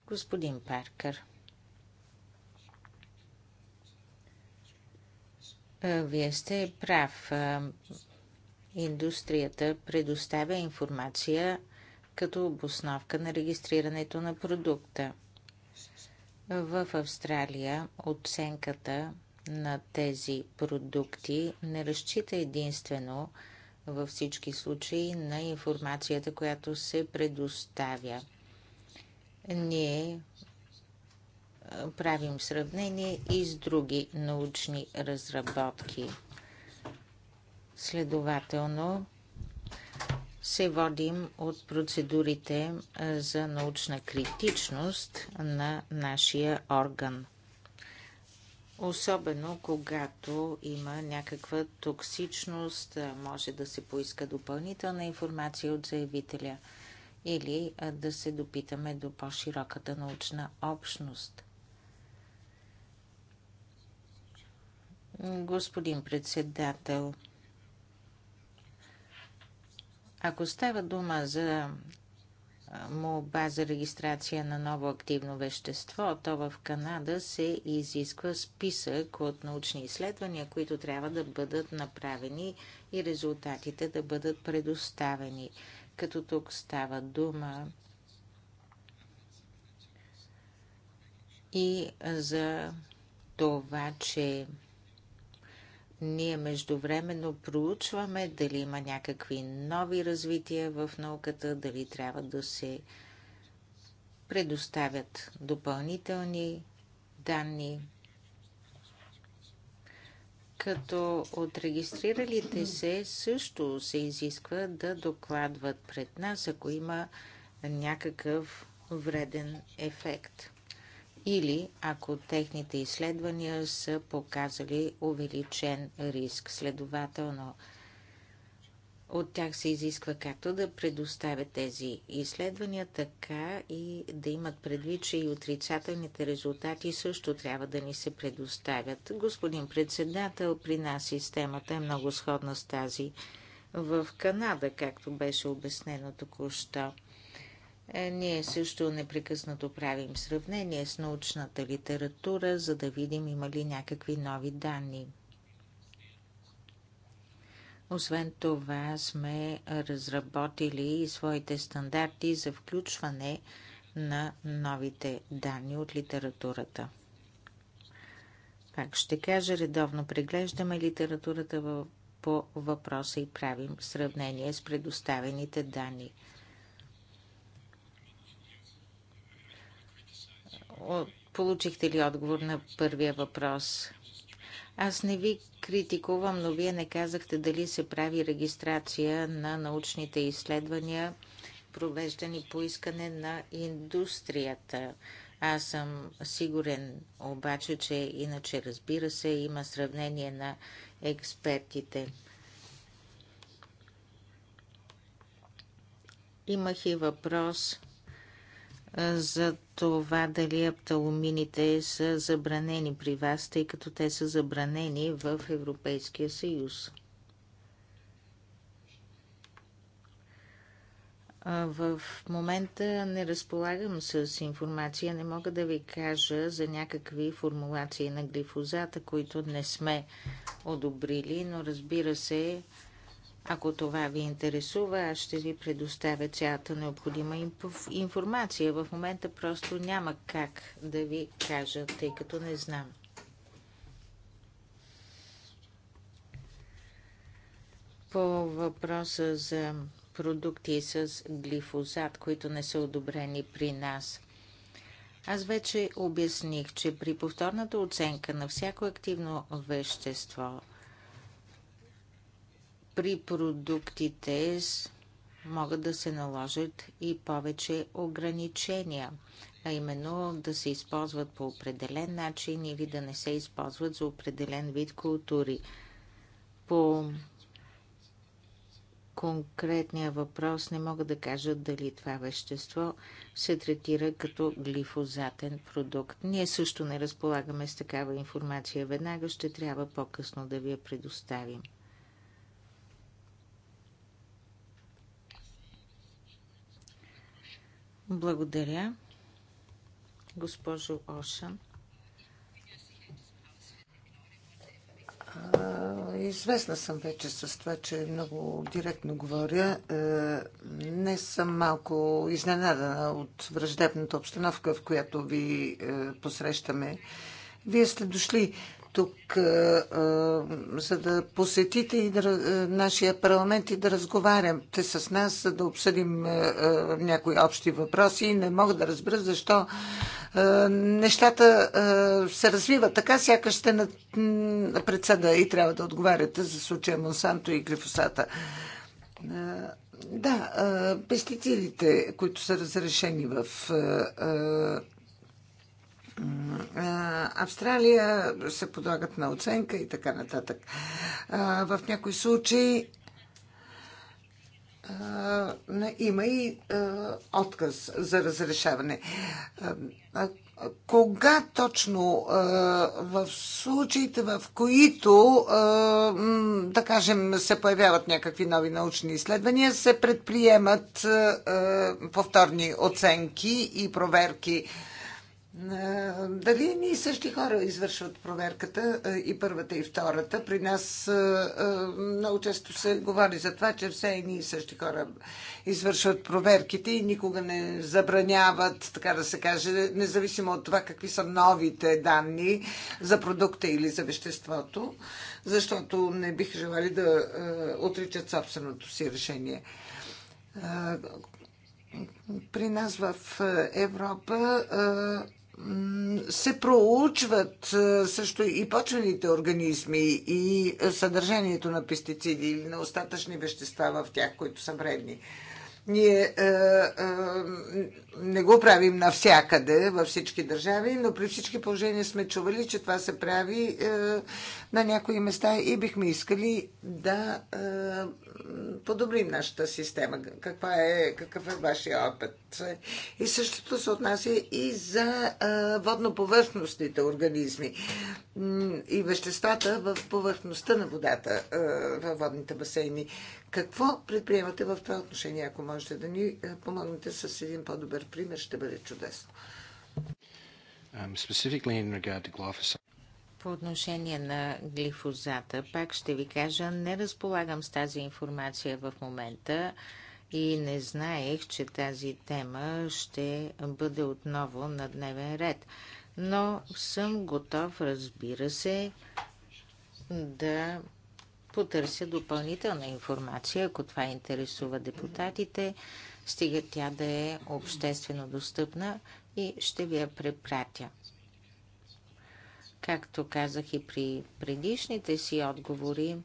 Господин Паркър. Вие сте прав. Индустрията предоставя информация като обосновка на регистрирането на продукта. В Австралия оценката на тези продукти не разчита единствено във всички случаи на информацията, която се предоставя. Ние правим сравнение и с други научни разработки. Следователно, се водим от процедурите е, за научна критичност на нашия орган. Особено когато има някаква токсичност, е, може да се поиска допълнителна информация от заявителя или е, да се допитаме до по-широката научна общност. Господин председател, ако става дума за молба за регистрация на ново активно вещество, то в Канада се изисква списък от научни изследвания, които трябва да бъдат направени и резултатите да бъдат предоставени. Като тук става дума и за това, че ние междувременно проучваме дали има някакви нови развития в науката, дали трябва да се предоставят допълнителни данни. Като от регистриралите се също се изисква да докладват пред нас, ако има някакъв вреден ефект или ако техните изследвания са показали увеличен риск. Следователно, от тях се изисква както да предоставят тези изследвания, така и да имат предвид, че и отрицателните резултати също трябва да ни се предоставят. Господин председател, при нас системата е много сходна с тази в Канада, както беше обяснено току-що. Е, ние също непрекъснато правим сравнение с научната литература, за да видим има ли някакви нови данни. Освен това сме разработили и своите стандарти за включване на новите данни от литературата. Пак ще кажа, редовно преглеждаме литературата по въпроса и правим сравнение с предоставените данни – Получихте ли отговор на първия въпрос? Аз не ви критикувам, но вие не казахте дали се прави регистрация на научните изследвания, провеждани по искане на индустрията. Аз съм сигурен обаче, че иначе разбира се има сравнение на експертите. Имах и въпрос за това дали апталомините са забранени при вас, тъй като те са забранени в Европейския съюз. В момента не разполагам с информация, не мога да ви кажа за някакви формулации на глифозата, които не сме одобрили, но разбира се, ако това ви интересува, аз ще ви предоставя цялата необходима информация. В момента просто няма как да ви кажа, тъй като не знам. По въпроса за продукти с глифозат, които не са одобрени при нас. Аз вече обясних, че при повторната оценка на всяко активно вещество при продуктите могат да се наложат и повече ограничения, а именно да се използват по определен начин или да не се използват за определен вид култури. По конкретния въпрос не мога да кажа дали това вещество се третира като глифозатен продукт. Ние също не разполагаме с такава информация. Веднага ще трябва по-късно да ви я предоставим. Благодаря, госпожо Оша. Известна съм вече с това, че много директно говоря. Е, не съм малко изненадана от враждебната обстановка, в която ви е, посрещаме. Вие сте дошли тук, за да посетите и да, нашия парламент и да разговаряте с нас, за да обсъдим някои общи въпроси. не мога да разбера защо нещата се развиват така, сякаш сте на, пред и трябва да отговаряте за случая Монсанто и грифосата. Да, пестицидите, които са разрешени в Австралия се подлагат на оценка и така нататък. В някои случаи има и отказ за разрешаване. Кога точно в случаите, в които, да кажем, се появяват някакви нови научни изследвания, се предприемат повторни оценки и проверки? Е, дали ни и същи хора извършват проверката е, и първата и втората? При нас е, много често се говори за това, че все едни и същи хора извършват проверките и никога не забраняват, така да се каже, независимо от това какви са новите данни за продукта или за веществото, защото не бих желали да отричат собственото си решение. При нас в Европа се проучват е, също и почвените организми и съдържанието на пестициди или на остатъчни вещества в тях, които са вредни. Ние е, е, не го правим навсякъде, във всички държави, но при всички положения сме чували, че това се прави е, на някои места и бихме искали да е, подобрим нашата система. Каква е, какъв е вашия опит? И същото се отнася и за е, водноповърхностните организми и веществата в повърхността на водата, е, във водните басейни. Какво предприемате в това отношение? Ако можете да ни е, помогнете с един по-добър пример, ще бъде чудесно. Um, По отношение на глифозата, пак ще ви кажа, не разполагам с тази информация в момента и не знаех, че тази тема ще бъде отново на дневен ред. Но съм готов, разбира се, да потърся допълнителна информация, ако това интересува депутатите, стига тя да е обществено достъпна и ще ви я препратя. Както казах и при предишните си отговори,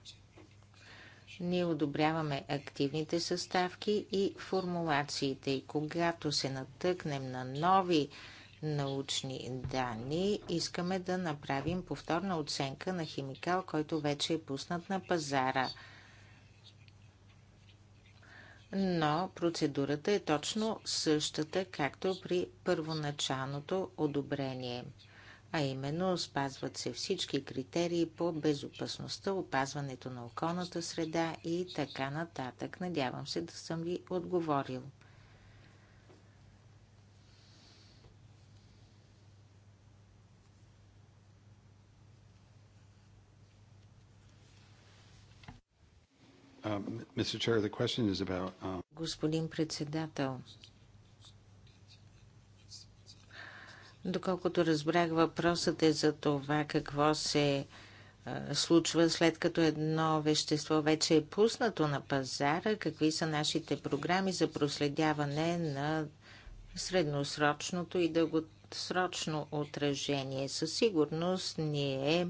ние одобряваме активните съставки и формулациите. И когато се натъкнем на нови научни данни, искаме да направим повторна оценка на химикал, който вече е пуснат на пазара. Но процедурата е точно същата, както при първоначалното одобрение. А именно спазват се всички критерии по безопасността, опазването на околната среда и така нататък. Надявам се да съм ви отговорил. Um, um, Господин председател, доколкото разбрах, въпросът е за това какво се случва след като едно вещество вече е пуснато на пазара, какви са нашите програми за проследяване на средносрочното и дългосрочно отражение. Със сигурност ние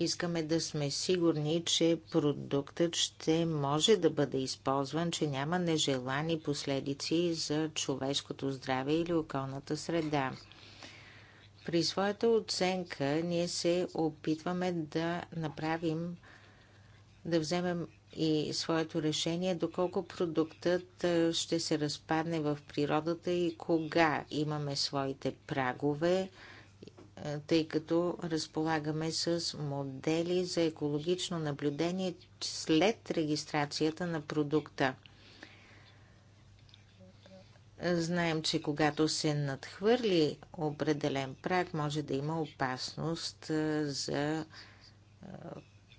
Искаме да сме сигурни, че продуктът ще може да бъде използван, че няма нежелани последици за човешкото здраве или околната среда. При своята оценка ние се опитваме да направим, да вземем и своето решение доколко продуктът ще се разпадне в природата и кога имаме своите прагове тъй като разполагаме с модели за екологично наблюдение след регистрацията на продукта. Знаем, че когато се надхвърли определен прак, може да има опасност за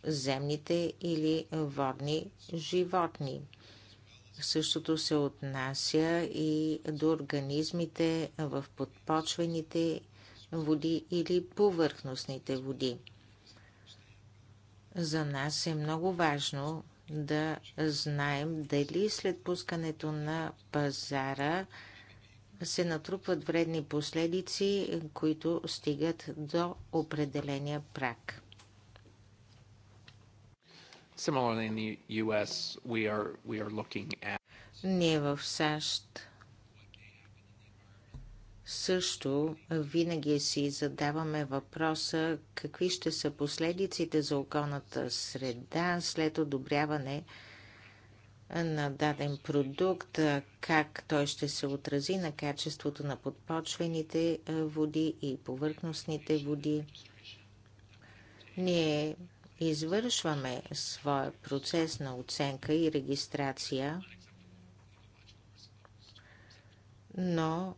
земните или водни животни. Същото се отнася и до организмите в подпочвените води или повърхностните води. За нас е много важно да знаем дали след пускането на пазара се натрупват вредни последици, които стигат до определения прак. Ние в САЩ също винаги си задаваме въпроса какви ще са последиците за околната среда след одобряване на даден продукт, как той ще се отрази на качеството на подпочвените води и повърхностните води. Ние извършваме своя процес на оценка и регистрация, но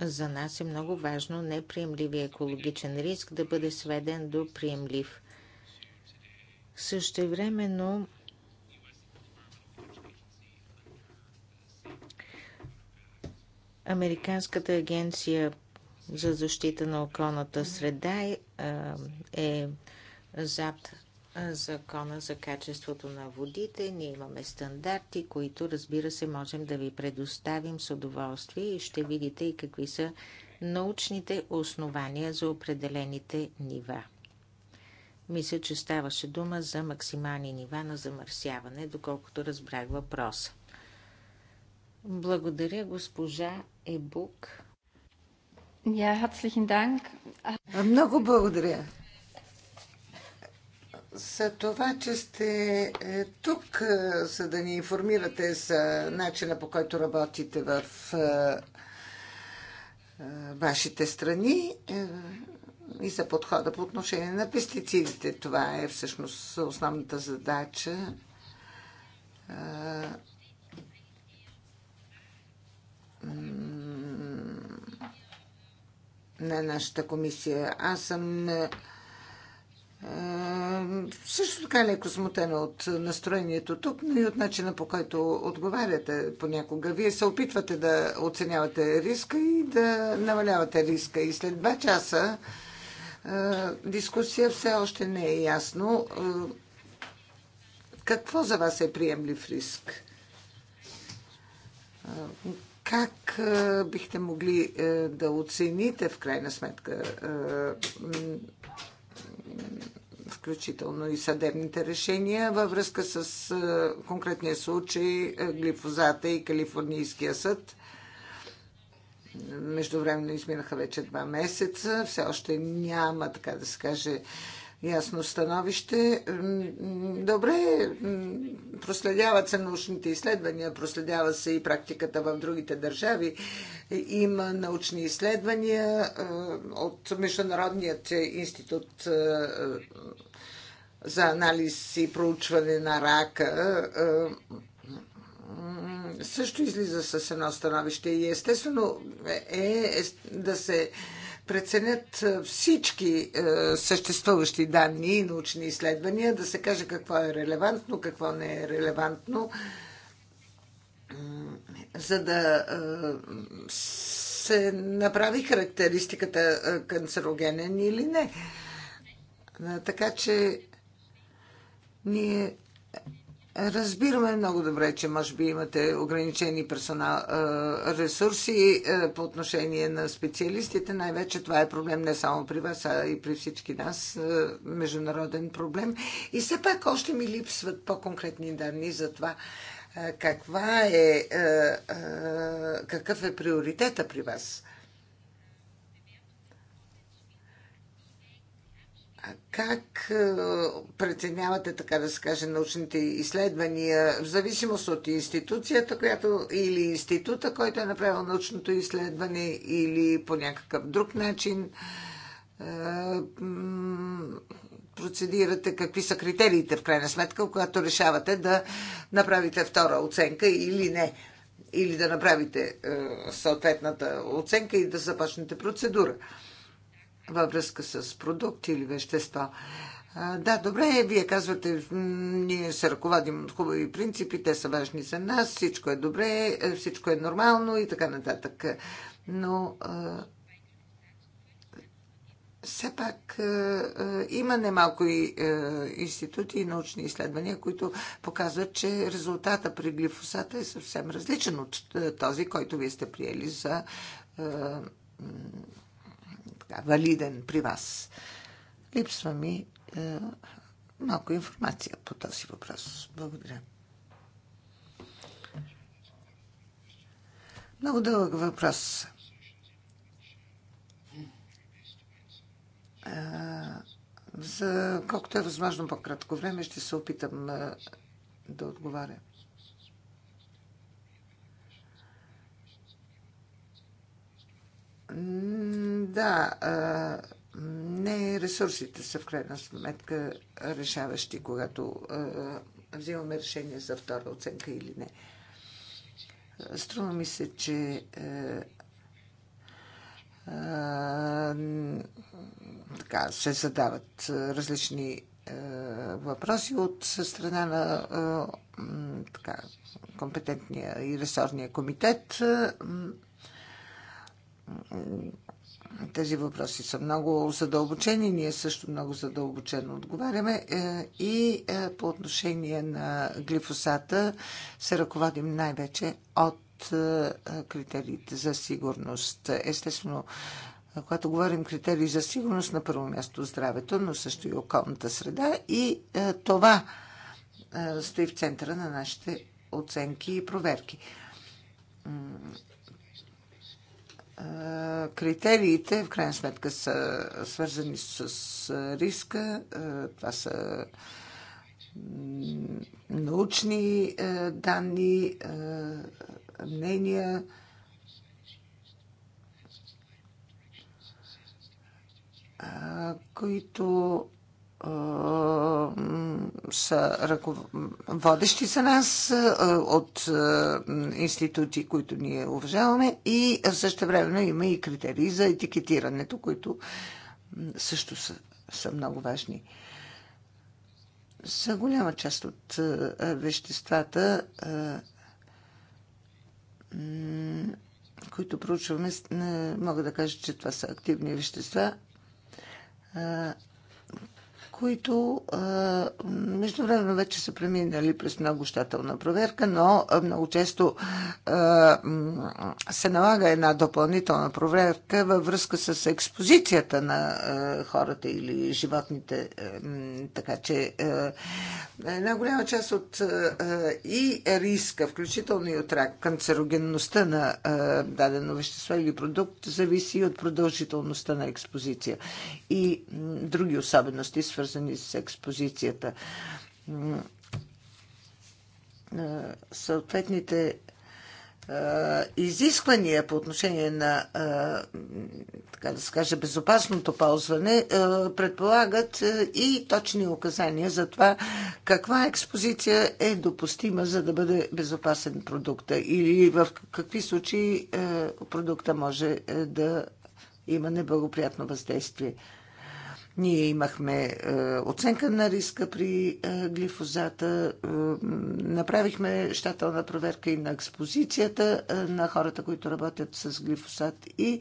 за нас е много важно неприемливия екологичен риск да бъде сведен до приемлив. Същевременно Американската агенция за защита на околната среда е, е зад закона за качеството на водите. Ние имаме стандарти, които разбира се можем да ви предоставим с удоволствие и ще видите и какви са научните основания за определените нива. Мисля, че ставаше дума за максимални нива на замърсяване, доколкото разбрах въпроса. Благодаря, госпожа Ебук. Dank. Много благодаря за това, че сте е, тук, е, за да ни информирате за начина по който работите в е, вашите страни и за подхода по отношение на пестицидите. Това е всъщност основната задача. на нашата комисия. Аз съм е, също така е леко смутена от настроението тук, но и от начина по който отговаряте понякога. Вие се опитвате да оценявате риска и да намалявате риска. И след два часа е, дискусия все още не е ясно. Какво за вас е приемлив риск? Как бихте могли да оцените в крайна сметка включително и съдебните решения във връзка с конкретния случай глифозата и Калифорнийския съд. Междувременно изминаха вече два месеца. Все още няма, така да се каже, ясно становище. Добре, проследяват се научните изследвания, проследява се и практиката в другите държави. Има научни изследвания от Международният институт за анализ и проучване на рака също излиза с едно становище и естествено е, е да се преценят е, всички е, съществуващи данни и научни изследвания, да се каже какво е релевантно, какво не е релевантно, за да е, се направи характеристиката канцерогенен или не. Така че ние Разбираме много добре, че може би имате ограничени персонал, ресурси по отношение на специалистите. Най-вече това е проблем не само при вас, а и при всички нас. Международен проблем. И все пак още ми липсват по-конкретни данни за това каква е, какъв е приоритета при вас Как е, преценявате, така да се каже, научните изследвания в зависимост от институцията която, или института, който е направил научното изследване или по някакъв друг начин е, процедирате, какви са критериите в крайна сметка, когато решавате да направите втора оценка или не? Или да направите е, съответната оценка и да започнете процедура? във връзка с продукти или вещества. Да, добре, вие казвате, ние се ръководим от хубави принципи, те са важни за нас, всичко е добре, е, всичко е нормално и така нататък. Но все пак има немалко и институти и научни изследвания, които показват, че резултата при глифосата е съвсем различен от този, който вие сте приели за така, валиден при вас. Липсва ми е, малко информация по този въпрос. Благодаря. Много дълъг въпрос. Е, за колкото е възможно по-кратко време ще се опитам е, да отговаря. Да, не ресурсите са в крайна сметка решаващи, когато взимаме решение за втора оценка или не. Струва ми се, че е, е, така, се задават различни е, въпроси от страна на така, компетентния и ресорния комитет. Тези въпроси са много задълбочени, ние също много задълбочено отговаряме е, и е, по отношение на глифосата се ръководим най-вече от е, критериите за сигурност. Естествено, когато говорим критерии за сигурност, на първо място здравето, но също и околната среда. И това стои в центъра на нашите оценки и проверки критериите в крайна сметка са свързани с риска. Това са научни данни, мнения. които са ръководещи за нас от институти, които ние уважаваме и същото време има и критерии за етикетирането, които също са, са много важни. За голяма част от веществата, които проучваме, мога да кажа, че това са активни вещества, които време вече са преминали през много щателна проверка, но много често се налага една допълнителна проверка във връзка с експозицията на хората или животните. Така че една голяма част от и риска, включително и от рак, канцерогенността на дадено вещество или продукт, зависи от продължителността на експозиция и други особености, свързани свързани с експозицията. Съответните изисквания по отношение на, така да се каже, безопасното ползване предполагат и точни указания за това каква експозиция е допустима за да бъде безопасен продукта или в какви случаи продукта може да има неблагоприятно въздействие. Ние имахме е, оценка на риска при е, глифозата, е, направихме щателна проверка и на експозицията е, на хората, които работят с глифосат и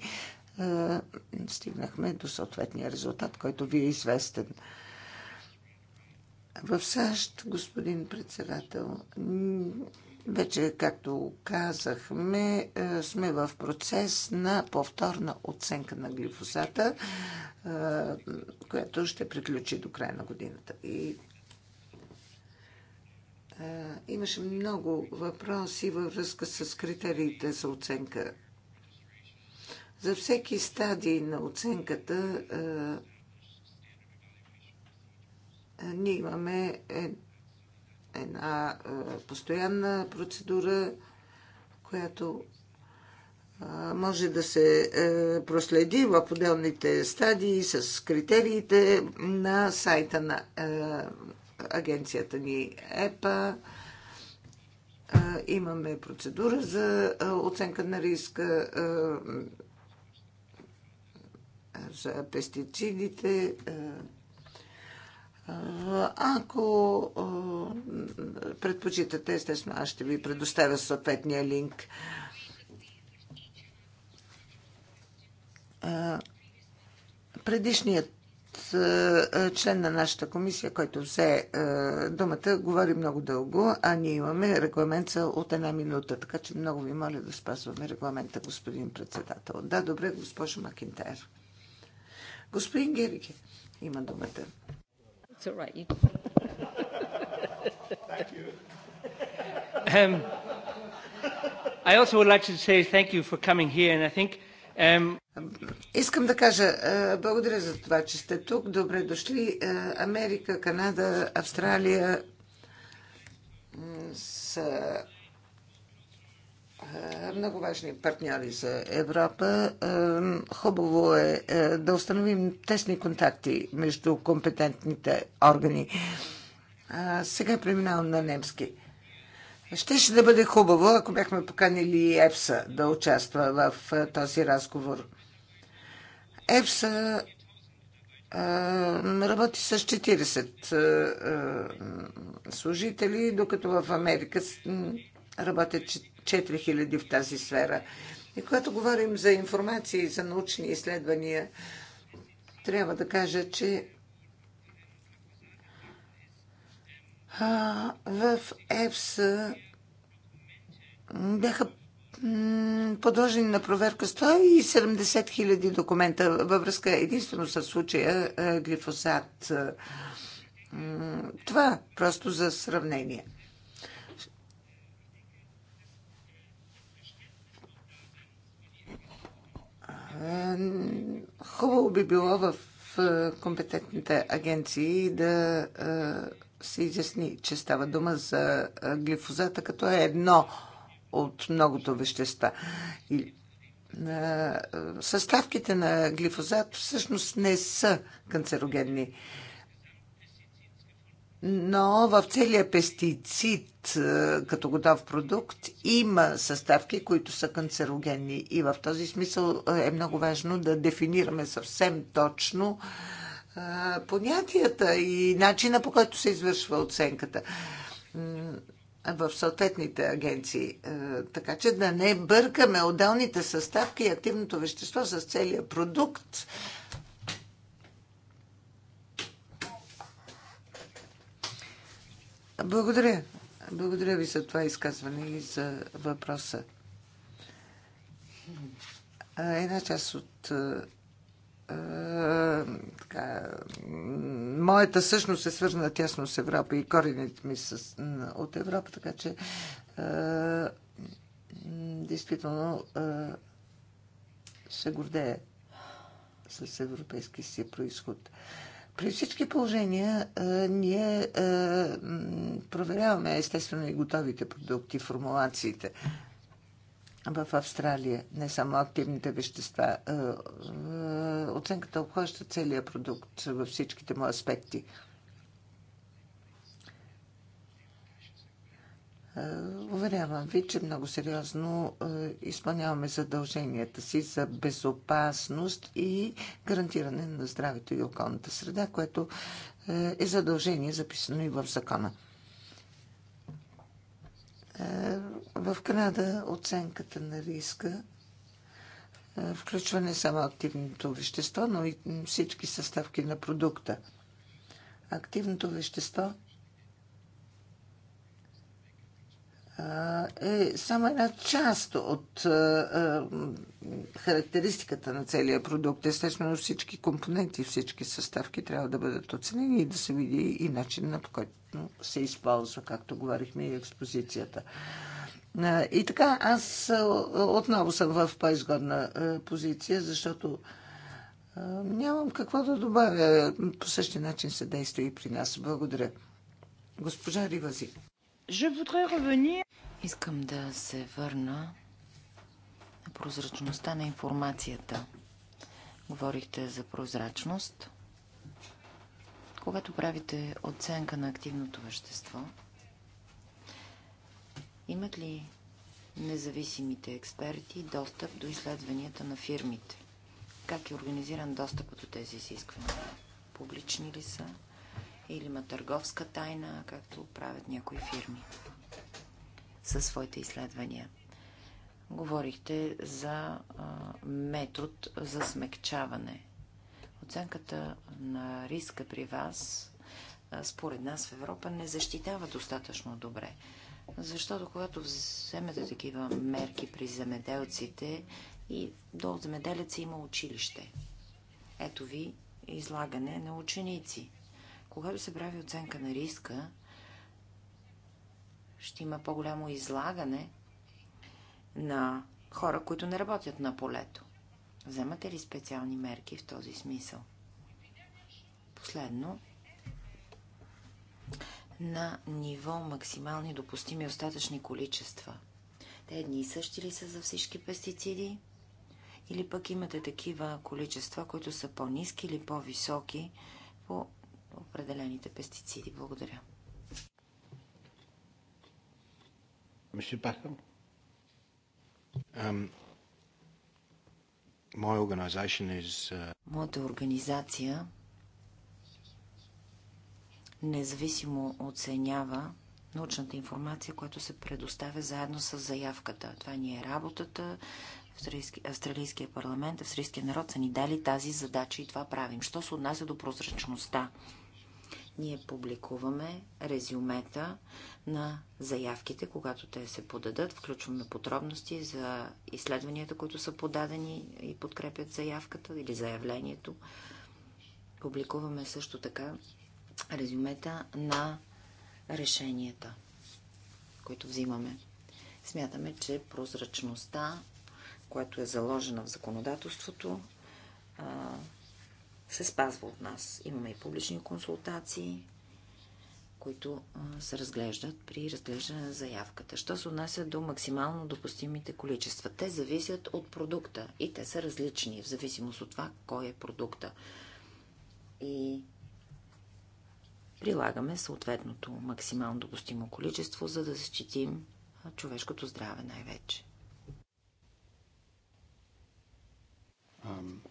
е, стигнахме до съответния резултат, който ви е известен. В САЩ, господин председател, вече, както казахме, е, сме в процес на повторна оценка на глифосата, е, която ще приключи до края на годината. И е, имаше много въпроси във връзка с критериите за оценка. За всеки стадий на оценката ние имаме една е, постоянна процедура, която е, може да се е, проследи в отделните стадии с критериите на сайта на агенцията ни ЕПА. Имаме процедура за оценка на риска за пестицидите, ако предпочитате, естествено, аз ще ви предоставя съответния линк. Предишният член на нашата комисия, който взе думата, говори много дълго, а ние имаме регламент за от една минута. Така че много ви моля да спазваме регламента, господин председател. Да, добре, госпожо Макинтайр. Господин Герике има думата. It's all right. You... Thank you. Um, I also would like to say thank you for coming here, and I think. Um... Искам да кажа благодаря за това, че сте тук. Добре дошли Америка, Канада, Австралия са е, много важни партньори за Европа. Е, хубаво е, е да установим тесни контакти между компетентните органи. Сега преминавам на немски. Щеше да бъде хубаво, ако бяхме поканили ЕФСА да участва в този разговор. ЕФСА работи с 40 служители, докато в Америка работят 4000 в тази сфера. И когато говорим за информация и за научни изследвания, трябва да кажа, че в ЕФС бяха подложени на проверка 170 000 документа във връзка единствено с случая глифосат. Това просто за сравнение. Е, хубаво би било в е, компетентните агенции да е, се изясни, че става дума за глифозата като е едно от многото вещества. И, съставките на глифозат всъщност не са канцерогенни но в целия пестицид е, като готов продукт има съставки, които са канцерогенни. И в този смисъл е, е много важно да дефинираме съвсем точно е, понятията и начина по който се извършва оценката в съответните агенции. Така че да не бъркаме отделните съставки и активното вещество с целия продукт, Благодаря. Благодаря ви за това изказване и за въпроса. Една част от така, моята същност е свързана тясно с Европа и корените ми с, от Европа, така че е, действително е, се гордея с европейски си происход. Е, при всички положения а, ние а, проверяваме естествено и готовите продукти, формулациите в Австралия, не само активните вещества. А, а, оценката обхваща целият продукт във всичките му аспекти. Е, уверявам ви, че много сериозно е, изпълняваме задълженията си за безопасност и гарантиране на здравето и околната среда, което е, е задължение записано и в закона. В Канада оценката на риска включва не само активното вещество, но и всички съставки на продукта. Активното вещество – е само една част от характеристиката на целия продукт. Естествено всички компоненти, всички съставки трябва да бъдат оценени и да се види и начинът на по който се използва, както говорихме и експозицията. И така, аз отново съм в по-изгодна позиция, защото нямам какво да добавя. По същия начин се действа и при нас. Благодаря. Госпожа Ривази. Искам да се върна на прозрачността на информацията. Говорихте за прозрачност. Когато правите оценка на активното вещество, имат ли независимите експерти достъп до изследванията на фирмите? Как е организиран достъпът до тези изисквания? Публични ли са? или има търговска тайна, както правят някои фирми със своите изследвания. Говорихте за а, метод за смекчаване. Оценката на риска при вас, а, според нас в Европа, не защитава достатъчно добре. Защото когато вземете такива мерки при земеделците, и до земеделеца има училище. Ето ви излагане на ученици. Когато се прави оценка на риска, ще има по-голямо излагане на хора, които не работят на полето. Вземате ли специални мерки в този смисъл? Последно, на ниво максимални допустими остатъчни количества. Те едни и същи ли са за всички пестициди? Или пък имате такива количества, които са по-низки или по-високи по определените пестициди. Благодаря. Е Моята организация независимо оценява научната информация, която се предоставя заедно с заявката. Това ни е работата. австралийския парламент, австрийския народ са ни дали тази задача и това правим. Що се отнася до прозрачността? ние публикуваме резюмета на заявките, когато те се подадат. Включваме подробности за изследванията, които са подадени и подкрепят заявката или заявлението. Публикуваме също така резюмета на решенията, които взимаме. Смятаме, че прозрачността, която е заложена в законодателството, се спазва от нас. Имаме и публични консултации, които се разглеждат при разглеждане на заявката. Що се отнася до максимално допустимите количества? Те зависят от продукта и те са различни в зависимост от това кой е продукта. И прилагаме съответното максимално допустимо количество, за да защитим човешкото здраве най-вече. Um,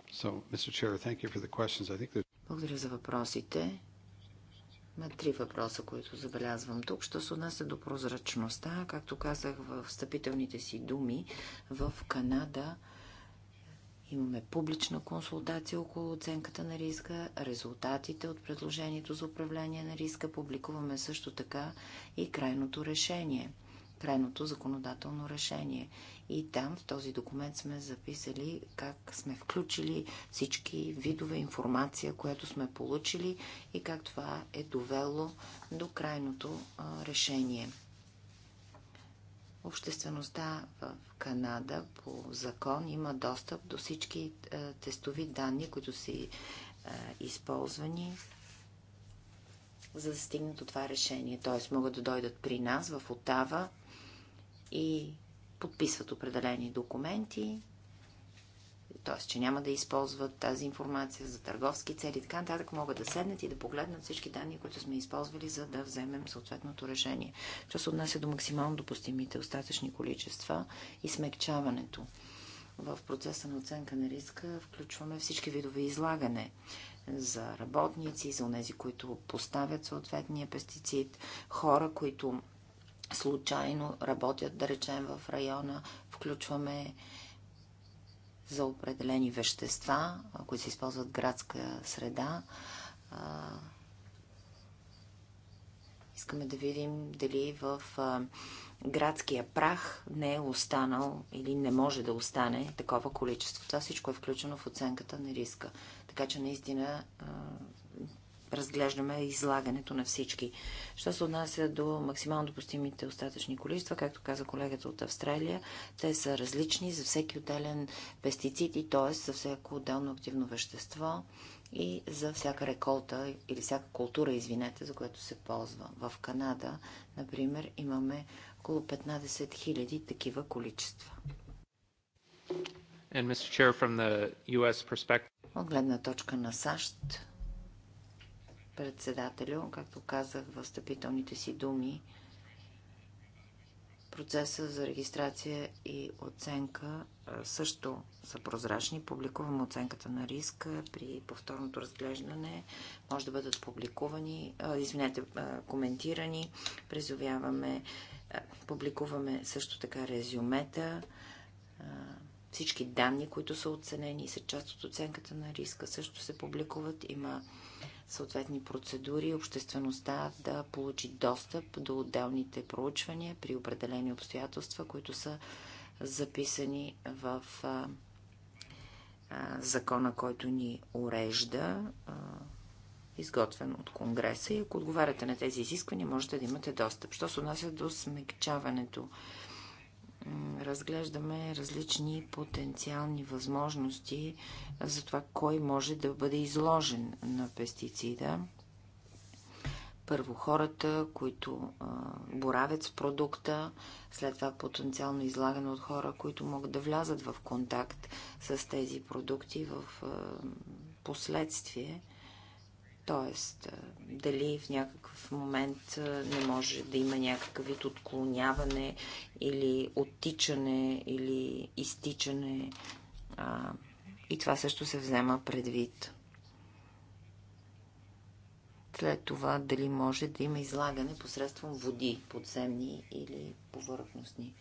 Благодаря за въпросите. Има три въпроса, които забелязвам тук. Що се отнася до прозрачността, както казах в встъпителните си думи, в Канада имаме публична консултация около оценката на риска, резултатите от предложението за управление на риска, публикуваме също така и крайното решение – крайното законодателно решение. И там в този документ сме записали как сме включили всички видове информация, която сме получили и как това е довело до крайното решение. Обществеността в Канада по закон има достъп до всички тестови данни, които са използвани за да стигнат до това решение. Т.е. могат да дойдат при нас в Отава и подписват определени документи, т.е. че няма да използват тази информация за търговски цели така нататък, могат да седнат и да погледнат всички данни, които сме използвали, за да вземем съответното решение. Що се отнася до максимално допустимите остатъчни количества и смекчаването. В процеса на оценка на риска включваме всички видове излагане за работници, за тези, които поставят съответния пестицид, хора, които случайно работят, да речем, в района. Включваме за определени вещества, които се използват в градска среда. Искаме да видим дали в градския прах не е останал или не може да остане такова количество. Това всичко е включено в оценката на риска. Така че наистина разглеждаме излагането на всички. Що се отнася до максимално допустимите остатъчни количества, както каза колегата от Австралия, те са различни за всеки отделен пестицид и т.е. за всяко отделно активно вещество и за всяка реколта или всяка култура, извинете, за която се ползва. В Канада, например, имаме около 15 000 такива количества. От гледна точка на САЩ, председателю. Както казах в стъпителните си думи, процеса за регистрация и оценка също са прозрачни. Публикуваме оценката на риска при повторното разглеждане. Може да бъдат публикувани, извинете, коментирани. Призовяваме, публикуваме също така резюмета. Всички данни, които са оценени и са част от оценката на риска, също се публикуват. Има съответни процедури обществеността да получи достъп до отделните проучвания при определени обстоятелства, които са записани в а, а, закона, който ни урежда, а, изготвен от Конгреса. И ако отговаряте на тези изисквания, можете да имате достъп. Що се отнася до смягчаването разглеждаме различни потенциални възможности за това кой може да бъде изложен на пестицида. Първо хората, които а, боравят с продукта, след това потенциално излагане от хора, които могат да влязат в контакт с тези продукти в а, последствие Тоест, дали в някакъв момент не може да има някакъв вид отклоняване или оттичане или изтичане. А, и това също се взема предвид. След това дали може да има излагане посредством води, подземни или повърхностни.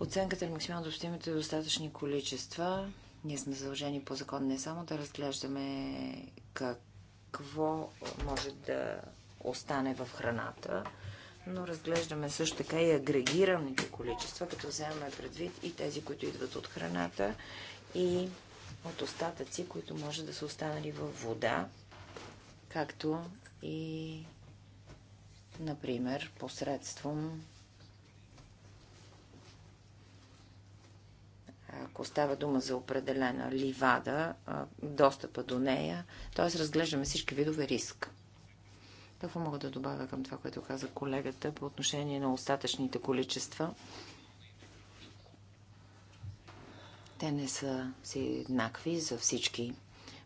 Оценката на максимално допустимите достатъчни количества. Ние сме задължени по закон не само да разглеждаме как какво може да остане в храната, но разглеждаме също така и агрегираните количества, като вземаме предвид и тези, които идват от храната и от остатъци, които може да са останали във вода, както и, например, посредством ако става дума за определена ливада, достъпа до нея, т.е. разглеждаме всички видове риск. Какво мога да добавя към това, което каза колегата по отношение на остатъчните количества? Те не са си еднакви за всички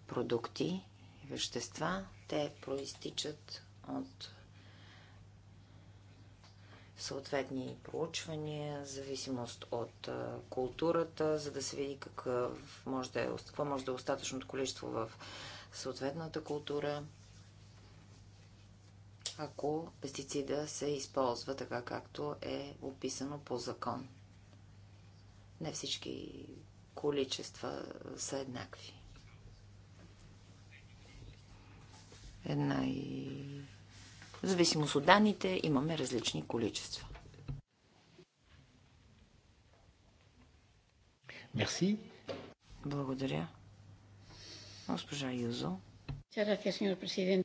продукти и вещества. Те проистичат от съответни проучвания, зависимост от културата, за да се види какъв може да е, какво може да е остатъчното количество в съответната култура, ако пестицида се използва така, както е описано по закон. Не всички количества са еднакви. Една и в зависимост от данните имаме различни количества. Мерси. Благодаря. Госпожа Юзо.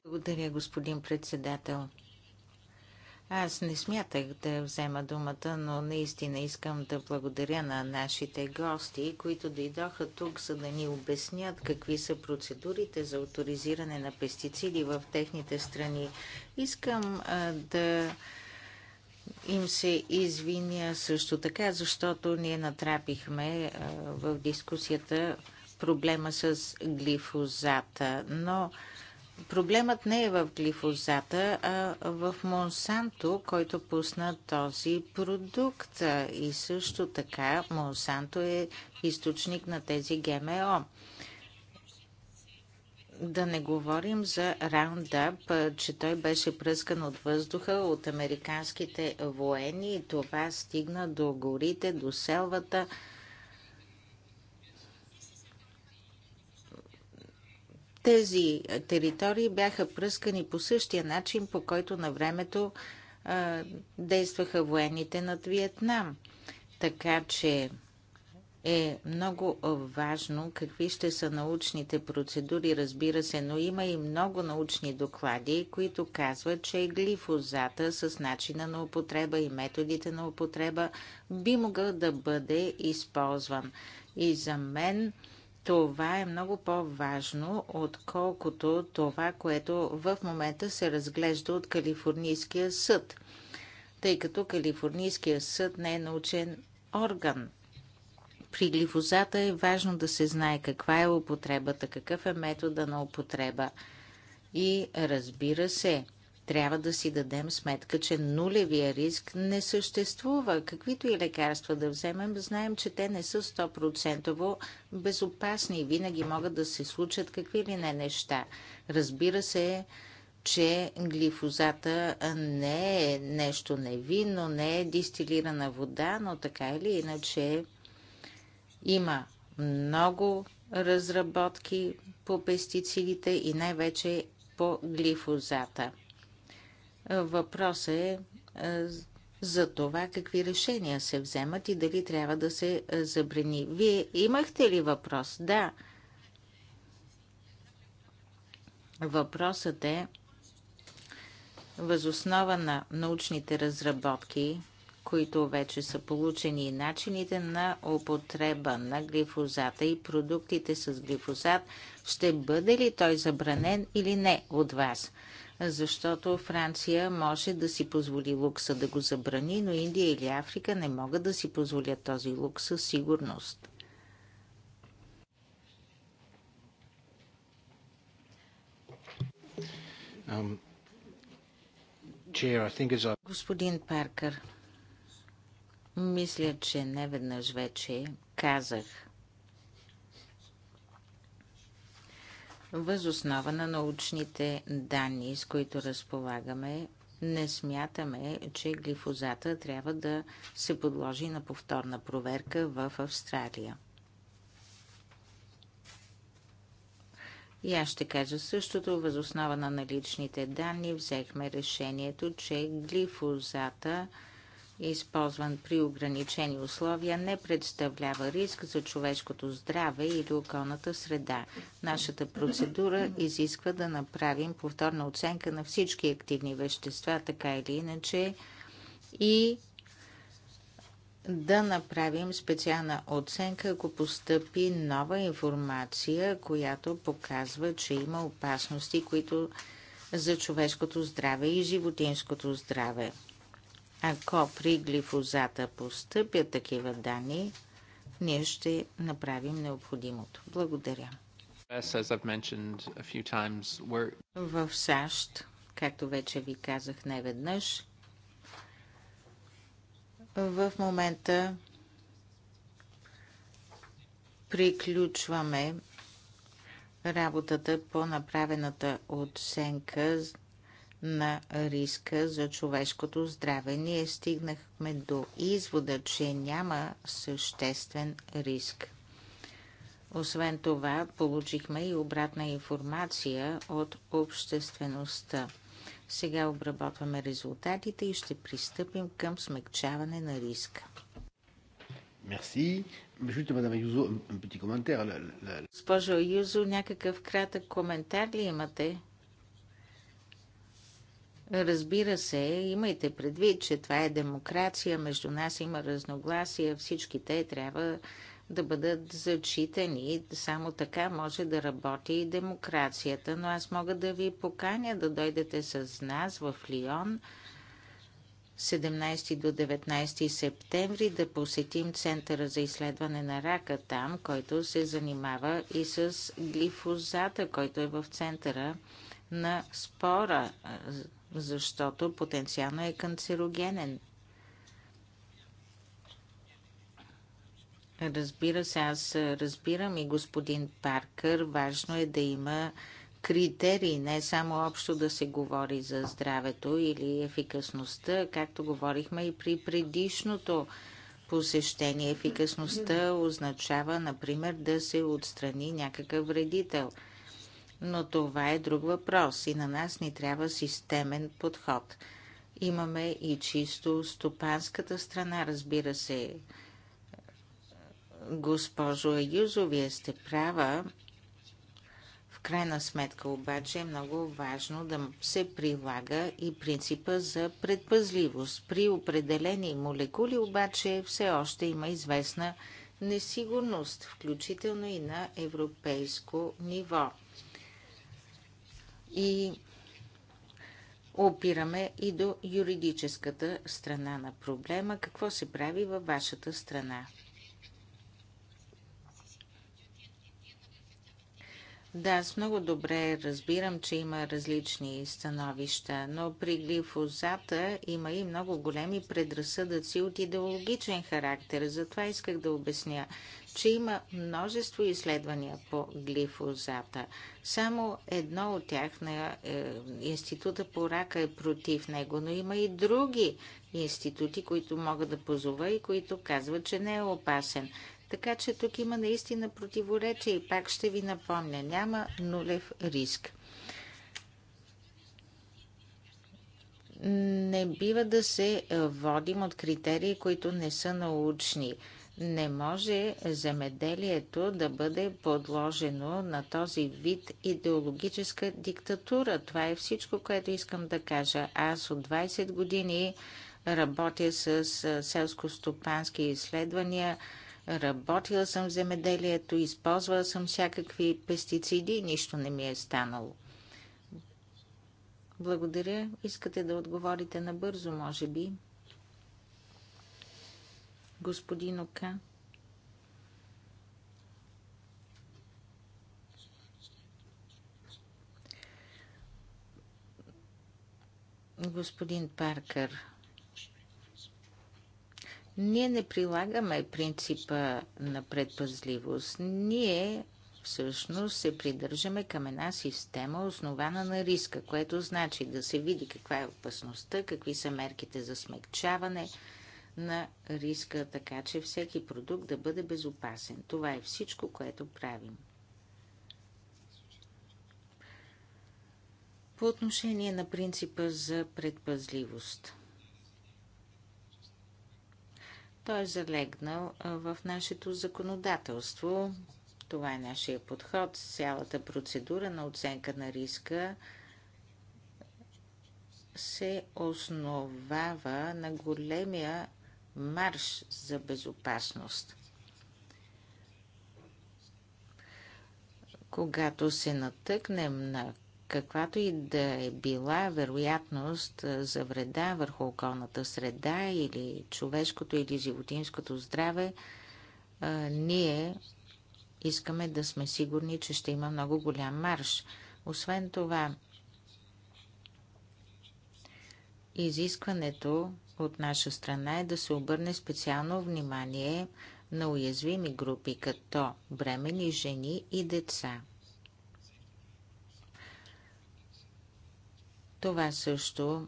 Благодаря, господин председател. Аз не смятах да взема думата, но наистина искам да благодаря на нашите гости, които дойдоха тук, за да ни обяснят какви са процедурите за авторизиране на пестициди в техните страни. Искам а, да им се извиня също така, защото ние натрапихме а, в дискусията проблема с глифозата, но а, Проблемът не е в глифозата, а в Монсанто, който пусна този продукт. И също така Монсанто е източник на тези ГМО. Да не говорим за раундъп, че той беше пръскан от въздуха от американските воени и това стигна до горите, до селвата. Тези територии бяха пръскани по същия начин, по който на времето а, действаха военните над Виетнам. Така че е много важно какви ще са научните процедури, разбира се, но има и много научни доклади, които казват, че глифозата с начина на употреба и методите на употреба би могъл да бъде използван. И за мен това е много по-важно, отколкото това, което в момента се разглежда от Калифорнийския съд, тъй като Калифорнийския съд не е научен орган. При глифозата е важно да се знае каква е употребата, какъв е метода на употреба. И разбира се, трябва да си дадем сметка, че нулевия риск не съществува. Каквито и лекарства да вземем, знаем, че те не са 100% безопасни и винаги могат да се случат какви ли не неща. Разбира се, че глифозата не е нещо невинно, не е дистилирана вода, но така или иначе има много разработки по пестицидите и най-вече по глифозата. Въпрос е, е за това какви решения се вземат и дали трябва да се е, забрани. Вие имахте ли въпрос? Да. Въпросът е възоснова на научните разработки, които вече са получени и начините на употреба на глифозата и продуктите с глифозат, ще бъде ли той забранен или не от вас? защото Франция може да си позволи лукса да го забрани, но Индия или Африка не могат да си позволят този лукс със сигурност. Um, chair, Господин Паркър, мисля, че неведнъж вече казах, Възоснова на научните данни, с които разполагаме, не смятаме, че глифозата трябва да се подложи на повторна проверка в Австралия. И аз ще кажа същото. Възоснова на наличните данни взехме решението, че глифозата е използван при ограничени условия, не представлява риск за човешкото здраве или околната среда. Нашата процедура изисква да направим повторна оценка на всички активни вещества, така или иначе, и да направим специална оценка, ако постъпи нова информация, която показва, че има опасности, които за човешкото здраве и животинското здраве. Ако при глифозата постъпят такива данни, ние ще направим необходимото. Благодаря. В САЩ, както вече ви казах неведнъж, в момента приключваме работата по направената оценка на риска за човешкото здраве. Ние стигнахме до извода, че няма съществен риск. Освен това, получихме и обратна информация от обществеността. Сега обработваме резултатите и ще пристъпим към смягчаване на риска. Мерси. Juste, Madame Юзо, un petit commentaire. Госпожо Юзо, някакъв кратък коментар ли имате? Разбира се, имайте предвид, че това е демокрация, между нас има разногласия, всички те трябва да бъдат зачитани. Само така може да работи и демокрацията. Но аз мога да ви поканя да дойдете с нас в Лион 17 до 19 септември да посетим Центъра за изследване на рака там, който се занимава и с глифозата, който е в центъра на спора защото потенциално е канцерогенен. Разбира се, аз разбирам и господин Паркър, важно е да има критерии, не само общо да се говори за здравето или ефикасността, както говорихме и при предишното посещение. Ефикасността означава, например, да се отстрани някакъв вредител – но това е друг въпрос и на нас ни трябва системен подход. Имаме и чисто стопанската страна, разбира се. Госпожо Аюзо, вие сте права. В крайна сметка обаче е много важно да се прилага и принципа за предпазливост. При определени молекули обаче все още има известна несигурност, включително и на европейско ниво и опираме и до юридическата страна на проблема. Какво се прави във вашата страна? Да, аз много добре разбирам, че има различни становища, но при глифозата има и много големи предразсъдъци от идеологичен характер. Затова исках да обясня, че има множество изследвания по глифозата. Само едно от тях на е, Института по рака е против него, но има и други институти, които могат да позова и които казват, че не е опасен. Така че тук има наистина противоречие и пак ще ви напомня, няма нулев риск. Не бива да се водим от критерии, които не са научни. Не може земеделието да бъде подложено на този вид идеологическа диктатура. Това е всичко, което искам да кажа. Аз от 20 години работя с селско-стопански изследвания. Работила съм в земеделието, използвала съм всякакви пестициди и нищо не ми е станало. Благодаря. Искате да отговорите набързо, може би? господин Ока. Господин Паркър, ние не прилагаме принципа на предпазливост. Ние всъщност се придържаме към една система, основана на риска, което значи да се види каква е опасността, какви са мерките за смягчаване, на риска, така че всеки продукт да бъде безопасен. Това е всичко, което правим. По отношение на принципа за предпазливост. Той е залегнал в нашето законодателство. Това е нашия подход. Цялата процедура на оценка на риска се основава на големия марш за безопасност. Когато се натъкнем на каквато и да е била вероятност за вреда върху околната среда или човешкото или животинското здраве, ние искаме да сме сигурни, че ще има много голям марш. Освен това, изискването от наша страна е да се обърне специално внимание на уязвими групи, като бремени жени и деца. Това също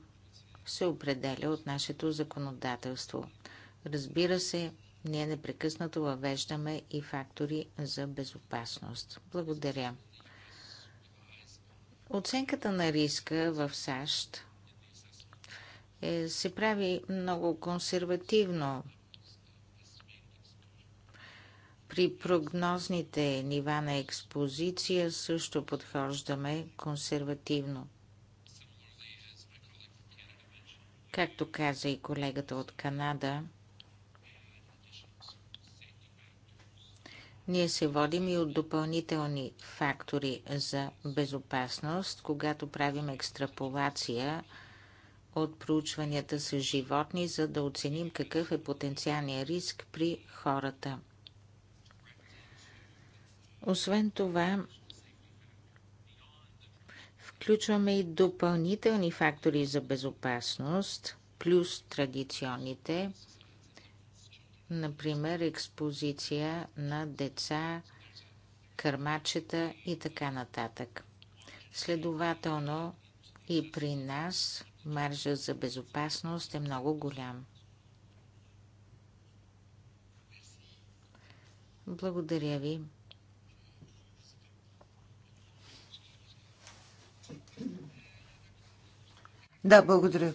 се определя от нашето законодателство. Разбира се, ние непрекъснато въвеждаме и фактори за безопасност. Благодаря. Оценката на риска в САЩ е, се прави много консервативно при прогнозните нива на експозиция също подхождаме консервативно. Както каза и колегата от Канада, ние се водим и от допълнителни фактори за безопасност, когато правим екстраполация – от проучванията с животни, за да оценим какъв е потенциалният риск при хората. Освен това, включваме и допълнителни фактори за безопасност, плюс традиционните, например експозиция на деца, кърмачета и така нататък. Следователно и при нас – маржа за безопасност е много голям. Благодаря ви. Да, благодаря.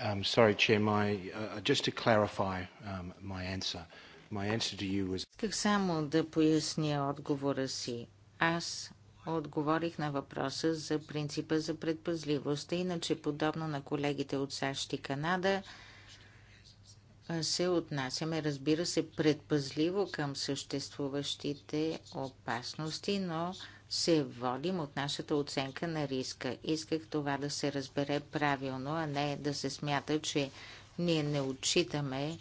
Um, sorry, Chair, my, uh, just to clarify um, my answer. My answer to you was... Исках само да поясня отговора си. Аз отговорих на въпроса за принципа за предпазливостта, иначе подобно на колегите от САЩ и Канада, се отнасяме, разбира се, предпазливо към съществуващите опасности, но се водим от нашата оценка на риска. Исках това да се разбере правилно, а не да се смята, че ние не отчитаме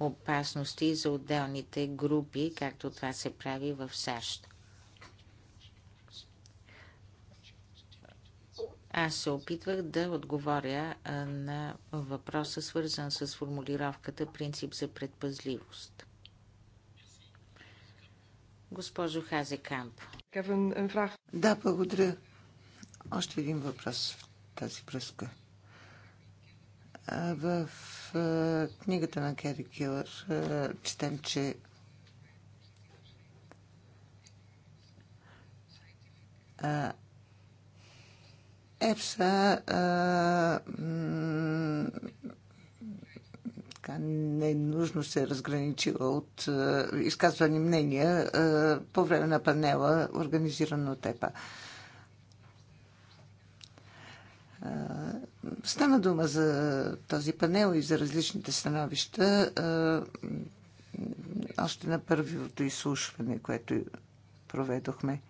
опасности за отделните групи, както това се прави в САЩ. Аз се опитвах да отговоря на въпроса, свързан с формулировката принцип за предпазливост. Госпожо Хазекамп. Е, да, благодаря. Още един въпрос в тази връзка. В книгата на Кери Килър четем, че не е нужно се е разграничила от е, изказвани мнения е, по време на панела, организирана от ЕПА. Е, стана дума за този панел и за различните становища е, още на първото изслушване, което проведохме.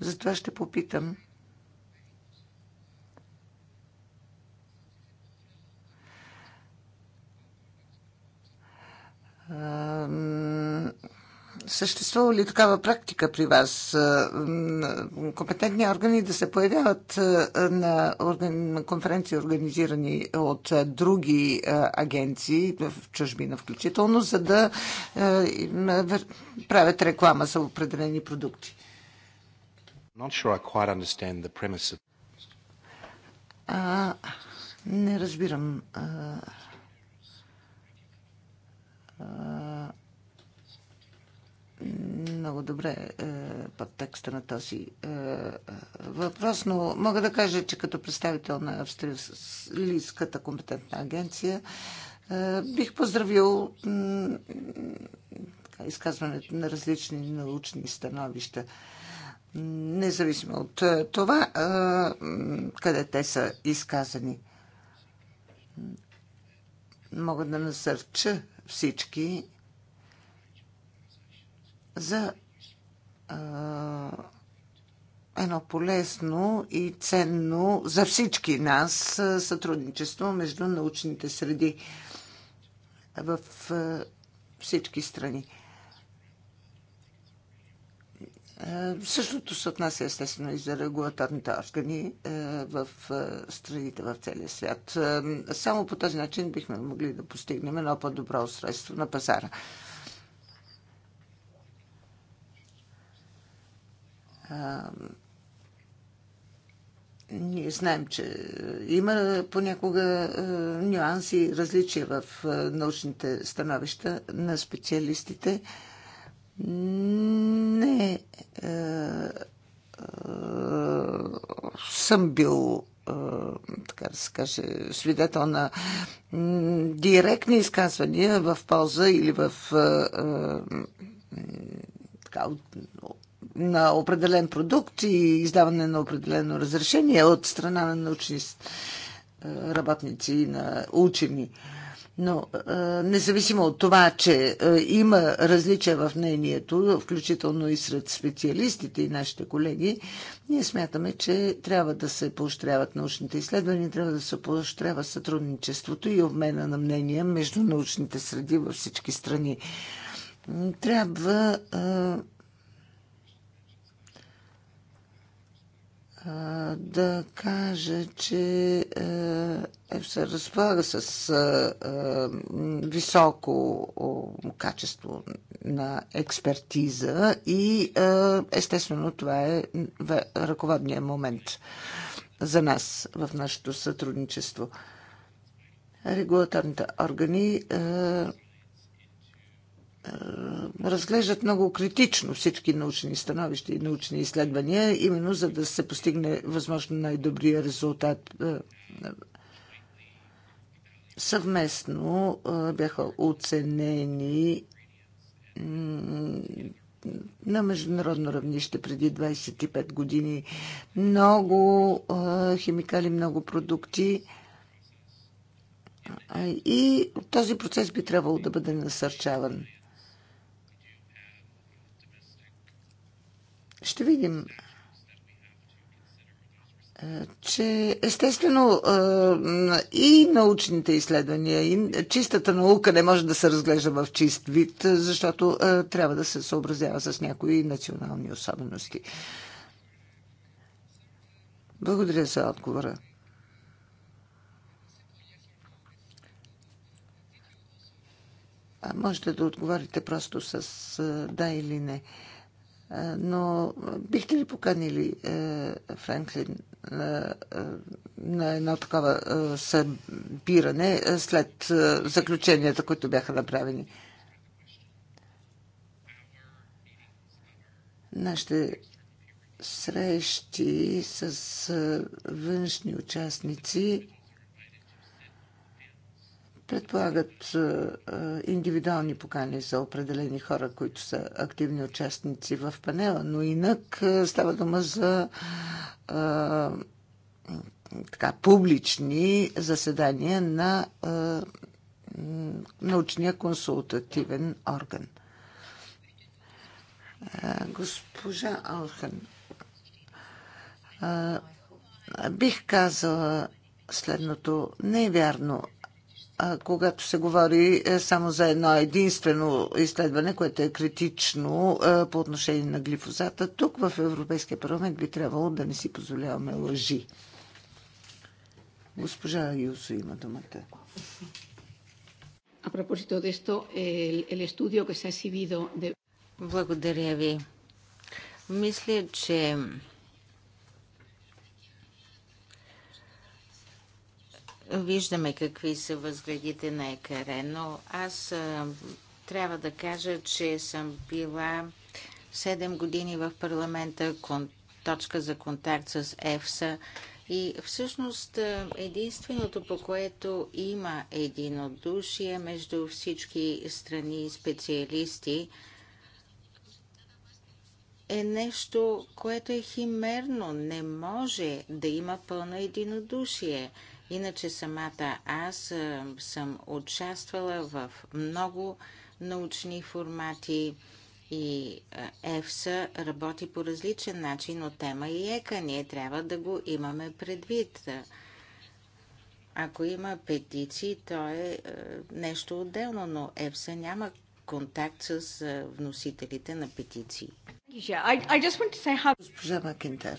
Затова ще попитам – Съществува ли такава практика при вас? Компетентни органи да се появяват на конференции, организирани от други агенции, в чужбина включително, за да правят реклама за определени продукти? не разбирам много добре е, под текста на този е, е, въпрос, но мога да кажа, че като представител на Австралийската компетентна агенция е, бих поздравил е, изказването на различни научни становища. Независимо от е, това, е, къде те са изказани. Мога да насърча всички за а, едно полезно и ценно за всички нас сътрудничество между научните среди в а, всички страни. Е, същото се отнася естествено и за регулаторните органи е, в е, страните в целия свят. Само по този начин бихме могли да постигнем едно по-добро устройство на пазара. Ние знаем, че има понякога нюанси и различия в научните становища на специалистите не е, е, съм бил е, така да се каже, свидетел на директни изказвания в полза или в е, е така, на определен продукт и издаване на определено разрешение от страна на научни е, работници и на учени. Но независимо от това, че има различия в мнението, включително и сред специалистите и нашите колеги, ние смятаме, че трябва да се поощряват научните изследвания, трябва да се поощрява сътрудничеството и обмена на мнения между научните среди във всички страни. Трябва да кажа, че е, е, се разполага с е, високо качество на експертиза и естествено това е ръководният момент за нас в нашето сътрудничество. Регулаторните органи е, разглеждат много критично всички научни становища и научни изследвания, именно за да се постигне възможно най-добрия резултат. Е, е, съвместно бяха оценени на международно равнище преди 25 години много химикали, много продукти. И този процес би трябвало да бъде насърчаван. ще видим, е, че естествено е, и научните изследвания, и чистата наука не може да се разглежда в чист вид, защото е, трябва да се съобразява с някои национални особености. Благодаря за отговора. А можете да отговорите просто с да или не. Е, но е, бихте ли поканили е, Франклин на едно такова събиране след заключенията, които бяха направени? Нашите срещи с външни участници предполагат индивидуални покани за определени хора, които са активни участници в панела, но инак става дума за а, така, публични заседания на а, научния консултативен орган. А, госпожа Алхан, бих казала следното. Не е вярно, когато се говори е, само за едно единствено изследване, което е критично е, по отношение на глифозата, тук в Европейския парламент би трябвало да не си позволяваме лъжи. Госпожа Юсо има думата. A propósito de esto, el, el estudio que se ha exhibido de... Благодаря ви. Мисля, че Виждаме какви са възгледите на екаре, но аз а, трябва да кажа, че съм била 7 години в парламента, кон, точка за контакт с ЕФСА и всъщност единственото, по което има единодушие между всички страни и специалисти, е нещо, което е химерно. Не може да има пълно единодушие. Иначе самата аз съм участвала в много научни формати и ЕФСА работи по различен начин от тема и ЕКА. Ние трябва да го имаме предвид. Ако има петиции, то е нещо отделно, но ЕФСА няма контакт с вносителите на петиции. Госпожа Макентер,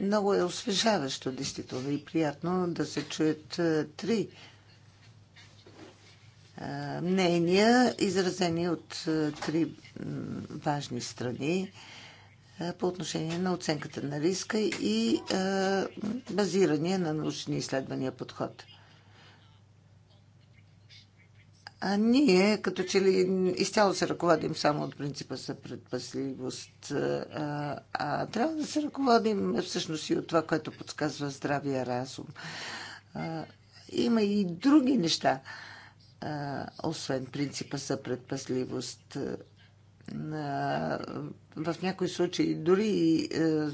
много е освежаващо, действително, и приятно да се чуят три мнения, изразени от три важни страни по отношение на оценката на риска и базирания на научни изследвания подход – а ние като че ли изцяло се ръководим само от принципа за предпазливост, а, а трябва да се ръководим всъщност и от това, което подсказва здравия разум. А, има и други неща, а, освен принципа за предпазливост в някои случаи дори и е,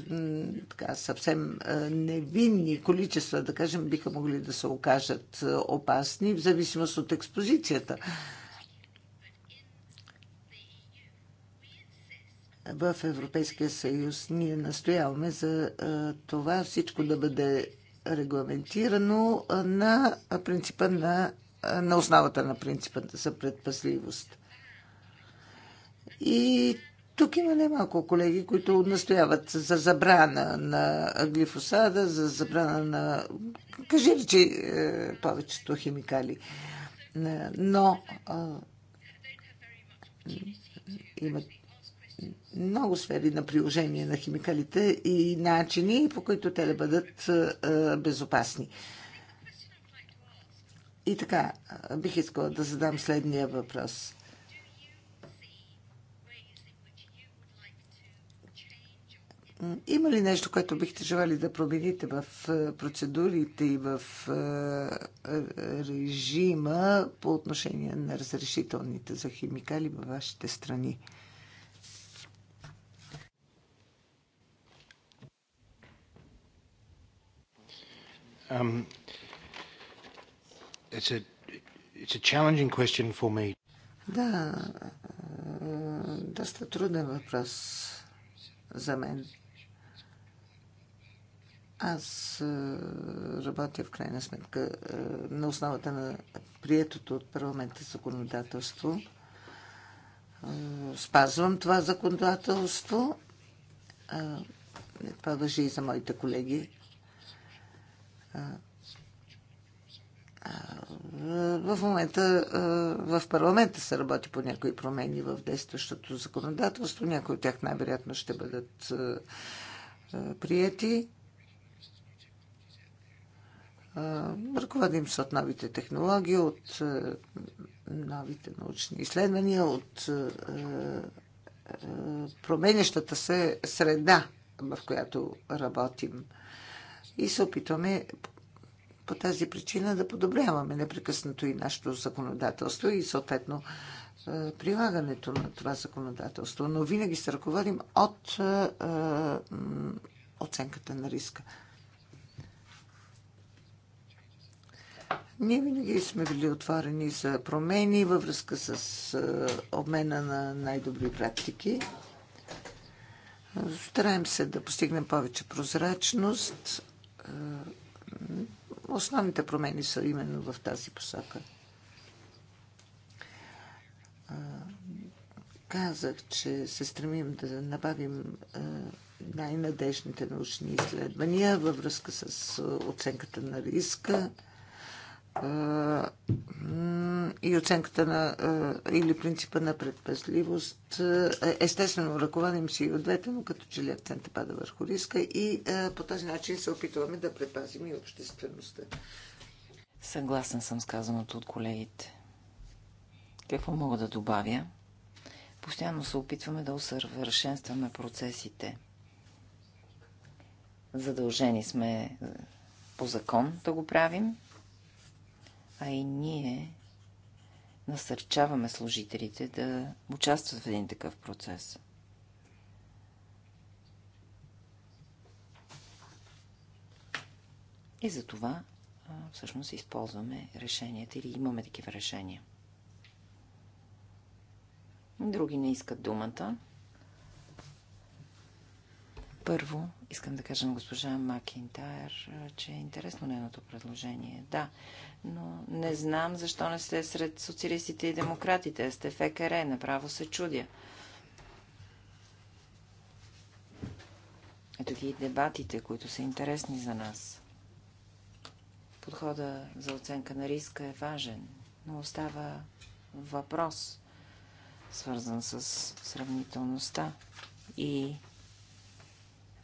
така, съвсем е, невинни количества, да кажем, биха могли да се окажат е, опасни в зависимост от експозицията. В Европейския съюз ние настояваме за това всичко да бъде регламентирано на принципа на, на основата на принципа за предпазливост. И тук има немалко колеги, които настояват за забрана на глифосада, за забрана на, кажи ли, че е, повечето химикали. Е, но а, има много сфери на приложение на химикалите и начини, по които те да бъдат а, е, безопасни. И така, бих искала да задам следния въпрос. Има ли нещо, което бихте желали да промените в е, процедурите и в е, режима по отношение на разрешителните за химикали във вашите страни? Um, it's a, it's a challenging question for me. Да, е, доста труден въпрос за мен. Аз е, работя в крайна сметка е, на основата на приетото от парламента законодателство. Е, спазвам това законодателство. Това въжи и за моите колеги. В момента в парламента се работи по някои промени в действащото законодателство. Някои от тях най-вероятно ще бъдат прияти. Ръководим се от новите технологии, от е, новите научни изследвания, от е, е, променящата се среда, в която работим. И се опитваме по тази причина да подобряваме непрекъснато и нашето законодателство и съответно прилагането на това законодателство. Но винаги се ръководим от оценката на риска. Ние винаги сме били отворени за промени във връзка с обмена на най-добри практики. Стараем се да постигнем повече прозрачност. Основните промени са именно в тази посока. Казах, че се стремим да набавим най-надежните научни изследвания във връзка с оценката на риска и оценката на или принципа на предпазливост. Естествено, ръководим си и от двете, но като че ли акцента пада върху риска и по този начин се опитваме да предпазим и обществеността. Съгласен съм с казаното от колегите. Какво мога да добавя? Постоянно се опитваме да усъвършенстваме процесите. Задължени сме по закон да го правим, а и ние насърчаваме служителите да участват в един такъв процес. И за това всъщност използваме решенията или имаме такива решения. Други не искат думата. Първо, искам да кажа на госпожа Макинтайр, че е интересно нейното предложение. Да, но не знам защо не сте сред социалистите и демократите. Сте в ЕКР, направо се чудя. Ето ги и дебатите, които са интересни за нас. Подхода за оценка на риска е важен, но остава въпрос, свързан с сравнителността и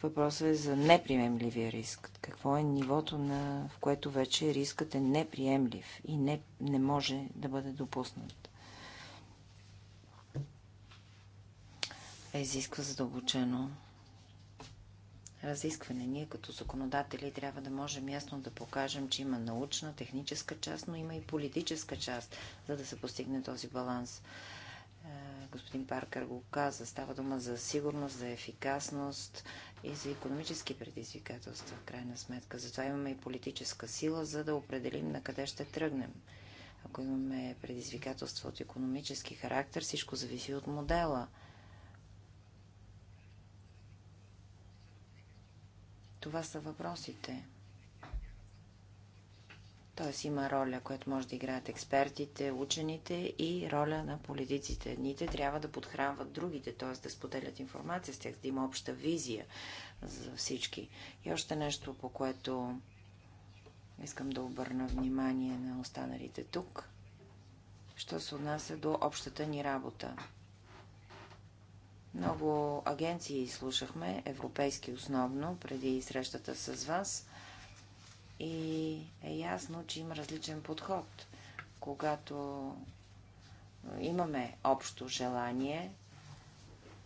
Въпросът е за неприемливия риск. Какво е нивото, на, в което вече рискът е неприемлив и не, не може да бъде допуснат? Е, изисква задълбочено разискване. Ние като законодатели трябва да можем ясно да покажем, че има научна, техническа част, но има и политическа част, за да се постигне този баланс. Е, господин Паркър го каза, става дума за сигурност, за ефикасност и за економически предизвикателства, в крайна сметка. Затова имаме и политическа сила, за да определим на къде ще тръгнем. Ако имаме предизвикателства от економически характер, всичко зависи от модела. Това са въпросите. Т.е. има роля, която може да играят експертите, учените и роля на политиците. Едните трябва да подхранват другите, т.е. да споделят информация с тях, да има обща визия за всички. И още нещо, по което искам да обърна внимание на останалите тук, що се отнася до общата ни работа. Много агенции слушахме, европейски основно, преди срещата с вас – и е ясно, че има различен подход. Когато имаме общо желание,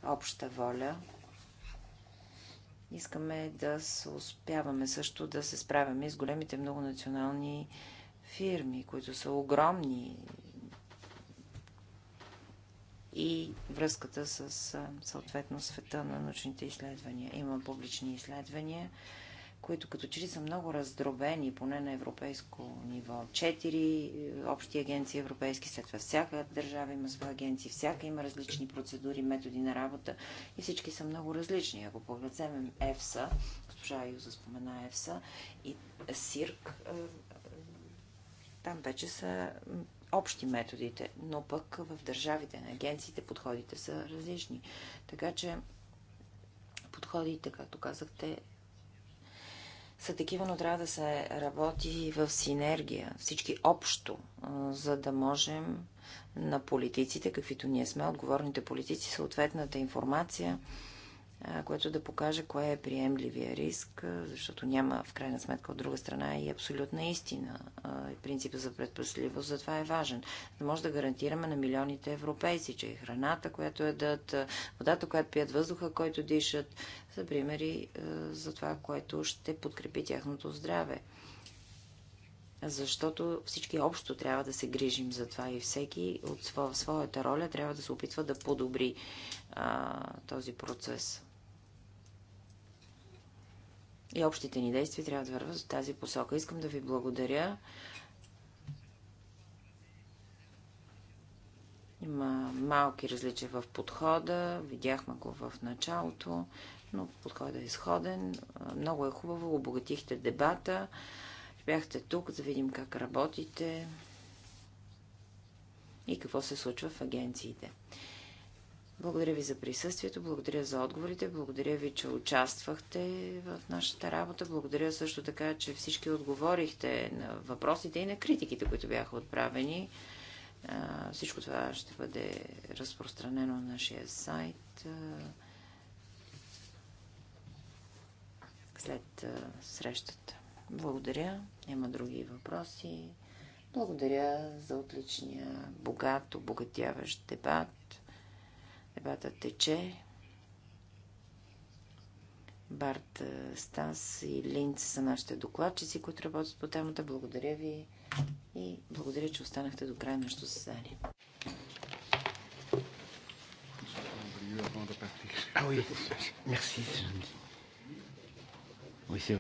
обща воля, искаме да се успяваме също да се справяме с големите многонационални фирми, които са огромни и връзката с съответно света на научните изследвания. Има публични изследвания, които като че ли са много раздробени, поне на европейско ниво. Четири е, общи агенции европейски, след това всяка държава има свои агенции, всяка има различни процедури, методи на работа и всички са много различни. Ако погледнем ЕФСА, госпожа Юза спомена ЕФСА и СИРК, е, е, там вече са общи методите, но пък в държавите на агенциите подходите са различни. Така че подходите, както казахте, са такива, но трябва да се работи в синергия, всички общо, за да можем на политиците, каквито ние сме, отговорните политици, съответната информация което да покаже кое е приемливия риск, защото няма в крайна сметка от друга страна и абсолютна истина. Принципът за предпосливост затова е важен. Да може да гарантираме на милионите европейци, че и храната, която ядат, водата, която пият, въздуха, който дишат, са примери за това, което ще подкрепи тяхното здраве. Защото всички общо трябва да се грижим за това и всеки от своята роля трябва да се опитва да подобри а, този процес. И общите ни действия трябва да върват в тази посока. Искам да ви благодаря. Има малки различия в подхода. Видяхме го в началото, но подходът е изходен. Много е хубаво. Обогатихте дебата. Бяхте тук, да видим как работите и какво се случва в агенциите. Благодаря ви за присъствието, благодаря за отговорите, благодаря ви, че участвахте в нашата работа, благодаря също така, че всички отговорихте на въпросите и на критиките, които бяха отправени. Всичко това ще бъде разпространено на нашия сайт. След срещата. Благодаря. Няма други въпроси. Благодаря за отличния, богат, обогатяващ дебат водата тече. Барт е, Стас и Линц са нашите докладчици, които работят по темата. Благодаря ви и благодаря, че останахте до края на нашето заседание. Ah oui, merci. Oui, c'est